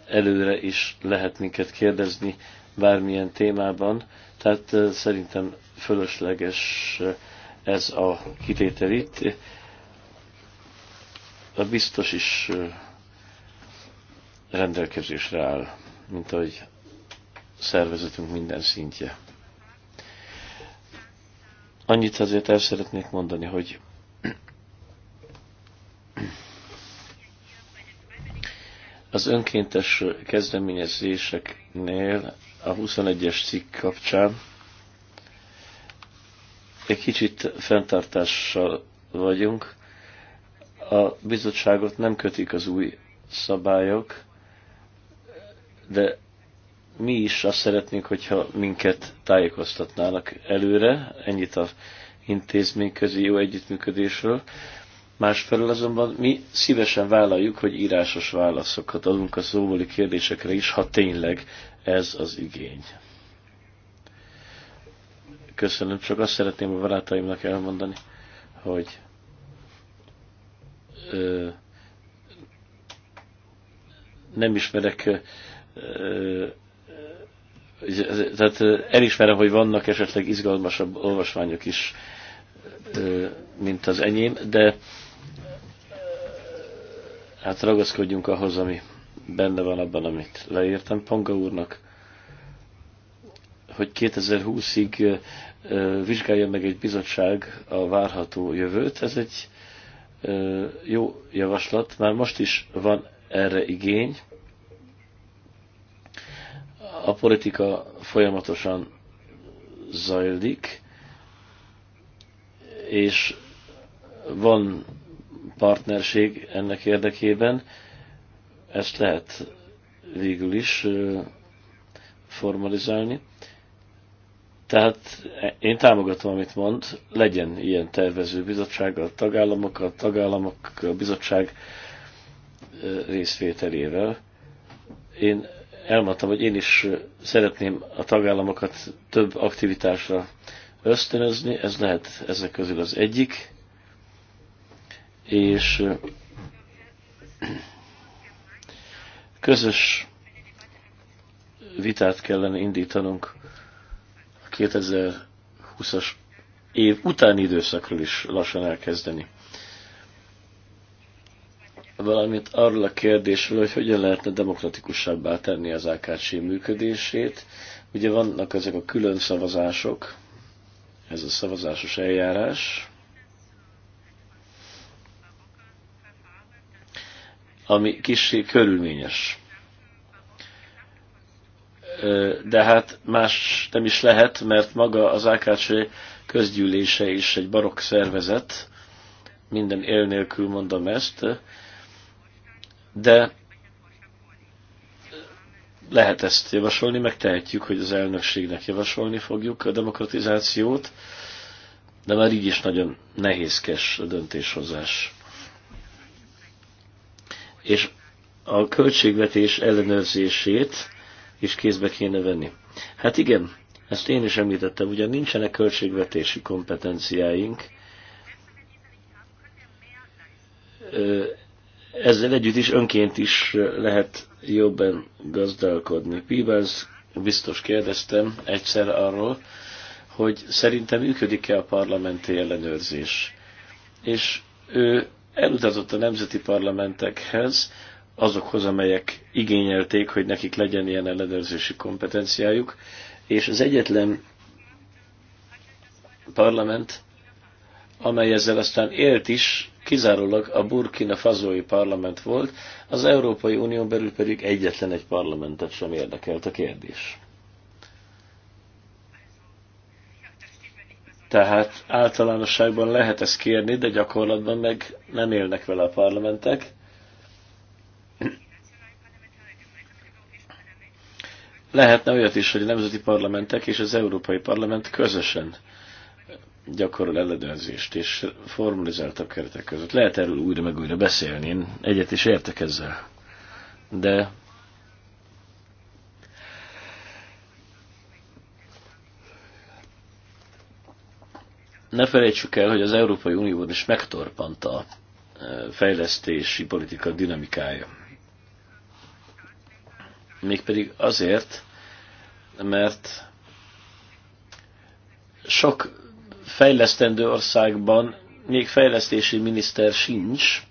előre is lehet minket kérdezni bármilyen témában, tehát szerintem fölösleges ez a kitétel itt. A biztos is rendelkezésre áll, mint ahogy szervezetünk minden szintje. Annyit azért el szeretnék mondani, hogy Az önkéntes kezdeményezéseknél a 21-es cikk kapcsán egy kicsit fenntartással vagyunk. A bizottságot nem kötik az új szabályok, de mi is azt szeretnénk, hogyha minket tájékoztatnának előre, ennyit a intézményközi jó együttműködésről. Másfelől azonban mi szívesen vállaljuk, hogy írásos válaszokat adunk a szóbeli kérdésekre is, ha tényleg ez az igény. Köszönöm, csak azt szeretném a barátaimnak elmondani, hogy ö, nem ismerek, ö, ö, tehát elismerem, hogy vannak esetleg izgalmasabb olvasmányok is, ö, mint az enyém, de hát ragaszkodjunk ahhoz, ami benne van abban, amit leírtam Panga úrnak, hogy 2020-ig vizsgálja meg egy bizottság a várható jövőt. Ez egy jó javaslat, már most is van erre igény. A politika folyamatosan zajlik, és van partnerség ennek érdekében. Ezt lehet végül is formalizálni. Tehát én támogatom, amit mond, legyen ilyen tervező bizottság a tagállamok, a tagállamok, a bizottság részvételével. Én elmondtam, hogy én is szeretném a tagállamokat több aktivitásra ösztönözni, ez lehet ezek közül az egyik és közös vitát kellene indítanunk a 2020-as év utáni időszakról is lassan elkezdeni. Valamint arról a kérdésről, hogy hogyan lehetne demokratikusabbá tenni az AKC működését. Ugye vannak ezek a külön szavazások, ez a szavazásos eljárás, ami kissé körülményes. De hát más nem is lehet, mert maga az AKC közgyűlése is egy barokk szervezet, minden él nélkül mondom ezt, de lehet ezt javasolni, megtehetjük, hogy az elnökségnek javasolni fogjuk a demokratizációt, de már így is nagyon nehézkes a döntéshozás és a költségvetés ellenőrzését is kézbe kéne venni. Hát igen, ezt én is említettem, ugyan nincsenek költségvetési kompetenciáink, ezzel együtt is önként is lehet jobban gazdálkodni. Pibers biztos kérdeztem egyszer arról, hogy szerintem működik-e a parlamenti ellenőrzés. És ő elutazott a nemzeti parlamentekhez, azokhoz, amelyek igényelték, hogy nekik legyen ilyen ellenőrzési kompetenciájuk, és az egyetlen parlament, amely ezzel aztán élt is, kizárólag a Burkina Fazói parlament volt, az Európai Unió belül pedig egyetlen egy parlamentet sem érdekelt a kérdés. Tehát általánosságban lehet ezt kérni, de gyakorlatban meg nem élnek vele a parlamentek. Lehetne olyat is, hogy a nemzeti parlamentek és az Európai Parlament közösen gyakorol ellenőrzést, és a keretek között. Lehet erről újra meg újra beszélni, én egyet is értek ezzel. De ne felejtsük el, hogy az Európai Unióban is megtorpant a e, fejlesztési politika dinamikája. Mégpedig azért, mert sok fejlesztendő országban még fejlesztési miniszter sincs,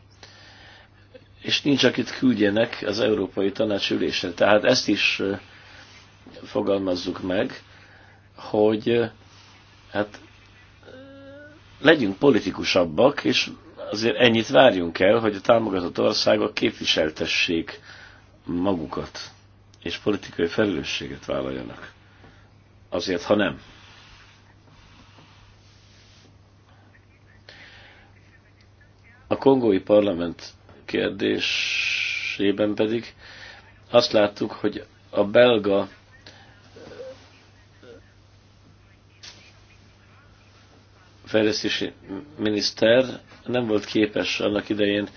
és nincs, akit küldjenek az Európai Tanács ülésre. Tehát ezt is e, fogalmazzuk meg, hogy e, hát legyünk politikusabbak, és azért ennyit várjunk el, hogy a támogatott országok képviseltessék magukat, és politikai felelősséget vállaljanak. Azért, ha nem. A kongói parlament kérdésében pedig azt láttuk, hogy a belga fejlesztési miniszter nem volt képes annak idején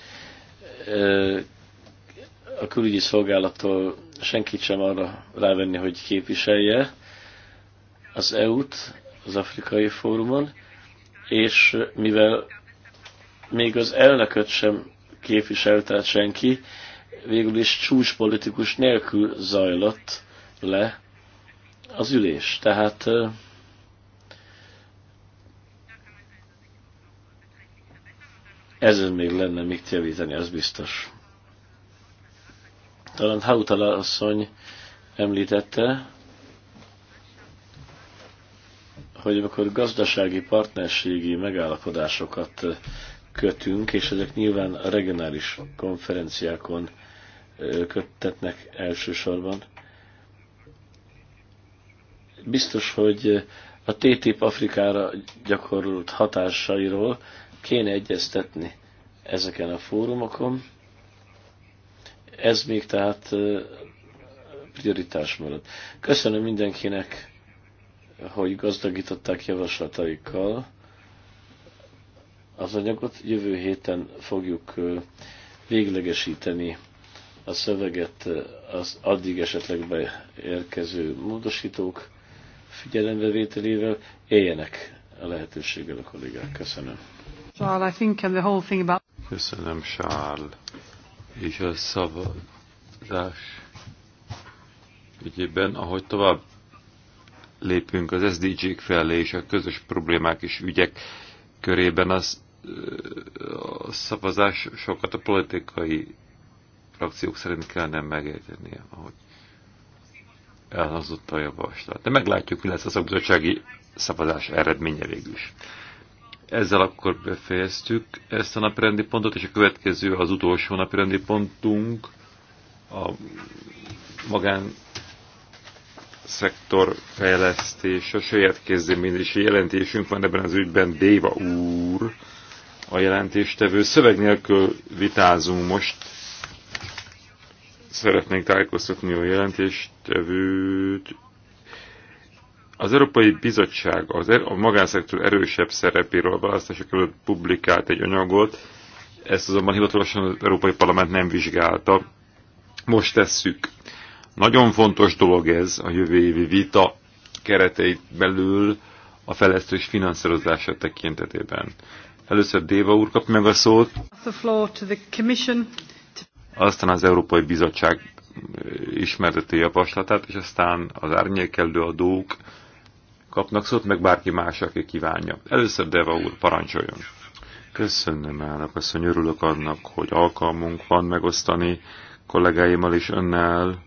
a külügyi szolgálattól senkit sem arra rávenni, hogy képviselje az EU-t az Afrikai Fórumon, és mivel még az elnököt sem képviselte senki, végül is csúcspolitikus nélkül zajlott le az ülés. Tehát Ezen még lenne mit javítani, az biztos. Talán Hautala asszony említette, hogy amikor gazdasági partnerségi megállapodásokat kötünk, és ezek nyilván a regionális konferenciákon köttetnek elsősorban, biztos, hogy a TTIP Afrikára gyakorolt hatásairól kéne egyeztetni ezeken a fórumokon. Ez még tehát prioritás marad. Köszönöm mindenkinek, hogy gazdagították javaslataikkal az anyagot. Jövő héten fogjuk véglegesíteni a szöveget az addig esetleg beérkező módosítók figyelembevételével. Éljenek a lehetőséggel a kollégák. Köszönöm. Charles, I think, and the whole thing about... Köszönöm, Charles. És a szabadás ügyében, ahogy tovább lépünk az SDG-k felé és a közös problémák és ügyek körében, az a szavazás sokat a politikai frakciók szerint kellene megértenie, ahogy elhangzott a javaslat. De meglátjuk, mi lesz a szakbizottsági szavazás eredménye végül is. Ezzel akkor befejeztük ezt a naprendi pontot, és a következő az utolsó naprendi pontunk, a magán szektor fejlesztés, a saját kezdeményezési jelentésünk van ebben az ügyben, Déva úr, a jelentéstevő. Szöveg nélkül vitázunk most. Szeretnénk tájékoztatni a jelentéstevőt az Európai Bizottság az, a magánszektor erősebb szerepéről a választások előtt publikált egy anyagot, ezt azonban hivatalosan az Európai Parlament nem vizsgálta. Most tesszük. Nagyon fontos dolog ez a jövő évi vita kereteit belül a fejlesztés finanszírozása tekintetében. Először Déva úr kap meg a szót, aztán az Európai Bizottság ismerteti javaslatát, és aztán az árnyékelő adók kapnak szót, meg bárki más, aki kívánja. Először Deva úr, parancsoljon. Köszönöm, elnök asszony, örülök annak, hogy alkalmunk van megosztani kollégáimmal is önnel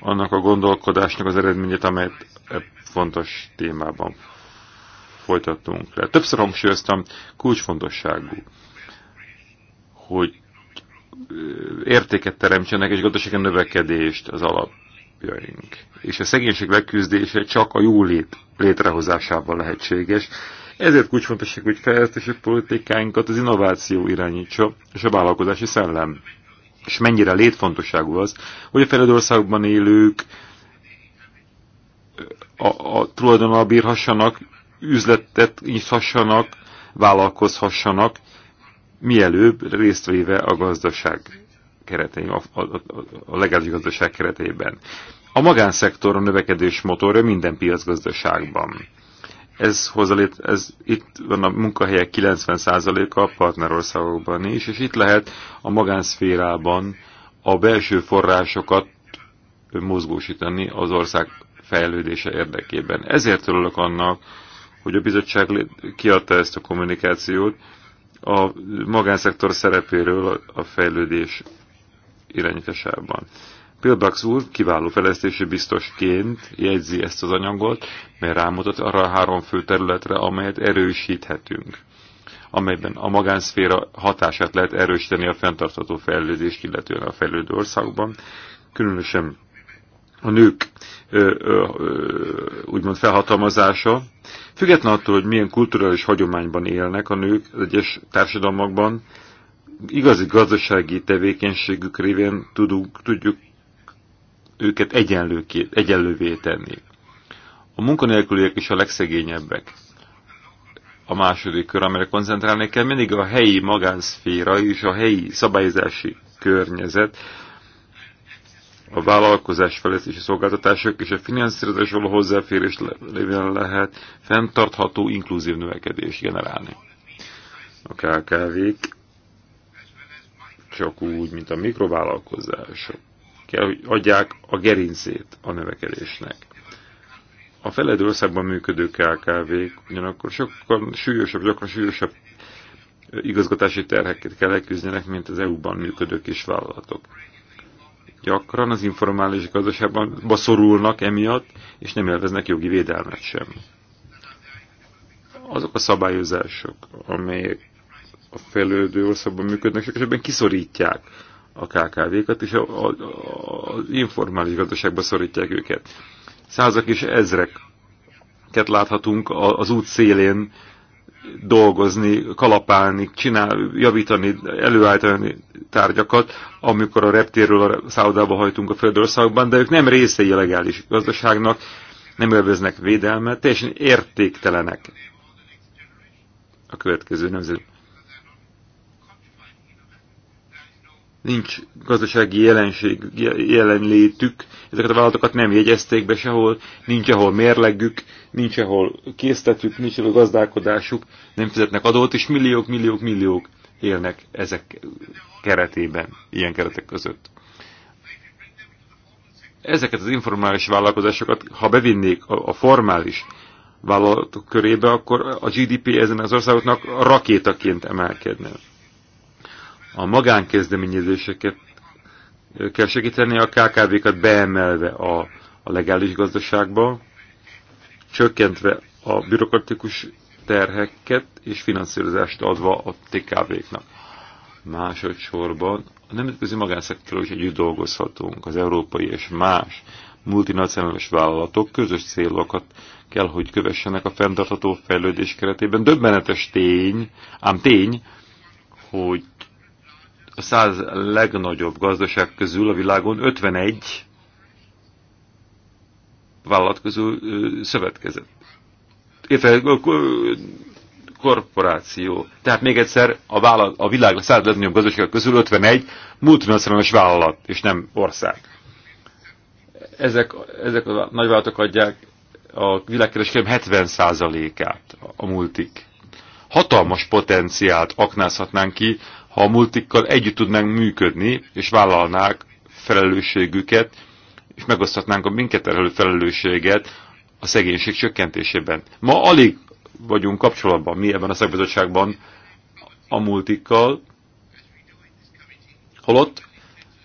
annak a gondolkodásnak az eredményét, amelyet e fontos témában folytatunk le. Többször hangsúlyoztam, kulcsfontosságú, hogy értéket teremtsenek és gazdasági növekedést az alap mindennapjaink. És a szegénység leküzdése csak a jólét létrehozásával lehetséges. Ezért kulcsfontosak, hogy fejlesztési politikáinkat az innováció irányítsa, és a vállalkozási szellem. És mennyire létfontosságú az, hogy a fejlődő élők a, a tulajdonnal bírhassanak, üzletet nyithassanak, vállalkozhassanak, mielőbb részt véve a gazdaság keretein, a, a, a legális gazdaság keretében. A magánszektor a növekedés motorja minden piacgazdaságban. Ez, hozzalét, ez itt van a munkahelyek 90%-a a partnerországokban is, és itt lehet a magánszférában a belső forrásokat mozgósítani az ország fejlődése érdekében. Ezért örülök annak, hogy a bizottság kiadta ezt a kommunikációt a magánszektor szerepéről a fejlődés irányításában. Pilbax úr kiváló fejlesztési biztosként jegyzi ezt az anyagot, mert rámutat arra a három fő területre, amelyet erősíthetünk amelyben a magánszféra hatását lehet erősíteni a fenntartható fejlődést, illetően a fejlődő országban. Különösen a nők ö, ö, ö, úgymond felhatalmazása, független attól, hogy milyen kulturális hagyományban élnek a nők az egyes társadalmakban, igazi gazdasági tevékenységük révén tudunk, tudjuk őket egyenlőké, egyenlővé tenni. A munkanélküliek is a legszegényebbek. A második kör, amelyre koncentrálni kell, mindig a helyi magánszféra és a helyi szabályozási környezet, a vállalkozás fejlesztési szolgáltatások és a finanszírozás való hozzáférés lévén lehet fenntartható, inkluzív növekedés generálni. A KKV-k csak úgy, mint a mikrovállalkozások kell, hogy adják a gerincét a növekedésnek. A feledő országban működő KKV-k ugyanakkor sokkal súlyosabb, gyakran súlyosabb igazgatási terheket kell elküzdenek, mint az EU-ban működő vállalatok. Gyakran az informális gazdaságban baszorulnak emiatt, és nem élveznek jogi védelmet sem. Azok a szabályozások, amelyek a fejlődő országban működnek, és ebben kiszorítják a KKV-kat, és az informális gazdaságba szorítják őket. Százak és ezreket láthatunk az út szélén dolgozni, kalapálni, csinál, javítani, előállítani tárgyakat, amikor a reptérről a szállodába hajtunk a földországban, de ők nem részei a legális gazdaságnak, nem élveznek védelmet, teljesen értéktelenek a következő nemzetek. nincs gazdasági jelenség, jelenlétük, ezeket a vállalatokat nem jegyezték be sehol, nincs ahol mérlegük, nincs ahol készletük, nincs ahol gazdálkodásuk, nem fizetnek adót, és milliók, milliók, milliók élnek ezek keretében, ilyen keretek között. Ezeket az informális vállalkozásokat, ha bevinnék a, a formális vállalatok körébe, akkor a GDP ezen az országoknak rakétaként emelkedne a magánkezdeményezéseket kell segíteni a KKV-kat beemelve a, a legális gazdaságba, csökkentve a bürokratikus terheket és finanszírozást adva a TKV-knak. Másodszorban a nemzetközi magánszektorral is együtt dolgozhatunk, az európai és más multinacionális vállalatok közös célokat kell, hogy kövessenek a fenntartható fejlődés keretében. Döbbenetes tény, ám tény, hogy a száz legnagyobb gazdaság közül a világon 51 vállalat közül szövetkezett. Érte, korporáció. Tehát még egyszer a, vállalat, a világ száz legnagyobb gazdaság közül 51 multinacionális vállalat, és nem ország. Ezek, ezek a nagyvállalatok adják a világkereskedelem 70%-át a multik. Hatalmas potenciált aknázhatnánk ki ha a multikkal együtt tudnánk működni, és vállalnák felelősségüket, és megosztatnánk a minket terhelő felelősséget a szegénység csökkentésében. Ma alig vagyunk kapcsolatban, mi ebben a szakbizottságban a multikkal, holott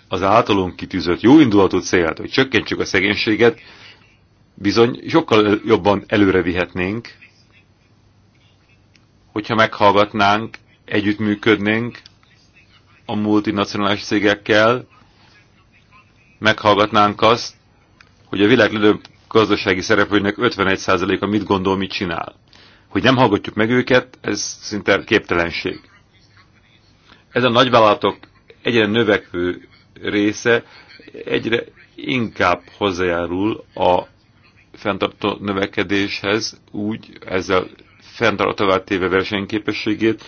az általunk kitűzött indulatú célt, hogy csökkentsük a szegénységet, bizony sokkal jobban előre vihetnénk, hogyha meghallgatnánk, együttműködnénk, a multinacionális cégekkel, meghallgatnánk azt, hogy a világ legnagyobb gazdasági szereplőinek 51%-a mit gondol, mit csinál. Hogy nem hallgatjuk meg őket, ez szinte képtelenség. Ez a nagyvállalatok egyre növekvő része egyre inkább hozzájárul a fenntartó növekedéshez, úgy ezzel fenntartóvá téve versenyképességét,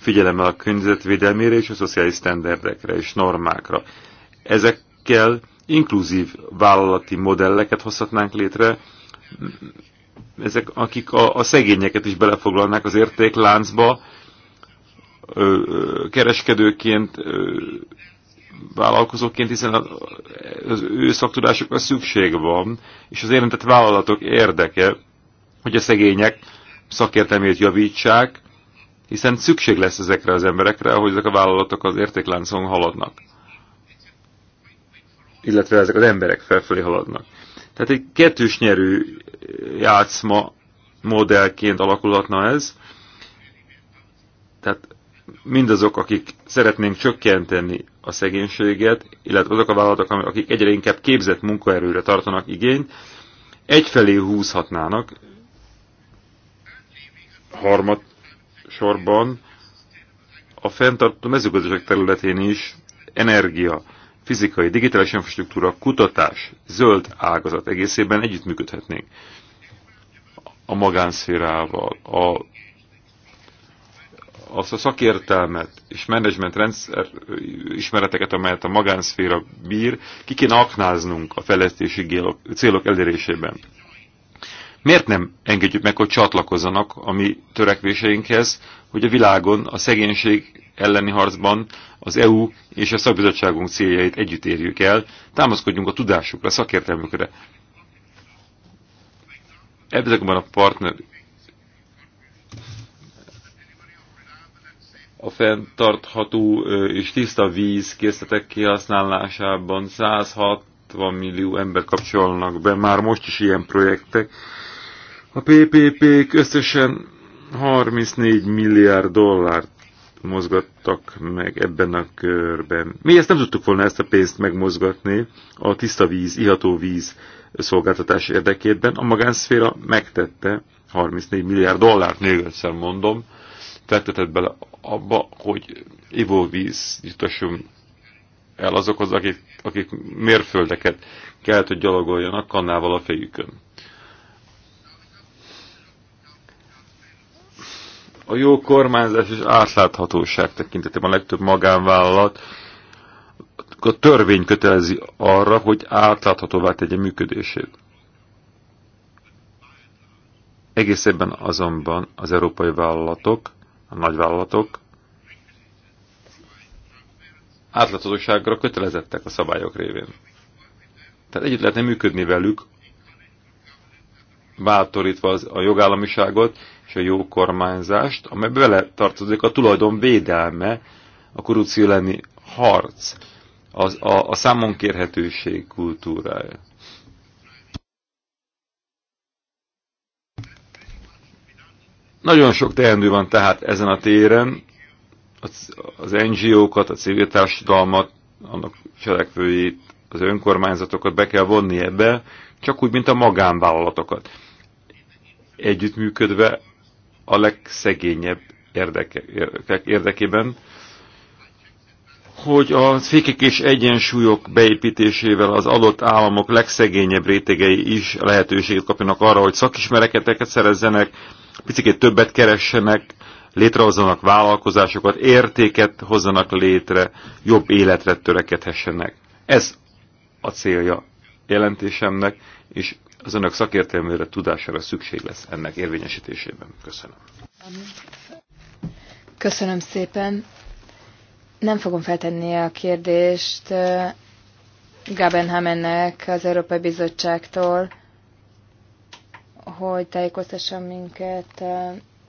figyelemmel a környezetvédelmére és a szociális standardekre és normákra. Ezekkel inkluzív vállalati modelleket hozhatnánk létre, ezek, akik a, a szegényeket is belefoglalnák az értékláncba, ö, kereskedőként, ö, vállalkozóként, hiszen az ő szaktudásokra szükség van, és az érintett vállalatok érdeke, hogy a szegények szakértelmét javítsák, hiszen szükség lesz ezekre az emberekre, ahogy ezek a vállalatok az értékláncon haladnak. Illetve ezek az emberek felfelé haladnak. Tehát egy kettős nyerő játszma modellként alakulhatna ez. Tehát mindazok, akik szeretnénk csökkenteni a szegénységet, illetve azok a vállalatok, akik egyre inkább képzett munkaerőre tartanak igényt, egyfelé húzhatnának harmad sorban a fenntartó mezőgazdaság területén is energia, fizikai, digitális infrastruktúra, kutatás, zöld ágazat egészében együttműködhetnénk a magánszférával, a, az a szakértelmet és menedzsment rendszer ismereteket, amelyet a magánszféra bír, ki kéne aknáznunk a fejlesztési célok elérésében. Miért nem engedjük meg, hogy csatlakozzanak a mi törekvéseinkhez, hogy a világon a szegénység elleni harcban az EU és a szakbizottságunk céljait együtt érjük el, támaszkodjunk a tudásukra, a szakértelmükre. Ebben a partner a fenntartható és tiszta víz készletek kihasználásában 160 millió ember kapcsolnak be, már most is ilyen projektek a PPP-k összesen 34 milliárd dollárt mozgattak meg ebben a körben. Mi ezt nem tudtuk volna ezt a pénzt megmozgatni a tiszta víz, iható víz szolgáltatás érdekében. A magánszféra megtette 34 milliárd dollárt, még egyszer mondom, fektetett bele abba, hogy ivóvíz jutasson el azokhoz, akik, akik mérföldeket kellett, hogy gyalogoljanak kannával a fejükön. a jó kormányzás és átláthatóság tekintetében a legtöbb magánvállalat a törvény kötelezi arra, hogy átláthatóvá tegye működését. Egész ebben azonban az európai vállalatok, a nagyvállalatok átláthatóságra kötelezettek a szabályok révén. Tehát együtt lehetne működni velük, bátorítva az, a jogállamiságot, és a jó kormányzást, amely bele tartozik a tulajdon védelme, a korrupció lenni harc, az, a, a számon kérhetőség kultúrája. Nagyon sok teendő van tehát ezen a téren, az NGO-kat, a civil társadalmat, annak cselekvőjét, az önkormányzatokat be kell vonni ebbe, csak úgy, mint a magánvállalatokat. Együttműködve a legszegényebb érdeke, érdekében, hogy a fékek és egyensúlyok beépítésével az adott államok legszegényebb rétegei is lehetőséget kapjanak arra, hogy szakismereketeket szerezzenek, picit többet keressenek, létrehozzanak vállalkozásokat, értéket hozzanak létre, jobb életre törekedhessenek. Ez a célja jelentésemnek, és az önök szakértelmére, tudására szükség lesz ennek érvényesítésében. Köszönöm. Köszönöm szépen. Nem fogom feltenni a kérdést Gabenhamennek az Európai Bizottságtól, hogy tájékoztassam minket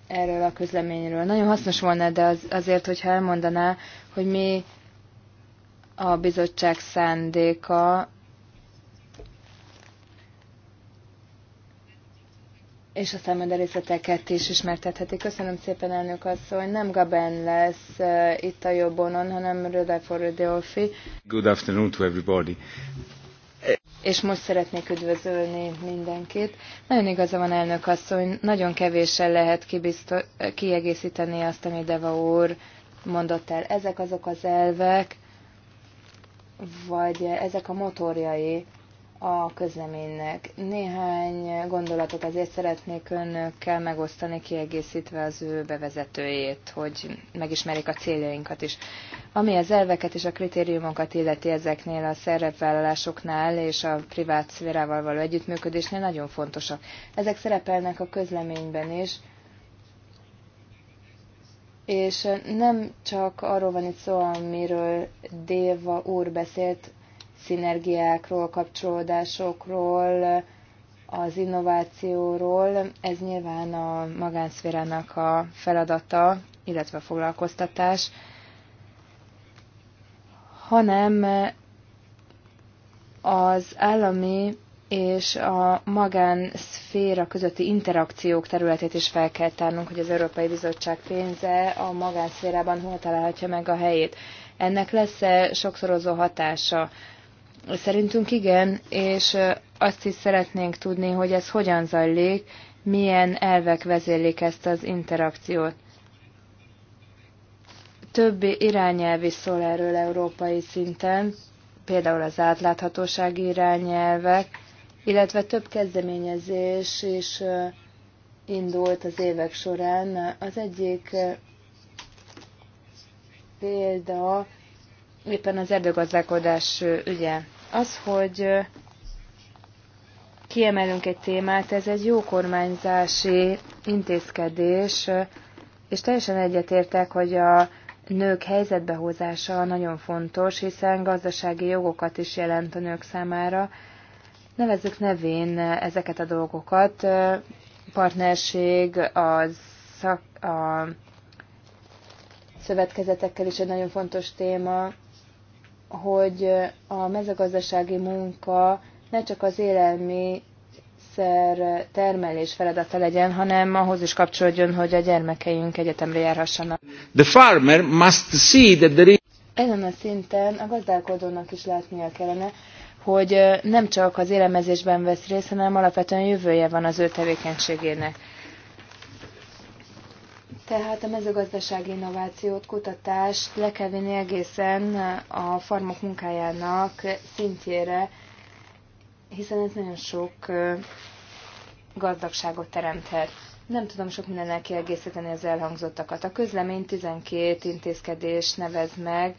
erről a közleményről. Nagyon hasznos volna, de az, azért, hogyha elmondaná, hogy mi a bizottság szándéka és aztán majd a részleteket is ismertetheti. Köszönöm szépen, elnök asszony. Nem Gaben lesz uh, itt a jobbonon, hanem Rödefor Rödeolfi. Good afternoon to everybody. És most szeretnék üdvözölni mindenkit. Nagyon igaza van, elnök asszony, nagyon kevéssel lehet kibizto- kiegészíteni azt, amit Deva úr mondott el. Ezek azok az elvek, vagy ezek a motorjai a közleménynek. Néhány gondolatot azért szeretnék önökkel megosztani, kiegészítve az ő bevezetőjét, hogy megismerik a céljainkat is. Ami az elveket és a kritériumokat illeti ezeknél a szerepvállalásoknál és a privát szférával való együttműködésnél nagyon fontosak. Ezek szerepelnek a közleményben is, és nem csak arról van itt szó, amiről Déva úr beszélt, szinergiákról, kapcsolódásokról, az innovációról. Ez nyilván a magánszférának a feladata, illetve a foglalkoztatás, hanem az állami és a magánszféra közötti interakciók területét is fel kell tárnunk, hogy az Európai Bizottság pénze a magánszférában hol találhatja meg a helyét. Ennek lesz-e sokszorozó hatása Szerintünk igen, és azt is szeretnénk tudni, hogy ez hogyan zajlik, milyen elvek vezérlik ezt az interakciót. Többi irányelv is szól erről európai szinten, például az átláthatósági irányelvek, illetve több kezdeményezés is indult az évek során. Az egyik példa éppen az erdőgazdálkodás ügye. Az, hogy kiemelünk egy témát, ez egy jó kormányzási intézkedés, és teljesen egyetértek, hogy a nők helyzetbehozása nagyon fontos, hiszen gazdasági jogokat is jelent a nők számára. Nevezzük nevén ezeket a dolgokat. Partnerség, a, szak, a szövetkezetekkel is egy nagyon fontos téma hogy a mezőgazdasági munka ne csak az élelmi termelés feladata legyen, hanem ahhoz is kapcsolódjon, hogy a gyermekeink egyetemre járhassanak. The farmer must see that there is... Ezen a szinten a gazdálkodónak is látnia kellene, hogy nem csak az élelmezésben vesz részt, hanem alapvetően jövője van az ő tevékenységének. Tehát a mezőgazdasági innovációt, kutatást le kell vinni egészen a farmok munkájának szintjére, hiszen ez nagyon sok gazdagságot teremthet. Nem tudom sok mindennel kiegészíteni az elhangzottakat. A közlemény 12 intézkedés nevez meg,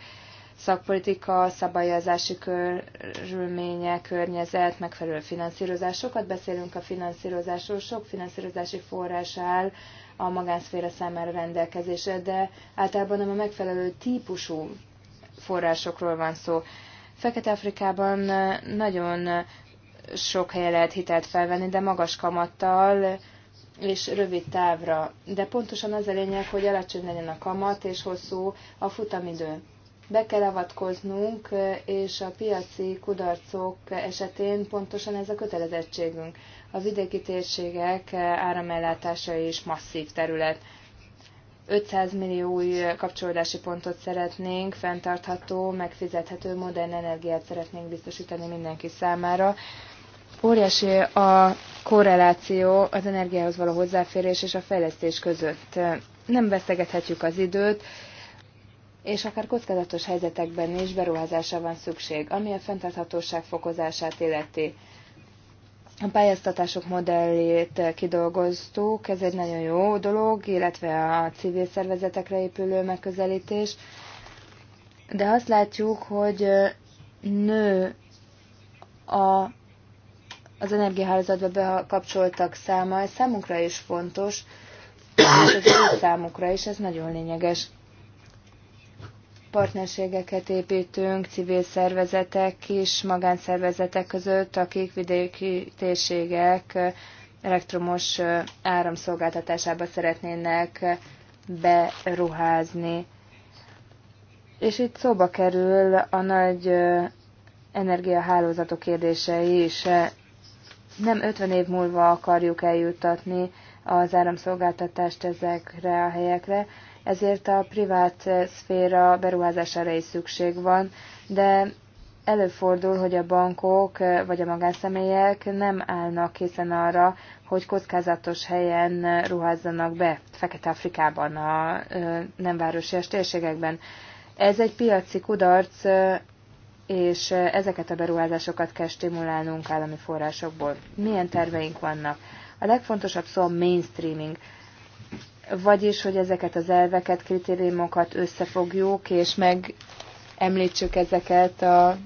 szakpolitika, szabályozási körülmények, környezet, megfelelő finanszírozás. Sokat beszélünk a finanszírozásról, sok finanszírozási forrás áll a magánszféra számára rendelkezésre, de általában nem a megfelelő típusú forrásokról van szó. Fekete-Afrikában nagyon sok helyen lehet hitelt felvenni, de magas kamattal és rövid távra. De pontosan az a lényeg, hogy alacsony legyen a kamat és hosszú a futamidő. Be kell avatkoznunk, és a piaci kudarcok esetén pontosan ez a kötelezettségünk. A vidéki térségek áramellátása is masszív terület. 500 millió új kapcsolódási pontot szeretnénk, fenntartható, megfizethető, modern energiát szeretnénk biztosítani mindenki számára. Óriási a korreláció az energiához való hozzáférés és a fejlesztés között. Nem vesztegethetjük az időt, és akár kockázatos helyzetekben is beruházásra van szükség, ami a fenntarthatóság fokozását illeti a pályáztatások modellét kidolgoztuk, ez egy nagyon jó dolog, illetve a civil szervezetekre épülő megközelítés, de azt látjuk, hogy nő a, az energiahálózatba bekapcsoltak száma, ez számunkra is fontos, és az ő számukra is, ez nagyon lényeges partnerségeket építünk civil szervezetek és magánszervezetek között, akik vidéki térségek elektromos áramszolgáltatásába szeretnének beruházni. És itt szóba kerül a nagy energiahálózatok kérdése is. Nem 50 év múlva akarjuk eljuttatni az áramszolgáltatást ezekre a helyekre, ezért a privát szféra beruházására is szükség van, de előfordul, hogy a bankok vagy a magánszemélyek nem állnak készen arra, hogy kockázatos helyen ruházzanak be, Fekete-Afrikában, a nem városi térségekben. Ez egy piaci kudarc, és ezeket a beruházásokat kell stimulálnunk állami forrásokból. Milyen terveink vannak? A legfontosabb szó a mainstreaming, vagyis, hogy ezeket az elveket, kritériumokat összefogjuk, és említsük ezeket a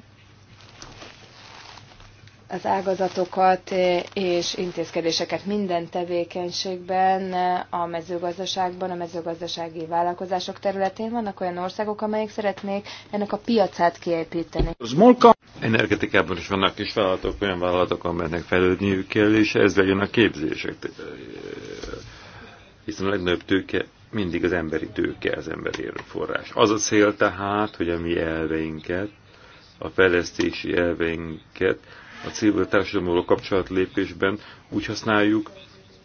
az ágazatokat eh, és intézkedéseket minden tevékenységben eh, a mezőgazdaságban, a mezőgazdasági vállalkozások területén. Vannak olyan országok, amelyek szeretnék ennek a piacát kiépíteni. Energetikában is vannak kis vállalatok, olyan vállalatok, amelynek fejlődniük kell, és ez legyen a képzések. Eh, hiszen a legnagyobb tőke mindig az emberi tőke, az emberi erőforrás. Az a cél tehát, hogy a mi elveinket, a fejlesztési elveinket a civil társadalomról kapcsolat lépésben úgy használjuk,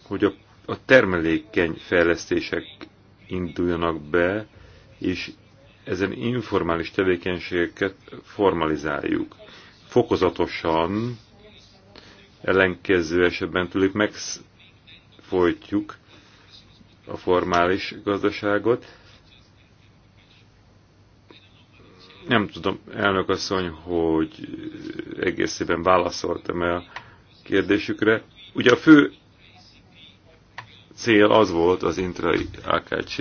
hogy a, a termelékeny fejlesztések induljanak be, és ezen informális tevékenységeket formalizáljuk. Fokozatosan, ellenkező esetben tőlük megfolytjuk a formális gazdaságot, Nem tudom, elnök asszony, hogy egészében válaszoltam el kérdésükre. Ugye a fő cél az volt az Intra AKC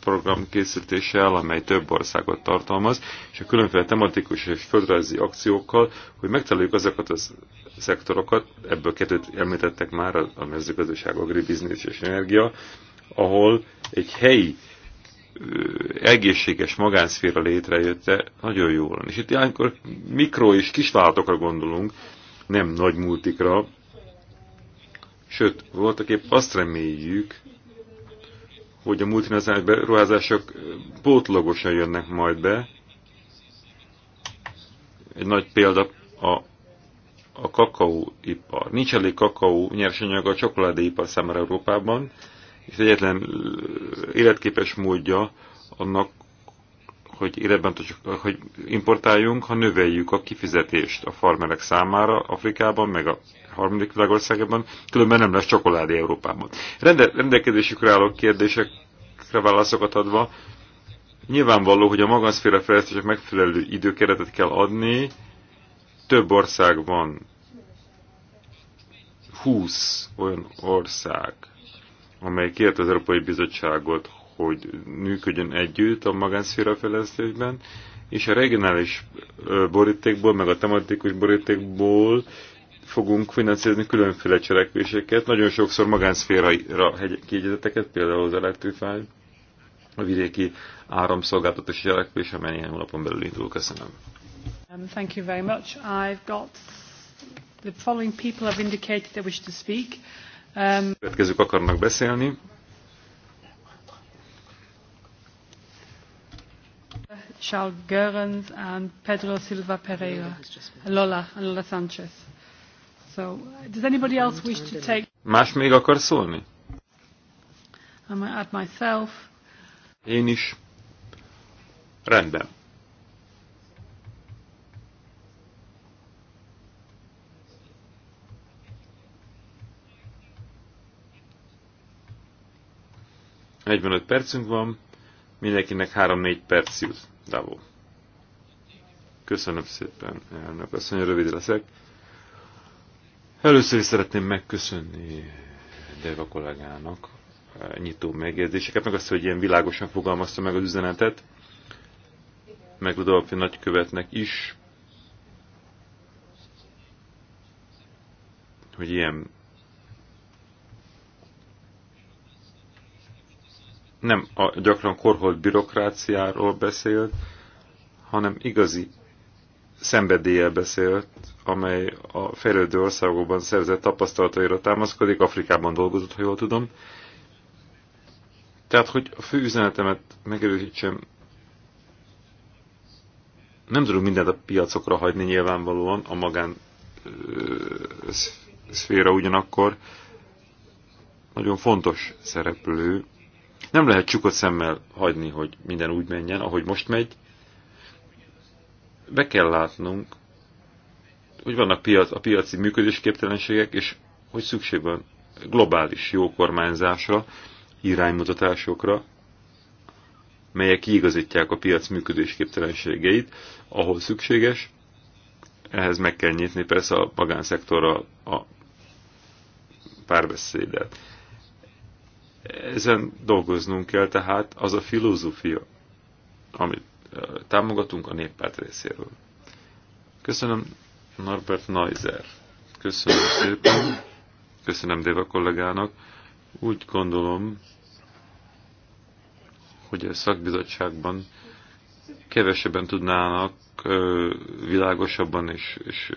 program készítése, amely több országot tartalmaz, és a különféle tematikus és földrajzi akciókkal, hogy megtaláljuk azokat a az szektorokat, ebből kettőt említettek már, a mezőgazdaság, agribiznisz és energia, ahol egy helyi egészséges magánszféra létrejötte, nagyon jól van. És itt ilyenkor mikro és kisvállalatokra gondolunk, nem nagy multikra. Sőt, voltak épp azt reméljük, hogy a multinazányos beruházások pótlagosan jönnek majd be. Egy nagy példa a, a kakaóipar. Nincs elég kakaó nyersanyag a csokoládéipar számára Európában, és egyetlen életképes módja annak, hogy életben hogy importáljunk, ha növeljük a kifizetést a farmerek számára Afrikában, meg a harmadik világországban, különben nem lesz csokoládé Európában. Rende, rendelkezésükre álló kérdésekre válaszokat adva, nyilvánvaló, hogy a magánszféra fejlesztések megfelelő időkeretet kell adni, több ország van, 20 olyan ország, amely kért az Európai Bizottságot, hogy működjön együtt a magánszféra fejlesztésben, és a regionális borítékból, meg a tematikus borítékból fogunk finanszírozni különféle cselekvéseket, nagyon sokszor magánszféraira kiegyezeteket, például az Electrify, a vidéki áramszolgáltatási cselekvés, amely ilyen hónapon belül indul. Köszönöm. Um, thank you very much. I've got the following people have indicated they wish to speak. Um, Következők akarnak beszélni. Charles Görens and Pedro Silva Pereira, Lola and Lola Sanchez. So, does anybody else wish to take? Más még akar szólni? I'm at add myself. Én is. Rendben. 45 percünk van, mindenkinek 3-4 perc jut. Davó. Köszönöm szépen, elnök asszony, rövid leszek. Először is szeretném megköszönni Deva kollégának nyitó megjegyzéseket, meg azt, hogy ilyen világosan fogalmazta meg az üzenetet, meg Ludolfi nagykövetnek is, hogy ilyen nem a gyakran korholt bürokráciáról beszélt, hanem igazi szenvedélye beszélt, amely a fejlődő országokban szerzett tapasztalataira támaszkodik, Afrikában dolgozott, ha jól tudom. Tehát, hogy a fő üzenetemet megerősítsem, nem tudunk mindent a piacokra hagyni nyilvánvalóan, a magán szféra ugyanakkor nagyon fontos szereplő nem lehet csukott szemmel hagyni, hogy minden úgy menjen, ahogy most megy. Be kell látnunk, hogy vannak piac, a piaci működésképtelenségek, és hogy szükség van globális jó kormányzásra, iránymutatásokra, melyek kiigazítják a piac működésképtelenségeit, ahol szükséges. Ehhez meg kell nyitni persze a magánszektorral a párbeszédet. Ezen dolgoznunk kell tehát az a filozófia, amit támogatunk a néppárt részéről. Köszönöm Norbert Neuser. Köszönöm szépen. Köszönöm Déva kollégának. Úgy gondolom, hogy a szakbizottságban kevesebben tudnának világosabban és, és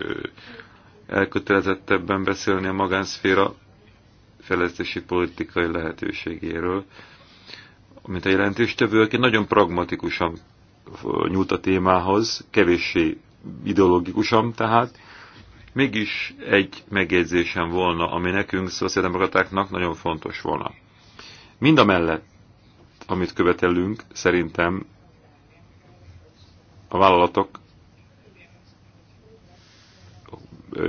elkötelezettebben beszélni a magánszféra fejlesztési politikai lehetőségéről, amit a jelentéstevő, aki nagyon pragmatikusan nyúlt a témához, kevéssé ideológikusan tehát, mégis egy megjegyzésem volna, ami nekünk, szociáldemokratáknak nagyon fontos volna. Mind a mellett, amit követelünk, szerintem a vállalatok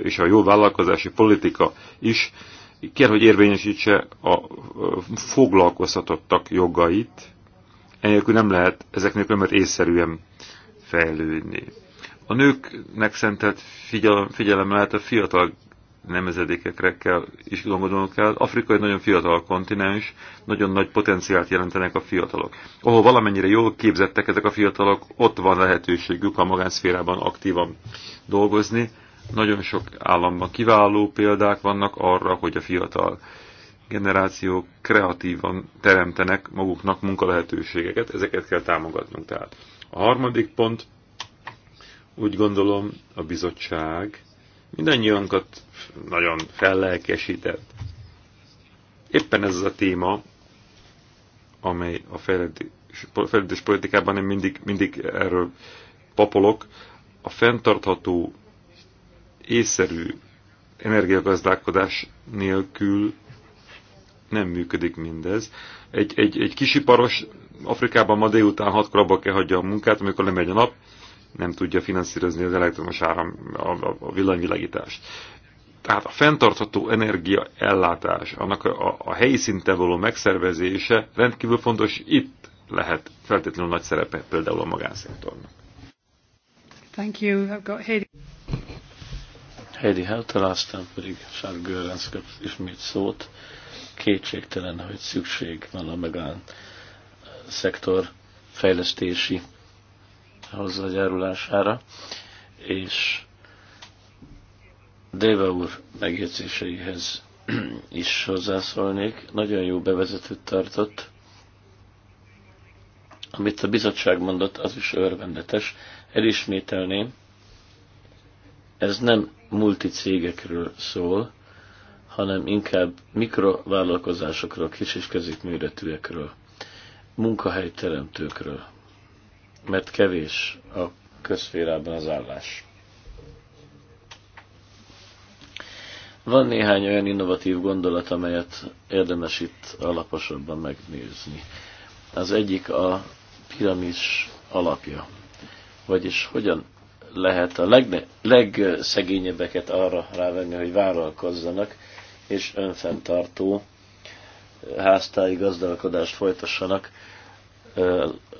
és a jó vállalkozási politika is kér, hogy érvényesítse a foglalkoztatottak jogait, enélkül nem lehet ezek nélkül, mert észszerűen fejlődni. A nőknek szentelt figyelem, figyelem lehet a fiatal nemzedékekre kell is gondolnunk kell. Afrika egy nagyon fiatal kontinens, nagyon nagy potenciált jelentenek a fiatalok. Ahol valamennyire jól képzettek ezek a fiatalok, ott van lehetőségük a magánszférában aktívan dolgozni, nagyon sok államban kiváló példák vannak arra, hogy a fiatal generációk kreatívan teremtenek maguknak munkalehetőségeket, ezeket kell támogatnunk. Tehát a harmadik pont, úgy gondolom, a bizottság mindannyiunkat nagyon fellelkesített. Éppen ez az a téma, amely a fejlődés politikában én mindig, mindig erről papolok, a fenntartható észszerű energiagazdálkodás nélkül nem működik mindez. Egy, egy, egy kisiparos Afrikában ma délután hatkor abba kell hagyja a munkát, amikor lemegy a nap, nem tudja finanszírozni az elektromos áram, a, a villanyvilágítást. Tehát a fenntartható energia ellátás, annak a, a, a helyi szinten való megszervezése rendkívül fontos, itt lehet feltétlenül nagy szerepe például a magánszektornak. Thank you. I've got Heidi Hautal, aztán pedig Sár Görrenc kap ismét szót. Kétségtelen, hogy szükség van a megán szektor fejlesztési hozzájárulására, és Déva úr megjegyzéseihez is hozzászólnék. Nagyon jó bevezetőt tartott. Amit a bizottság mondott, az is örvendetes. Elismételném, ez nem multicégekről szól, hanem inkább mikrovállalkozásokról, kis és középméretűekről, munkahelyteremtőkről, mert kevés a közférában az állás. Van néhány olyan innovatív gondolat, amelyet érdemes itt alaposabban megnézni. Az egyik a piramis alapja, vagyis hogyan lehet a legne, legszegényebbeket arra rávenni, hogy vállalkozzanak, és önfenntartó háztáji gazdálkodást folytassanak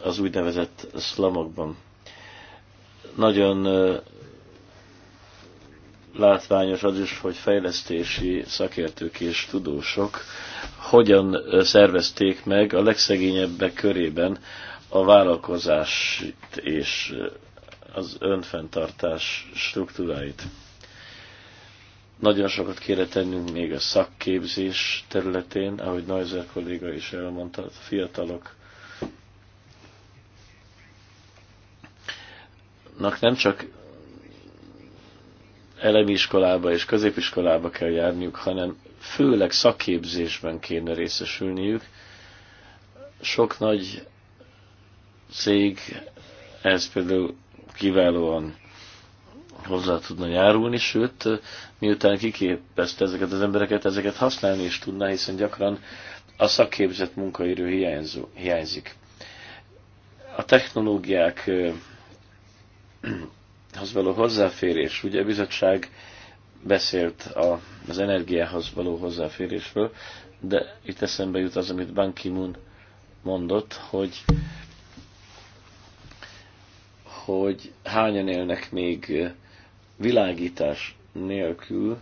az úgynevezett szlamokban. Nagyon látványos az is, hogy fejlesztési szakértők és tudósok hogyan szervezték meg a legszegényebbek körében a vállalkozást és az önfenntartás struktúráit. Nagyon sokat kéne tennünk még a szakképzés területén, ahogy Neuser kolléga is elmondta, a fiatalok nem csak elemi iskolába és középiskolába kell járniuk, hanem főleg szakképzésben kéne részesülniük. Sok nagy cég, ez például kiválóan hozzá tudna járulni, sőt, miután kiképezte ezeket az embereket, ezeket használni is tudná, hiszen gyakran a szakképzett munkaidő hiányzó, hiányzik. A technológiák az való hozzáférés, ugye a bizottság beszélt a, az energiához való hozzáférésről, de itt eszembe jut az, amit Ban Ki-moon mondott, hogy hogy hányan élnek még eh, világítás nélkül,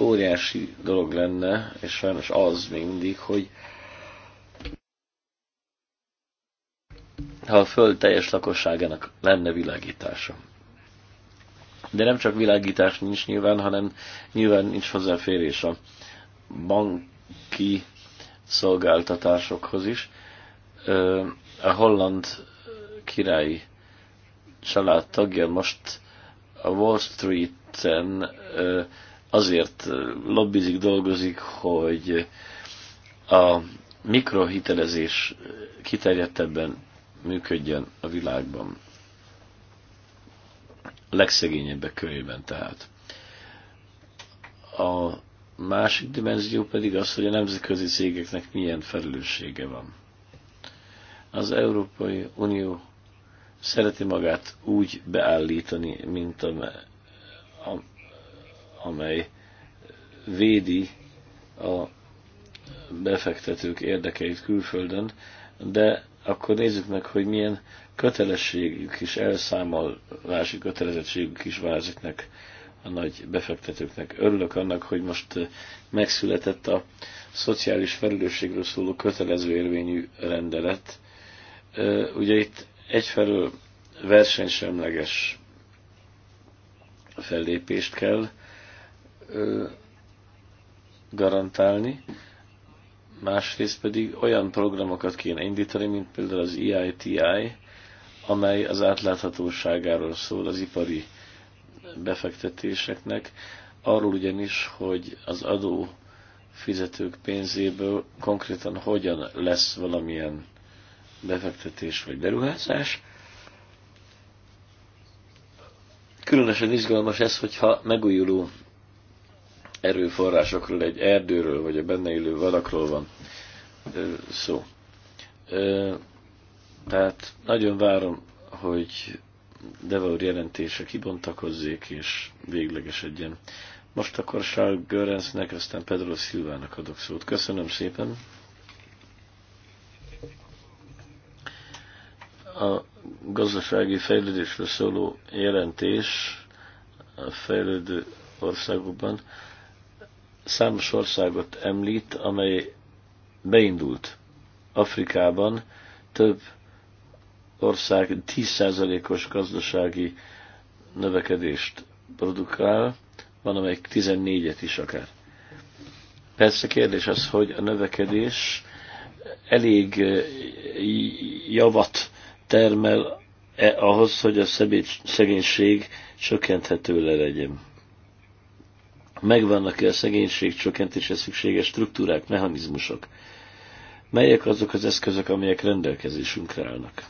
óriási dolog lenne, és sajnos az még mindig, hogy ha a Föld teljes lakosságának lenne világítása. De nem csak világítás nincs nyilván, hanem nyilván nincs hozzáférés a banki szolgáltatásokhoz is. A holland királyi család tagja most a Wall Street-en azért lobbizik, dolgozik, hogy a mikrohitelezés kiterjedtebben működjön a világban. A legszegényebbek körében tehát. A másik dimenzió pedig az, hogy a nemzetközi cégeknek milyen felelőssége van. Az Európai Unió szereti magát úgy beállítani, mint amely védi a befektetők érdekeit külföldön, de akkor nézzük meg, hogy milyen kötelességük is, elszámolási kötelezettségük is van ezeknek a nagy befektetőknek. Örülök annak, hogy most megszületett a szociális felelősségről szóló kötelező érvényű rendelet. Ugye itt Egyfelől versenysemleges fellépést kell ö, garantálni, másrészt pedig olyan programokat kéne indítani, mint például az EITI, amely az átláthatóságáról szól az ipari befektetéseknek, arról ugyanis, hogy az adó fizetők pénzéből konkrétan hogyan lesz valamilyen befektetés vagy beruházás. Különösen izgalmas ez, hogyha megújuló erőforrásokról, egy erdőről, vagy a benne élő vadakról van szó. Tehát nagyon várom, hogy Devaur jelentése kibontakozzék és véglegesedjen. Most akkor Charles Görensnek, aztán Pedro Szilvának adok szót. Köszönöm szépen! a gazdasági fejlődésről szóló jelentés a fejlődő országokban számos országot említ, amely beindult. Afrikában több ország 10%-os gazdasági növekedést produkál, van amelyik 14-et is akár. Persze kérdés az, hogy a növekedés elég eh, javat termel-e ahhoz, hogy a szegénység csökkenthető le legyen. Megvannak-e a szegénység csökkentése szükséges struktúrák, mechanizmusok? Melyek azok az eszközök, amelyek rendelkezésünkre állnak?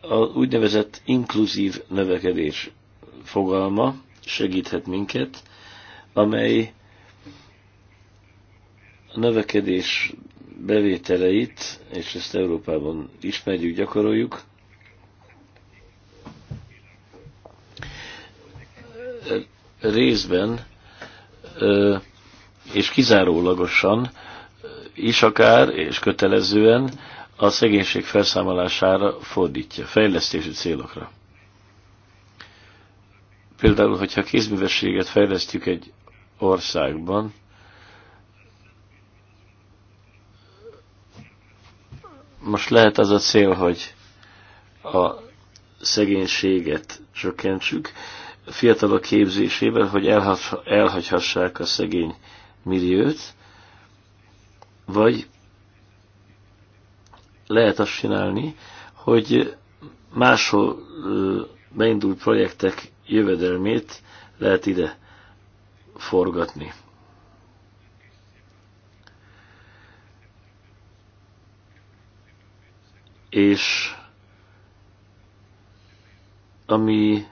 A úgynevezett inkluzív növekedés fogalma segíthet minket, amely a növekedés bevételeit, és ezt Európában ismerjük, gyakoroljuk, részben és kizárólagosan is akár, és kötelezően a szegénység felszámolására fordítja, fejlesztési célokra. Például, hogyha kézművességet fejlesztjük egy országban, Most lehet az a cél, hogy a szegénységet csökkentsük a fiatalok képzésével, hogy elhagyhassák a szegény milliót, vagy lehet azt csinálni, hogy máshol beindult projektek jövedelmét lehet ide forgatni. és ami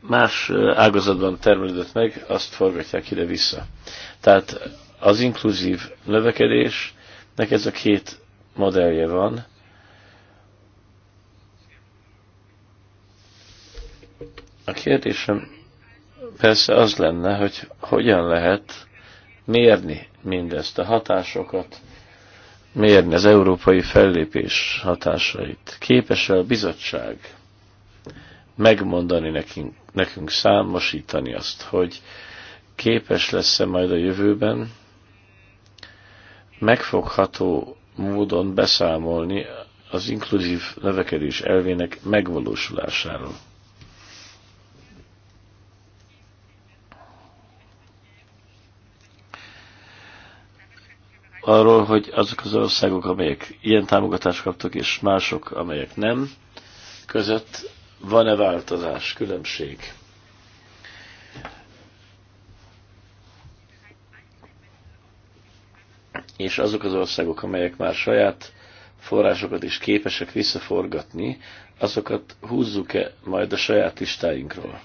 más ágazatban termelődött meg, azt forgatják ide-vissza. Tehát az inkluzív növekedésnek ez a két modellje van. A kérdésem persze az lenne, hogy hogyan lehet mérni mindezt, a hatásokat, mérni az európai fellépés hatásait. Képes-e a bizottság megmondani nekünk, nekünk számosítani azt, hogy képes lesz-e majd a jövőben megfogható módon beszámolni az inkluzív növekedés elvének megvalósulásáról. arról, hogy azok az országok, amelyek ilyen támogatást kaptak, és mások, amelyek nem, között van-e változás, különbség? És azok az országok, amelyek már saját forrásokat is képesek visszaforgatni, azokat húzzuk-e majd a saját listáinkról?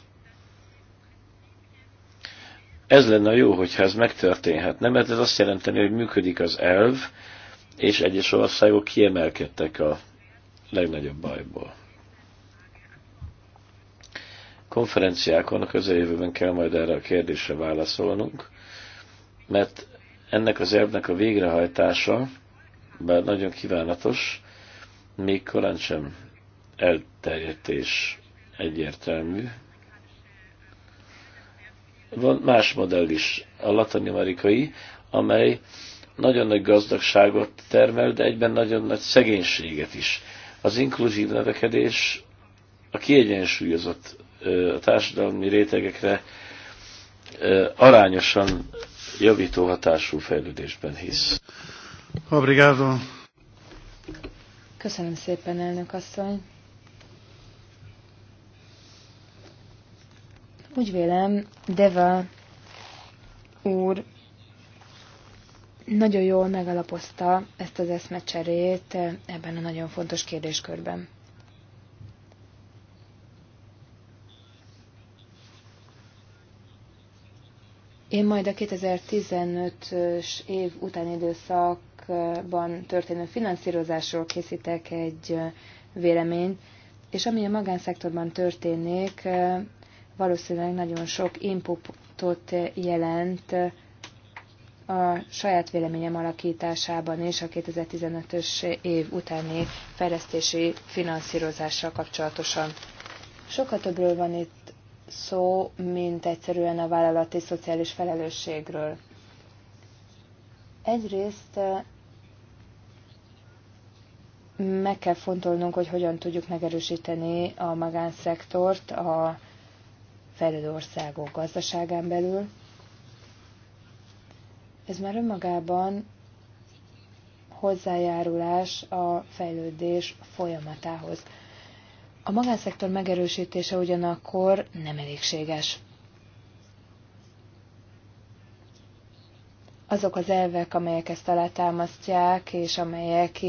Ez lenne jó, hogyha ez megtörténhetne, mert ez azt jelenteni, hogy működik az elv, és egyes országok kiemelkedtek a legnagyobb bajból. Konferenciákon a közeljövőben kell majd erre a kérdésre válaszolnunk, mert ennek az elvnek a végrehajtása, bár nagyon kívánatos, még korán sem elterjedt és egyértelmű, van más modell is, a latin-amerikai, amely nagyon nagy gazdagságot termel, de egyben nagyon nagy szegénységet is. Az inkluzív növekedés a kiegyensúlyozott a társadalmi rétegekre arányosan javító hatású fejlődésben hisz. Obrigado. Köszönöm szépen, elnök asszony. Úgy vélem, Deva úr nagyon jól megalapozta ezt az eszmecserét ebben a nagyon fontos kérdéskörben. Én majd a 2015-ös év utáni időszakban történő finanszírozásról készítek egy véleményt, és ami a magánszektorban történik, valószínűleg nagyon sok inputot jelent a saját véleményem alakításában és a 2015-ös év utáni fejlesztési finanszírozással kapcsolatosan. Sokkal többről van itt szó, mint egyszerűen a vállalati szociális felelősségről. Egyrészt meg kell fontolnunk, hogy hogyan tudjuk megerősíteni a magánszektort, a fejlődő országok gazdaságán belül. Ez már önmagában hozzájárulás a fejlődés folyamatához. A magánszektor megerősítése ugyanakkor nem elégséges. Azok az elvek, amelyek ezt alátámasztják, és amelyek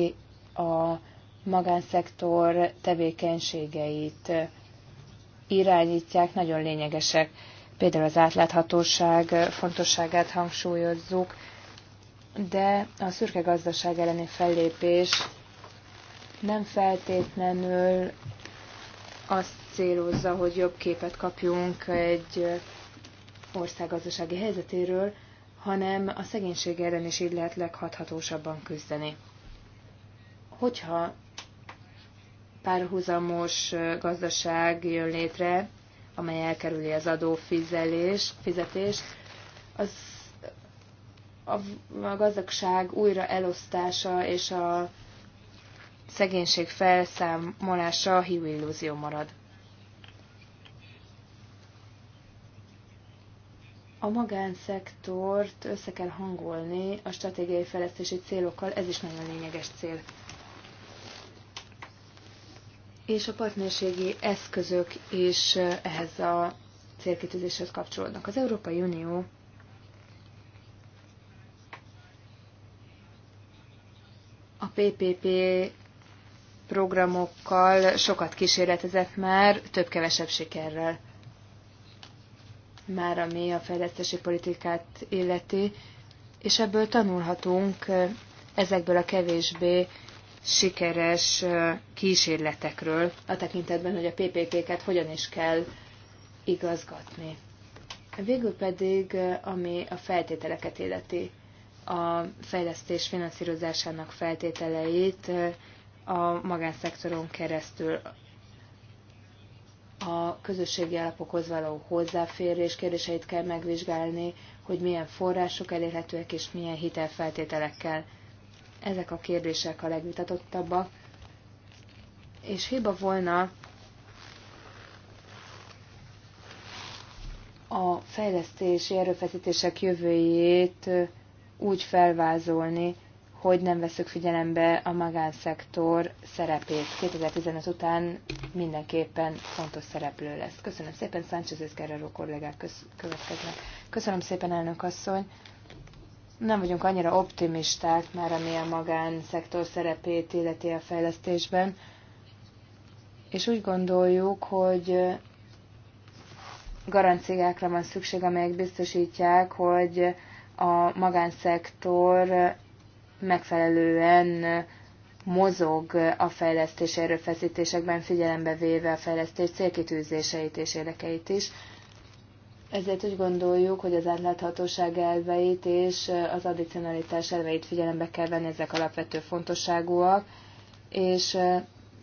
a magánszektor tevékenységeit irányítják, nagyon lényegesek. Például az átláthatóság fontosságát hangsúlyozzuk, de a szürke gazdaság elleni fellépés nem feltétlenül azt célozza, hogy jobb képet kapjunk egy ország gazdasági helyzetéről, hanem a szegénység ellen is így lehet leghathatósabban küzdeni. Hogyha párhuzamos gazdaság jön létre, amely elkerüli az adófizetést, fizetést, az a gazdagság újra elosztása és a szegénység felszámolása a hívő illúzió marad. A magánszektort össze kell hangolni a stratégiai fejlesztési célokkal, ez is nagyon lényeges cél és a partnerségi eszközök is ehhez a célkitűzéshez kapcsolódnak. Az Európai Unió a PPP programokkal sokat kísérletezett már, több-kevesebb sikerrel. Már ami a fejlesztési politikát illeti, és ebből tanulhatunk ezekből a kevésbé sikeres kísérletekről a tekintetben, hogy a PPP-ket hogyan is kell igazgatni. Végül pedig, ami a feltételeket illeti, a fejlesztés finanszírozásának feltételeit a magánszektoron keresztül a közösségi alapokhoz való hozzáférés kérdéseit kell megvizsgálni, hogy milyen források elérhetőek és milyen hitelfeltételekkel. Ezek a kérdések a legvitatottabbak, és hiba volna a fejlesztési erőfeszítések jövőjét úgy felvázolni, hogy nem veszük figyelembe a magánszektor szerepét. 2015 után mindenképpen fontos szereplő lesz. Köszönöm szépen, Sánchez és Guerrero kollégák következnek. Köszönöm szépen, elnök asszony nem vagyunk annyira optimisták már, ami a magánszektor szerepét illeti a fejlesztésben, és úgy gondoljuk, hogy garanciákra van szükség, amelyek biztosítják, hogy a magánszektor megfelelően mozog a fejlesztés erőfeszítésekben, figyelembe véve a fejlesztés célkitűzéseit és érdekeit is. Ezért úgy gondoljuk, hogy az átláthatóság elveit és az addicionalitás elveit figyelembe kell venni, ezek alapvető fontosságúak, és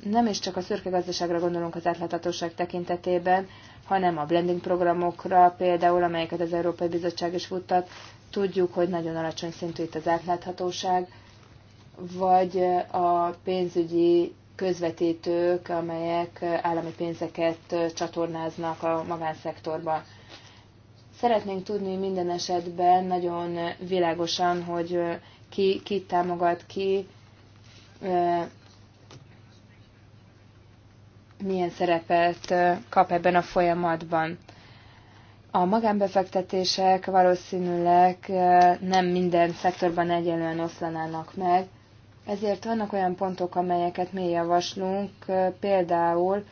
nem is csak a szürke gazdaságra gondolunk az átláthatóság tekintetében, hanem a blending programokra például, amelyeket az Európai Bizottság is futtat, tudjuk, hogy nagyon alacsony szintű itt az átláthatóság, vagy a pénzügyi közvetítők, amelyek állami pénzeket csatornáznak a magánszektorban. Szeretnénk tudni minden esetben nagyon világosan, hogy ki, ki támogat ki, milyen szerepet kap ebben a folyamatban. A magánbefektetések valószínűleg nem minden szektorban egyenlően oszlanának meg, ezért vannak olyan pontok, amelyeket mi javaslunk, például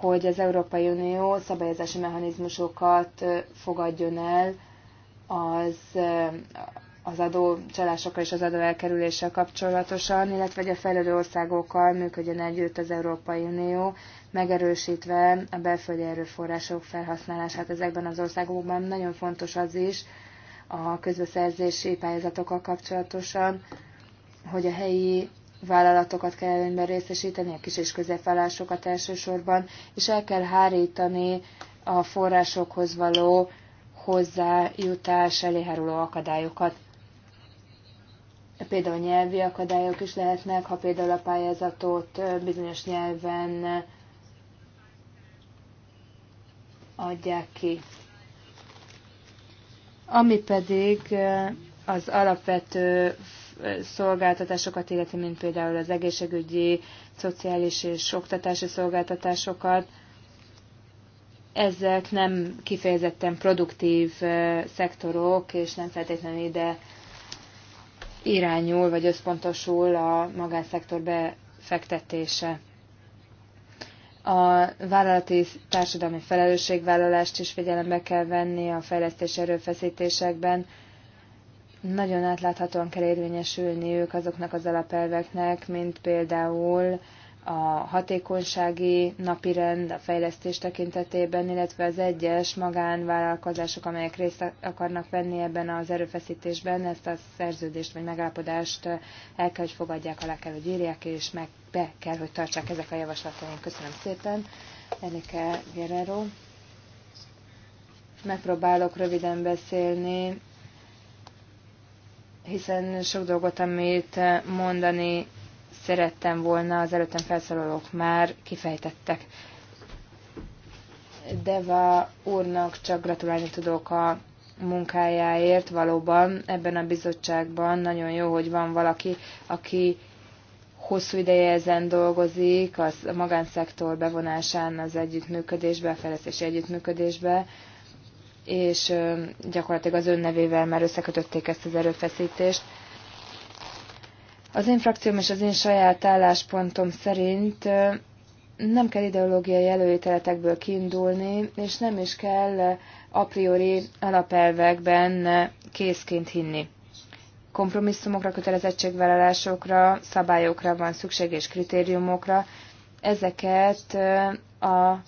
hogy az Európai Unió szabályozási mechanizmusokat fogadjon el az, az csalásokkal és az elkerüléssel kapcsolatosan, illetve hogy a fejlődő országokkal működjön együtt az Európai Unió, megerősítve a belföldi erőforrások felhasználását ezekben az országokban. Nagyon fontos az is a közbeszerzési pályázatokkal kapcsolatosan, hogy a helyi vállalatokat kell előnyben részesíteni, a kis és közepvállásokat elsősorban, és el kell hárítani a forrásokhoz való hozzájutás eléháruló akadályokat. Például nyelvi akadályok is lehetnek, ha például a pályázatot bizonyos nyelven adják ki. Ami pedig az alapvető szolgáltatásokat illetve mint például az egészségügyi, szociális és oktatási szolgáltatásokat, ezek nem kifejezetten produktív szektorok, és nem feltétlenül ide irányul, vagy összpontosul a magánszektor befektetése. A vállalati társadalmi felelősségvállalást is figyelembe kell venni a fejlesztés erőfeszítésekben, nagyon átláthatóan kell ők azoknak az alapelveknek, mint például a hatékonysági napirend a fejlesztés tekintetében, illetve az egyes magánvállalkozások, amelyek részt akarnak venni ebben az erőfeszítésben, ezt a szerződést vagy megállapodást el kell, hogy fogadják, alá kell, hogy írják, és meg be kell, hogy tartsák ezek a javaslataink. Köszönöm szépen. Enike Guerrero. Megpróbálok röviden beszélni hiszen sok dolgot, amit mondani szerettem volna, az előttem felszólalók már kifejtettek. Deva úrnak csak gratulálni tudok a munkájáért. Valóban ebben a bizottságban nagyon jó, hogy van valaki, aki hosszú ideje ezen dolgozik, az a magánszektor bevonásán az együttműködésbe, a fejlesztési együttműködésbe, és gyakorlatilag az nevével már összekötötték ezt az erőfeszítést. Az én frakcióm és az én saját álláspontom szerint nem kell ideológiai előételetekből kiindulni, és nem is kell a priori alapelvekben készként hinni. Kompromisszumokra, kötelezettségvállalásokra, szabályokra van szükség és kritériumokra. Ezeket a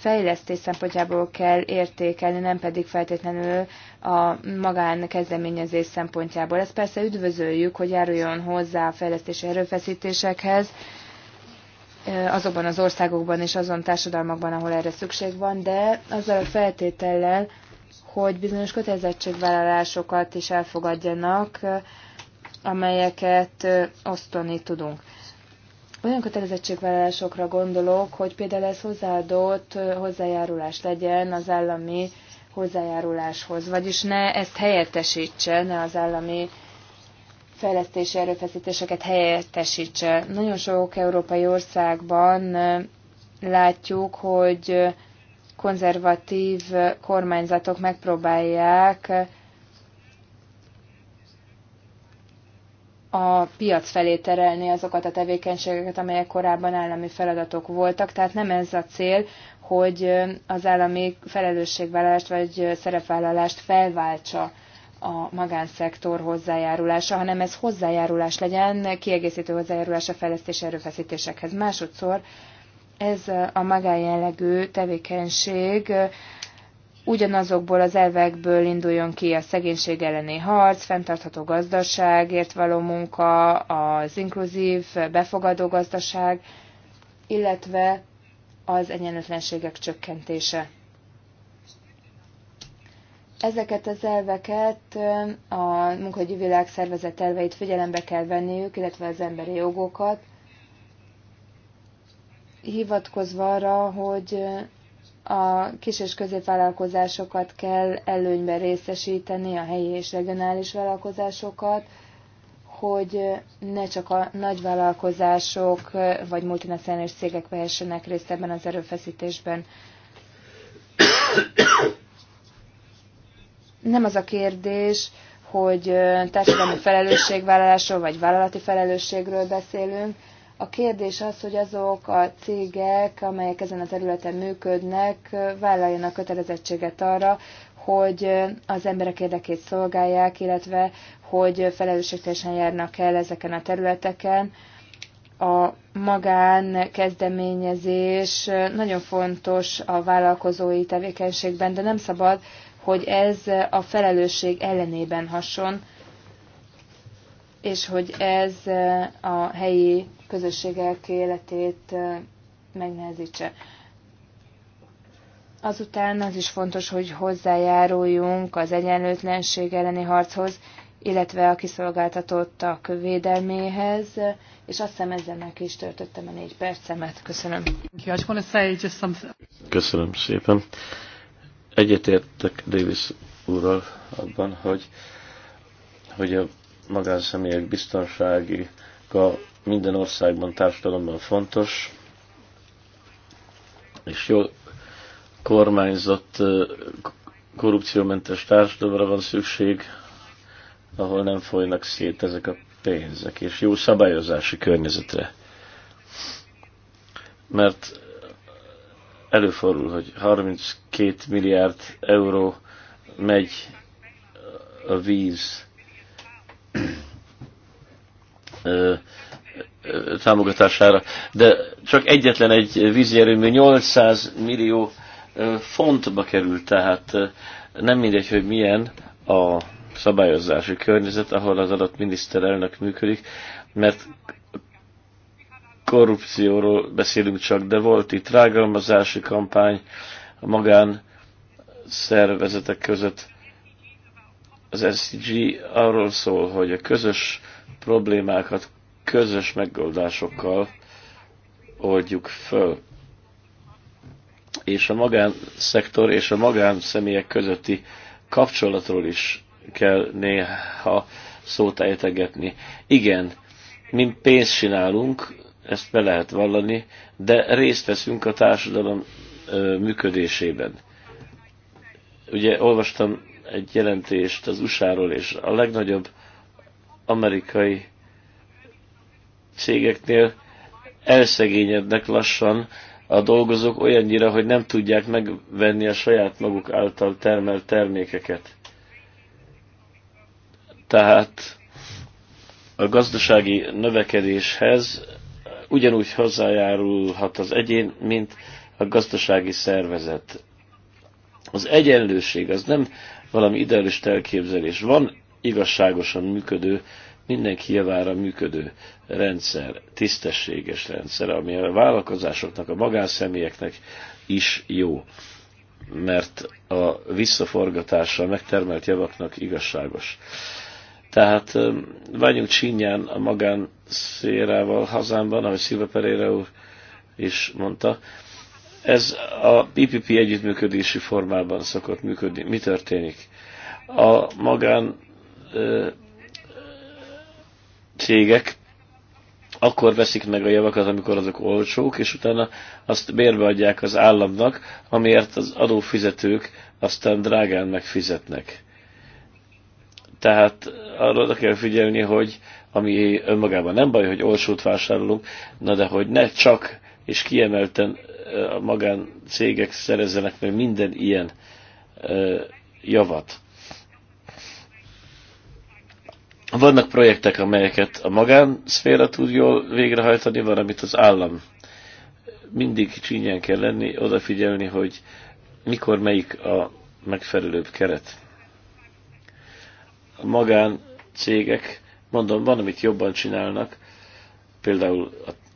fejlesztés szempontjából kell értékelni, nem pedig feltétlenül a magán kezdeményezés szempontjából. Ezt persze üdvözöljük, hogy járuljon hozzá a fejlesztési erőfeszítésekhez, azokban az országokban és azon társadalmakban, ahol erre szükség van, de azzal a feltétellel, hogy bizonyos kötelezettségvállalásokat is elfogadjanak, amelyeket osztani tudunk. Olyan kötelezettségvállalásokra gondolok, hogy például ez hozzáadott hozzájárulás legyen az állami hozzájáruláshoz, vagyis ne ezt helyettesítse, ne az állami fejlesztési erőfeszítéseket helyettesítse. Nagyon sok európai országban látjuk, hogy konzervatív kormányzatok megpróbálják a piac felé terelni azokat a tevékenységeket, amelyek korábban állami feladatok voltak. Tehát nem ez a cél, hogy az állami felelősségvállalást vagy szerepvállalást felváltsa a magánszektor hozzájárulása, hanem ez hozzájárulás legyen, kiegészítő hozzájárulás a fejlesztési erőfeszítésekhez. Másodszor ez a magánjellegű tevékenység ugyanazokból az elvekből induljon ki a szegénység elleni harc, fenntartható gazdaságért való munka, az inkluzív, befogadó gazdaság, illetve az egyenlőtlenségek csökkentése. Ezeket az elveket a munkahogyi világszervezet elveit figyelembe kell venniük, illetve az emberi jogokat, hivatkozva arra, hogy a kis- és középvállalkozásokat kell előnyben részesíteni, a helyi és regionális vállalkozásokat, hogy ne csak a nagyvállalkozások vagy multinacionális cégek vehessenek részt ebben az erőfeszítésben. Nem az a kérdés, hogy társadalmi felelősségvállalásról vagy vállalati felelősségről beszélünk, a kérdés az, hogy azok a cégek, amelyek ezen a területen működnek, vállaljanak kötelezettséget arra, hogy az emberek érdekét szolgálják, illetve hogy felelősségteljesen járnak el ezeken a területeken. A magán kezdeményezés nagyon fontos a vállalkozói tevékenységben, de nem szabad, hogy ez a felelősség ellenében hason, és hogy ez a helyi közösségek életét megnehezítse. Azután az is fontos, hogy hozzájáruljunk az egyenlőtlenség elleni harchoz, illetve a kiszolgáltatottak védelméhez, és azt hiszem ezzel meg is töltöttem a négy percemet. Köszönöm. Köszönöm szépen. Egyetértek Davis úrral abban, hogy, hogy a magánszemélyek biztonsági a minden országban, társadalomban fontos, és jó kormányzott, korrupciómentes társadalomra van szükség, ahol nem folynak szét ezek a pénzek, és jó szabályozási környezetre. Mert előfordul, hogy 32 milliárd euró megy a víz támogatására. De csak egyetlen egy vízi erőmű 800 millió fontba került, tehát nem mindegy, hogy milyen a szabályozási környezet, ahol az adott miniszterelnök működik, mert korrupcióról beszélünk csak, de volt itt rágalmazási kampány a magán szervezetek között. Az SCG arról szól, hogy a közös problémákat közös megoldásokkal oldjuk föl. És a magánszektor és a magánszemélyek közötti kapcsolatról is kell néha szót ejtegetni. Igen, mi pénzt csinálunk, ezt be lehet vallani, de részt veszünk a társadalom működésében. Ugye olvastam egy jelentést az USA-ról, és a legnagyobb amerikai cégeknél elszegényednek lassan a dolgozók olyannyira, hogy nem tudják megvenni a saját maguk által termelt termékeket. Tehát a gazdasági növekedéshez ugyanúgy hozzájárulhat az egyén, mint a gazdasági szervezet. Az egyenlőség az nem valami idealista elképzelés. Van igazságosan működő mindenki javára működő rendszer, tisztességes rendszer, ami a vállalkozásoknak, a magánszemélyeknek is jó, mert a visszaforgatása a megtermelt javaknak igazságos. Tehát vagyunk csinyán a magán szérával hazámban, ahogy Szilva Pereira úr is mondta. Ez a PPP együttműködési formában szokott működni. Mi történik? A magán cégek akkor veszik meg a javakat, amikor azok olcsók, és utána azt bérbe adják az államnak, amiért az adófizetők aztán drágán megfizetnek. Tehát arra oda kell figyelni, hogy ami önmagában nem baj, hogy olcsót vásárolunk, na de hogy ne csak és kiemelten a magáncégek szerezzenek meg minden ilyen javat. Vannak projektek, amelyeket a magánszféra tud jól végrehajtani, van, amit az állam. Mindig csínyen kell lenni, odafigyelni, hogy mikor melyik a megfelelőbb keret. A magán cégek, mondom, van, amit jobban csinálnak, például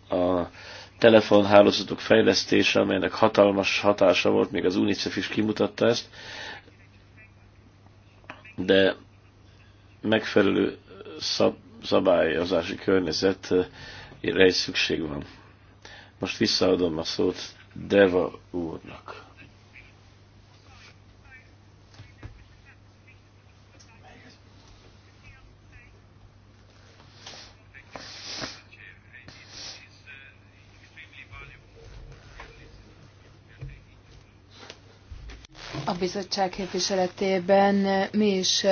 a, a telefonhálózatok fejlesztése, amelynek hatalmas hatása volt, még az UNICEF is kimutatta ezt, de megfelelő szab, szabályozási környezetre is szükség van. Most visszaadom a szót Deva úrnak. A bizottság képviseletében mi is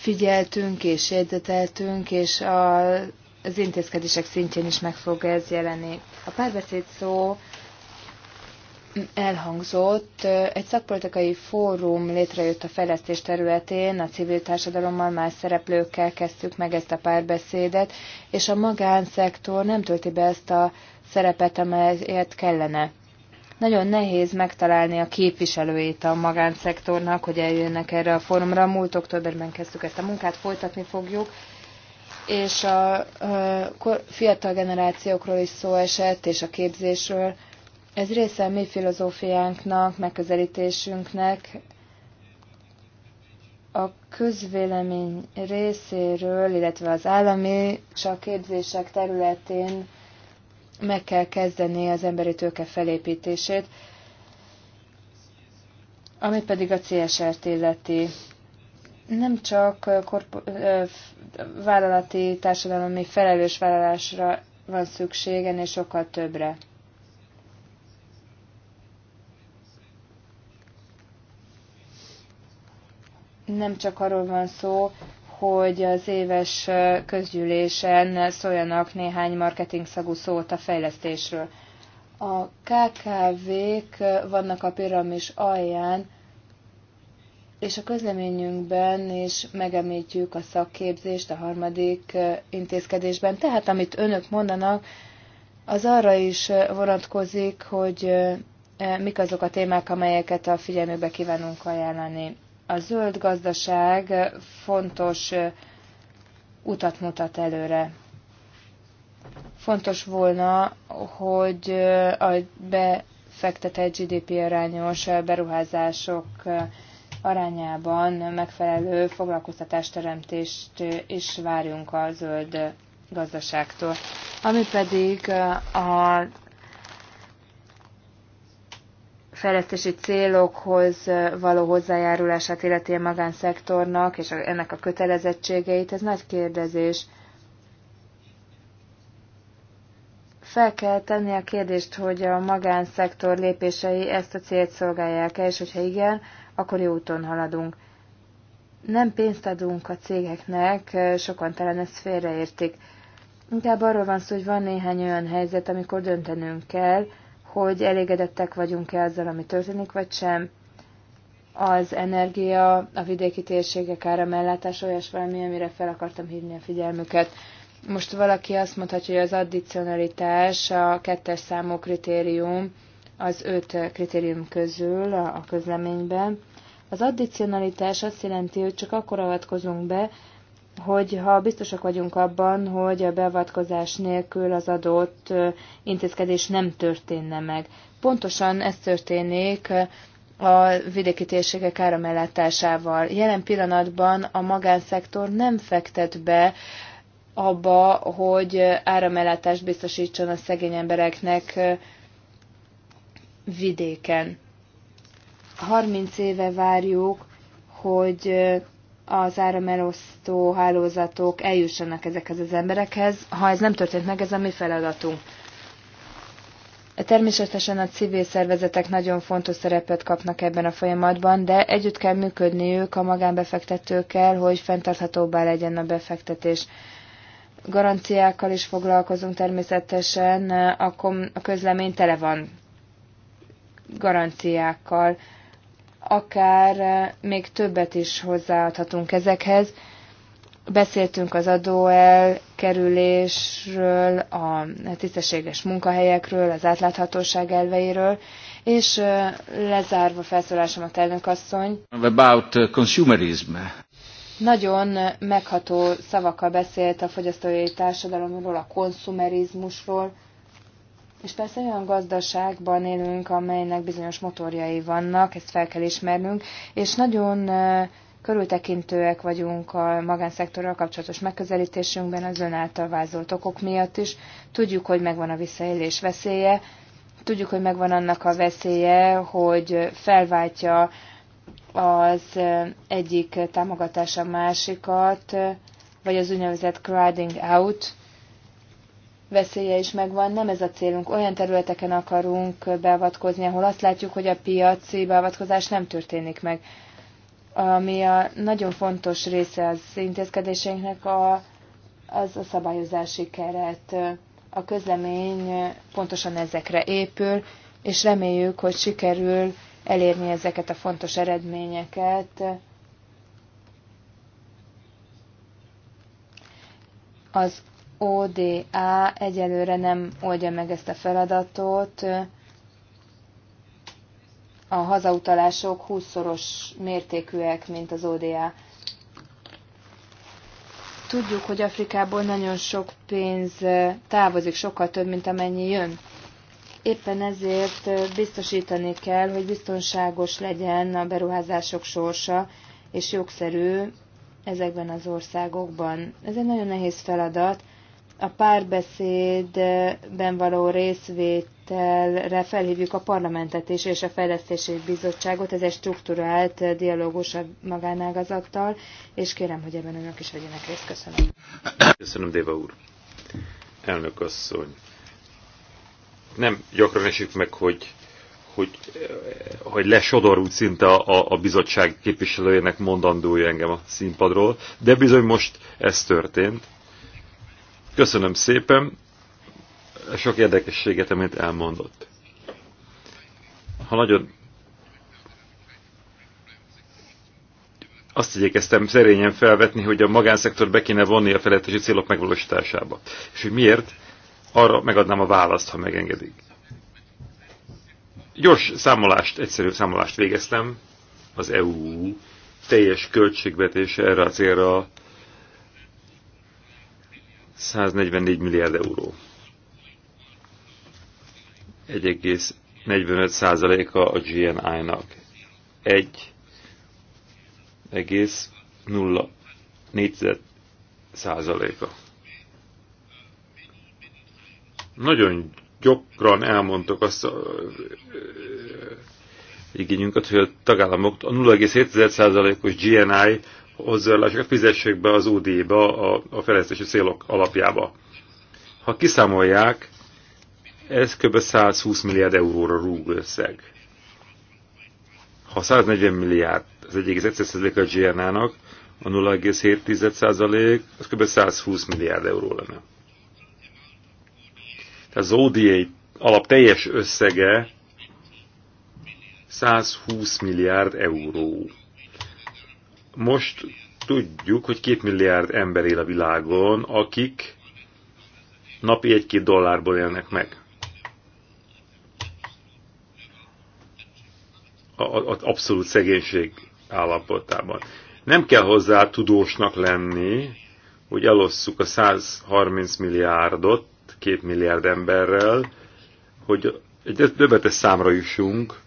figyeltünk és jegyzeteltünk, és a, az intézkedések szintjén is meg fog ez jelenni. A párbeszéd szó elhangzott, egy szakpolitikai fórum létrejött a fejlesztés területén, a civil társadalommal más szereplőkkel kezdtük meg ezt a párbeszédet, és a magánszektor nem tölti be ezt a szerepet, amelyet kellene. Nagyon nehéz megtalálni a képviselőit a magánszektornak, hogy eljönnek erre a fórumra. Múlt októberben kezdtük ezt a munkát, folytatni fogjuk és a fiatal generációkról is szó esett, és a képzésről. Ez része a mi filozófiánknak, megközelítésünknek. A közvélemény részéről, illetve az állami és a képzések területén meg kell kezdeni az emberi tőke felépítését, ami pedig a CSR-t illeti. Nem csak vállalati uh, uh, vállalati társadalmi felelős vállalásra van szükség, ennél sokkal többre. Nem csak arról van szó, hogy az éves közgyűlésen szóljanak néhány marketing szagú szót a fejlesztésről. A KKV-k vannak a piramis alján, és a közleményünkben is megemlítjük a szakképzést a harmadik intézkedésben. Tehát amit önök mondanak, az arra is vonatkozik, hogy e, mik azok a témák, amelyeket a figyelmükbe kívánunk ajánlani. A zöld gazdaság fontos utat mutat előre. Fontos volna, hogy a befektetett GDP arányos beruházások arányában megfelelő foglalkoztatásteremtést is várjunk a zöld gazdaságtól. Ami pedig a fejlesztési célokhoz való hozzájárulását illeti a magánszektornak, és ennek a kötelezettségeit, ez nagy kérdezés. Fel kell tenni a kérdést, hogy a magánszektor lépései ezt a célt szolgálják-e, és hogyha igen, akkor jó úton haladunk. Nem pénzt adunk a cégeknek, sokan talán ezt félreértik. Inkább arról van szó, hogy van néhány olyan helyzet, amikor döntenünk kell, hogy elégedettek vagyunk-e azzal, ami történik, vagy sem. Az energia, a vidéki térségek áramellátás olyas valami, amire fel akartam hívni a figyelmüket. Most valaki azt mondhatja, hogy az addicionalitás, a kettes számú kritérium, az öt kritérium közül a közleményben. Az addicionalitás azt jelenti, hogy csak akkor avatkozunk be, hogy ha biztosak vagyunk abban, hogy a beavatkozás nélkül az adott intézkedés nem történne meg. Pontosan ez történik a vidéki térségek áramellátásával. Jelen pillanatban a magánszektor nem fektet be abba, hogy áramellátást biztosítson a szegény embereknek vidéken. 30 éve várjuk, hogy az áramelosztó hálózatok eljussanak ezekhez az emberekhez. Ha ez nem történt meg, ez a mi feladatunk. Természetesen a civil szervezetek nagyon fontos szerepet kapnak ebben a folyamatban, de együtt kell működniük a magánbefektetőkkel, hogy fenntarthatóbbá legyen a befektetés. Garanciákkal is foglalkozunk természetesen, a, a közlemény tele van garanciákkal akár még többet is hozzáadhatunk ezekhez. Beszéltünk az adóelkerülésről, a tisztességes munkahelyekről, az átláthatóság elveiről, és lezárva felszólásomat, elnök asszony. About consumerism. Nagyon megható szavakkal beszélt a fogyasztói társadalomról, a konszumerizmusról, és persze olyan gazdaságban élünk, amelynek bizonyos motorjai vannak, ezt fel kell ismernünk, és nagyon körültekintőek vagyunk a magánszektorral kapcsolatos megközelítésünkben az ön által vázolt okok miatt is. Tudjuk, hogy megvan a visszaélés veszélye, tudjuk, hogy megvan annak a veszélye, hogy felváltja az egyik támogatása másikat, vagy az úgynevezett crowding out, veszélye is megvan. Nem ez a célunk. Olyan területeken akarunk beavatkozni, ahol azt látjuk, hogy a piaci beavatkozás nem történik meg. Ami a nagyon fontos része az intézkedéseinknek a, az a szabályozási keret. A közlemény pontosan ezekre épül, és reméljük, hogy sikerül elérni ezeket a fontos eredményeket. Az ODA egyelőre nem oldja meg ezt a feladatot. A hazautalások 20-szoros mértékűek, mint az ODA. Tudjuk, hogy Afrikából nagyon sok pénz távozik, sokkal több, mint amennyi jön. Éppen ezért biztosítani kell, hogy biztonságos legyen a beruházások sorsa, és jogszerű ezekben az országokban. Ez egy nagyon nehéz feladat, a párbeszédben való részvételre felhívjuk a parlamentet is és a fejlesztési bizottságot, ez egy strukturált dialógus a magánágazattal, és kérem, hogy ebben önök is vegyenek részt. Köszönöm. Köszönöm, Déva úr. Elnök asszony. Nem gyakran esik meg, hogy hogy, hogy lesodor úgy szinte a, a bizottság képviselőjének mondandója engem a színpadról, de bizony most ez történt Köszönöm szépen, sok érdekességet, amit elmondott. Ha nagyon azt igyekeztem szerényen felvetni, hogy a magánszektor be kéne vonni a felettesi célok megvalósításába. És hogy miért, arra megadnám a választ, ha megengedik. Gyors számolást, egyszerű számolást végeztem. Az EU teljes költségvetése erre a célra 144 milliárd euró. 1,45%-a a, a GNI-nak. 1,04%-a. Nagyon gyakran elmondtuk azt a igényünket, hogy a tagállamok a 0,7%-os GNI hozzáállásokat fizessék be az udi ba a, a fejlesztési célok alapjába. Ha kiszámolják, ez kb. 120 milliárd euróra rúg összeg. Ha 140 milliárd az 1,1% a GNA-nak, a 0,7% az kb. 120 milliárd euró lenne. Tehát az ODA alap teljes összege 120 milliárd euró. Most tudjuk, hogy két milliárd ember él a világon, akik napi egy-két dollárból élnek meg. Az abszolút szegénység állapotában. Nem kell hozzá tudósnak lenni, hogy elosszuk a 130 milliárdot két milliárd emberrel, hogy egy döbetes számra jussunk,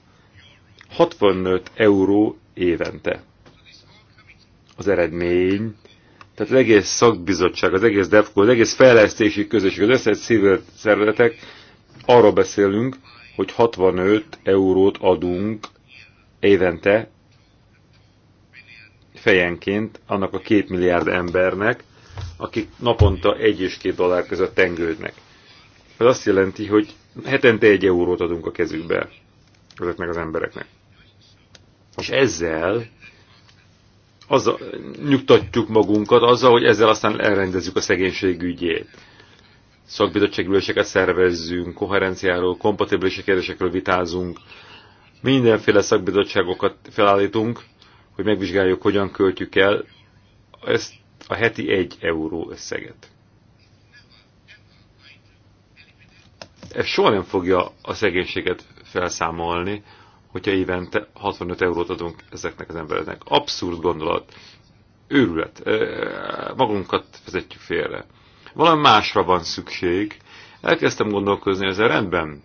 65 euró évente az eredmény. Tehát az egész szakbizottság, az egész DEFCO, az egész fejlesztési közösség, az összes civil szervezetek, arról beszélünk, hogy 65 eurót adunk évente fejenként annak a két milliárd embernek, akik naponta egy és két dollár között tengődnek. Ez azt jelenti, hogy hetente egy eurót adunk a kezükbe ezeknek az embereknek. És ezzel azzal nyugtatjuk magunkat azzal, hogy ezzel aztán elrendezzük a szegénység ügyét. Szakbizottságüléseket szervezzünk, koherenciáról, kompatibilis kérdésekről vitázunk, mindenféle szakbizottságokat felállítunk, hogy megvizsgáljuk, hogyan költjük el ezt a heti egy euró összeget. Ez soha nem fogja a szegénységet felszámolni, hogyha évente 65 eurót adunk ezeknek az embereknek. Abszurd gondolat. Őrület. Magunkat vezetjük félre. Valami másra van szükség. Elkezdtem gondolkozni ezzel rendben.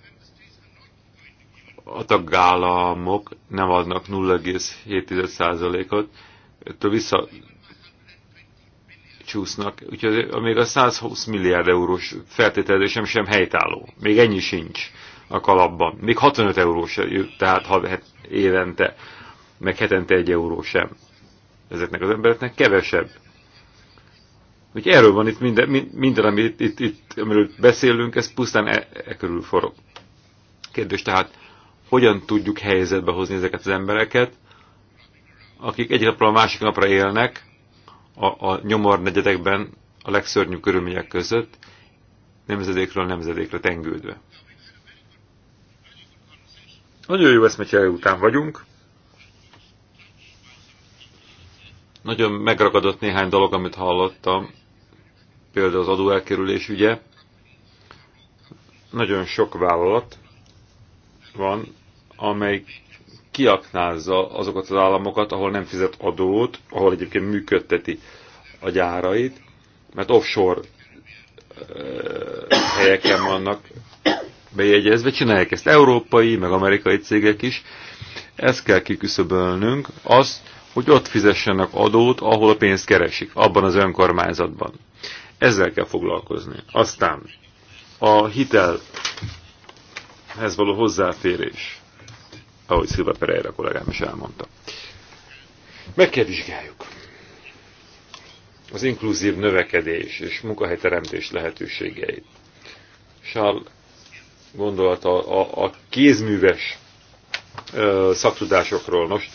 A tagállamok nem adnak 0,7%-ot, ettől vissza csúsznak, úgyhogy még a 120 milliárd eurós feltételezésem sem helytálló. Még ennyi sincs a kalapban. Még 65 euró sem, tehát ha évente, meg hetente egy euró sem. Ezeknek az embereknek kevesebb. Úgyhogy erről van itt minden, minden amit itt, itt, amiről beszélünk, ez pusztán e, e körül forog. Kérdés tehát, hogyan tudjuk helyzetbe hozni ezeket az embereket, akik egyik napra a másik napra élnek, a, a negyedekben, a legszörnyűbb körülmények között, nemzedékről nemzedékre tengődve. Nagyon jó eszmetyelő után vagyunk. Nagyon megragadott néhány dolog, amit hallottam, például az adóelkerülés ügye. Nagyon sok vállalat van, amely kiaknázza azokat az államokat, ahol nem fizet adót, ahol egyébként működteti a gyárait, mert offshore eh, helyeken vannak bejegyezve, csinálják ezt európai, meg amerikai cégek is. Ezt kell kiküszöbölnünk, az, hogy ott fizessenek adót, ahol a pénzt keresik, abban az önkormányzatban. Ezzel kell foglalkozni. Aztán a hitelhez való hozzáférés, ahogy Szilva Pereira kollégám is elmondta. Meg kell vizsgáljuk az inkluzív növekedés és munkahelyteremtés lehetőségeit. Charles gondolat a, a kézműves ö, szaktudásokról. Nos,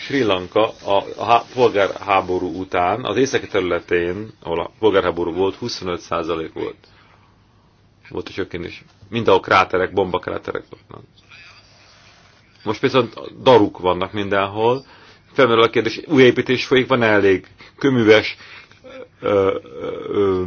Sri Lanka a, a polgárháború után az északi területén, ahol a polgárháború volt, 25% volt. Volt a csökkenés. Mind ahol kráterek, bombakráterek voltak. Most viszont daruk vannak mindenhol. Felmerül a kérdés, újépítés folyik, van -e elég köműves ö, ö, ö,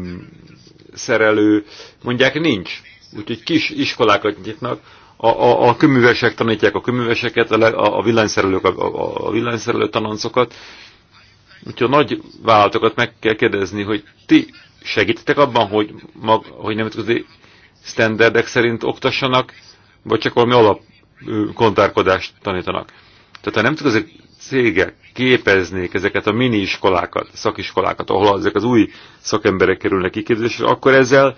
szerelő? Mondják, nincs. Úgyhogy kis iskolákat nyitnak, a, a, a köművesek tanítják a köműveseket, a, a villanyszerelők a, a, a villanyszerelő tanoncokat. Úgyhogy a nagy vállalatokat meg kell kérdezni, hogy ti segítetek abban, hogy, mag, hogy nemzetközi standardek szerint oktassanak, vagy csak valami alap kontárkodást tanítanak. Tehát ha nemzetközi cégek képeznék ezeket a mini iskolákat, szakiskolákat, ahol ezek az új szakemberek kerülnek kiképzésre, akkor ezzel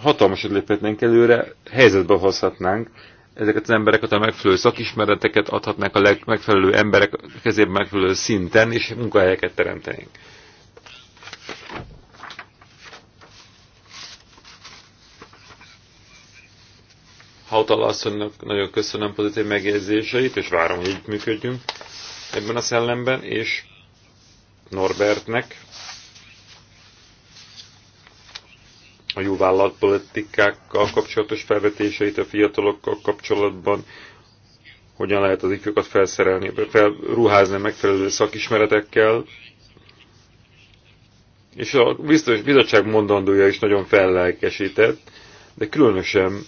hatalmasat léphetnénk előre, helyzetbe hozhatnánk ezeket az embereket, a megfelelő szakismereteket adhatnánk a leg, megfelelő emberek kezében megfelelő szinten, és munkahelyeket teremtenénk. Hautala asszonynak nagyon köszönöm pozitív megjegyzéseit, és várom, hogy működjünk ebben a szellemben, és Norbertnek a jó vállalatpolitikákkal kapcsolatos felvetéseit a fiatalokkal kapcsolatban, hogyan lehet az ifjúkat felszerelni, felruházni megfelelő szakismeretekkel, és a biztos bizottság mondandója is nagyon fellelkesített, de különösen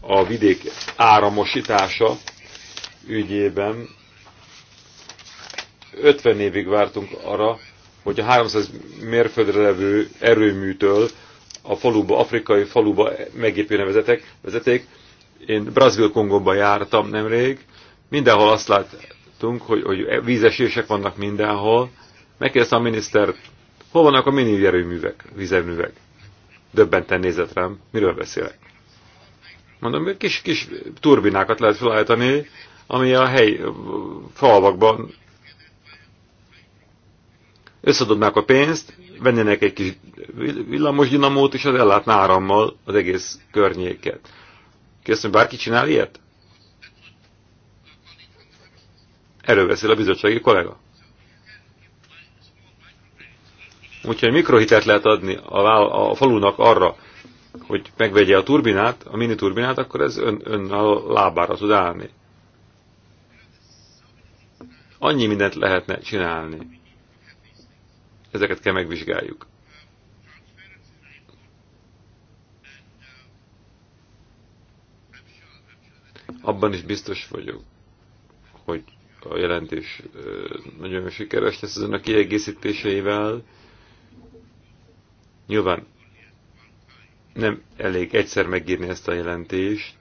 a vidék áramosítása ügyében 50 évig vártunk arra, hogy a 300 mérföldre levő erőműtől a faluba, afrikai faluba megépülne vezetek, vezeték. Én Brazil Kongóban jártam nemrég, mindenhol azt láttunk, hogy, hogy vízesések vannak mindenhol. Megkérdeztem a minisztert, hol vannak a mini erőművek, vízerőművek? Döbbenten nézett rám, miről beszélek? Mondom, kis, kis turbinákat lehet felállítani, ami a hely falvakban összedobnák a pénzt, vennének egy kis villamos dinamót, és az ellátná árammal az egész környéket. hogy bárki csinál ilyet? Erről beszél a bizottsági kollega. Úgyhogy mikrohitelt lehet adni a, vála, a falunak arra, hogy megvegye a turbinát, a mini turbinát, akkor ez ön, ön a lábára tud állni. Annyi mindent lehetne csinálni Ezeket kell megvizsgáljuk. Abban is biztos vagyok, hogy a jelentés nagyon sikeres lesz ezen a kiegészítéseivel. Nyilván nem elég egyszer megírni ezt a jelentést,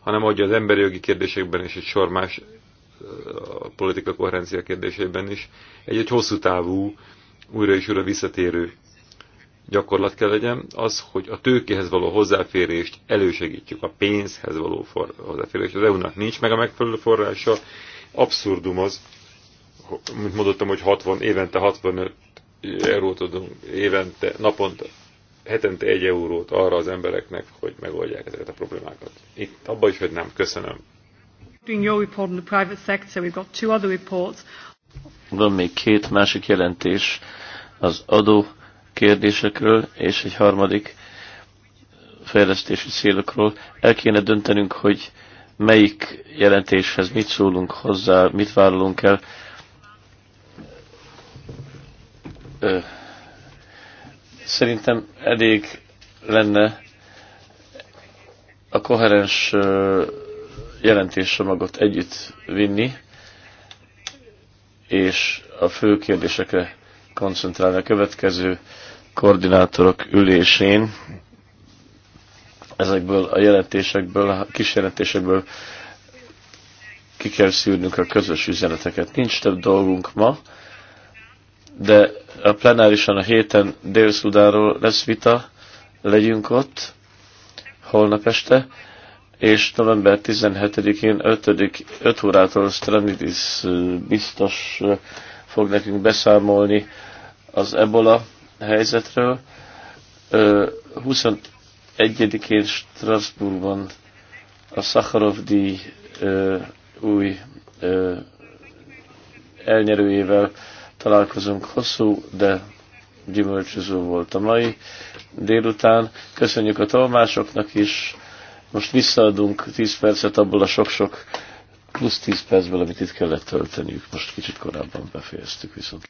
hanem hogy az emberi jogi kérdésekben és egy sor más a politika koherencia kérdésében is egy, egy hosszú távú újra és újra visszatérő gyakorlat kell legyen, az, hogy a tőkéhez való hozzáférést elősegítjük, a pénzhez való hozzáférést. Az EU-nak nincs meg a megfelelő forrása. Abszurdum az, mint mondottam, hogy 60, évente 65 eurót adunk, évente, naponta, hetente egy eurót arra az embereknek, hogy megoldják ezeket a problémákat. Itt abban is, hogy nem. Köszönöm. Doing your report on the private sector, we've got two other reports van még két másik jelentés az adó kérdésekről, és egy harmadik fejlesztési célokról. El kéne döntenünk, hogy melyik jelentéshez mit szólunk hozzá, mit vállalunk el. szerintem elég lenne a koherens jelentéssomagot együtt vinni, és a fő kérdésekre koncentrálni a következő koordinátorok ülésén. Ezekből a jelentésekből, a kísérletésekből ki kell szűrnünk a közös üzeneteket. Nincs több dolgunk ma, de a plenárisan a héten dél lesz vita, legyünk ott holnap este, és november 17-én 5. 5 órától Stranidis biztos fog nekünk beszámolni az ebola helyzetről. 21-én Strasbourgban a Szakarov díj új elnyerőjével találkozunk. Hosszú, de gyümölcsöző volt a mai délután. Köszönjük a tolmásoknak is most visszaadunk 10 percet abból a sok-sok plusz 10 percből, amit itt kellett tölteniük. Most kicsit korábban befejeztük viszont.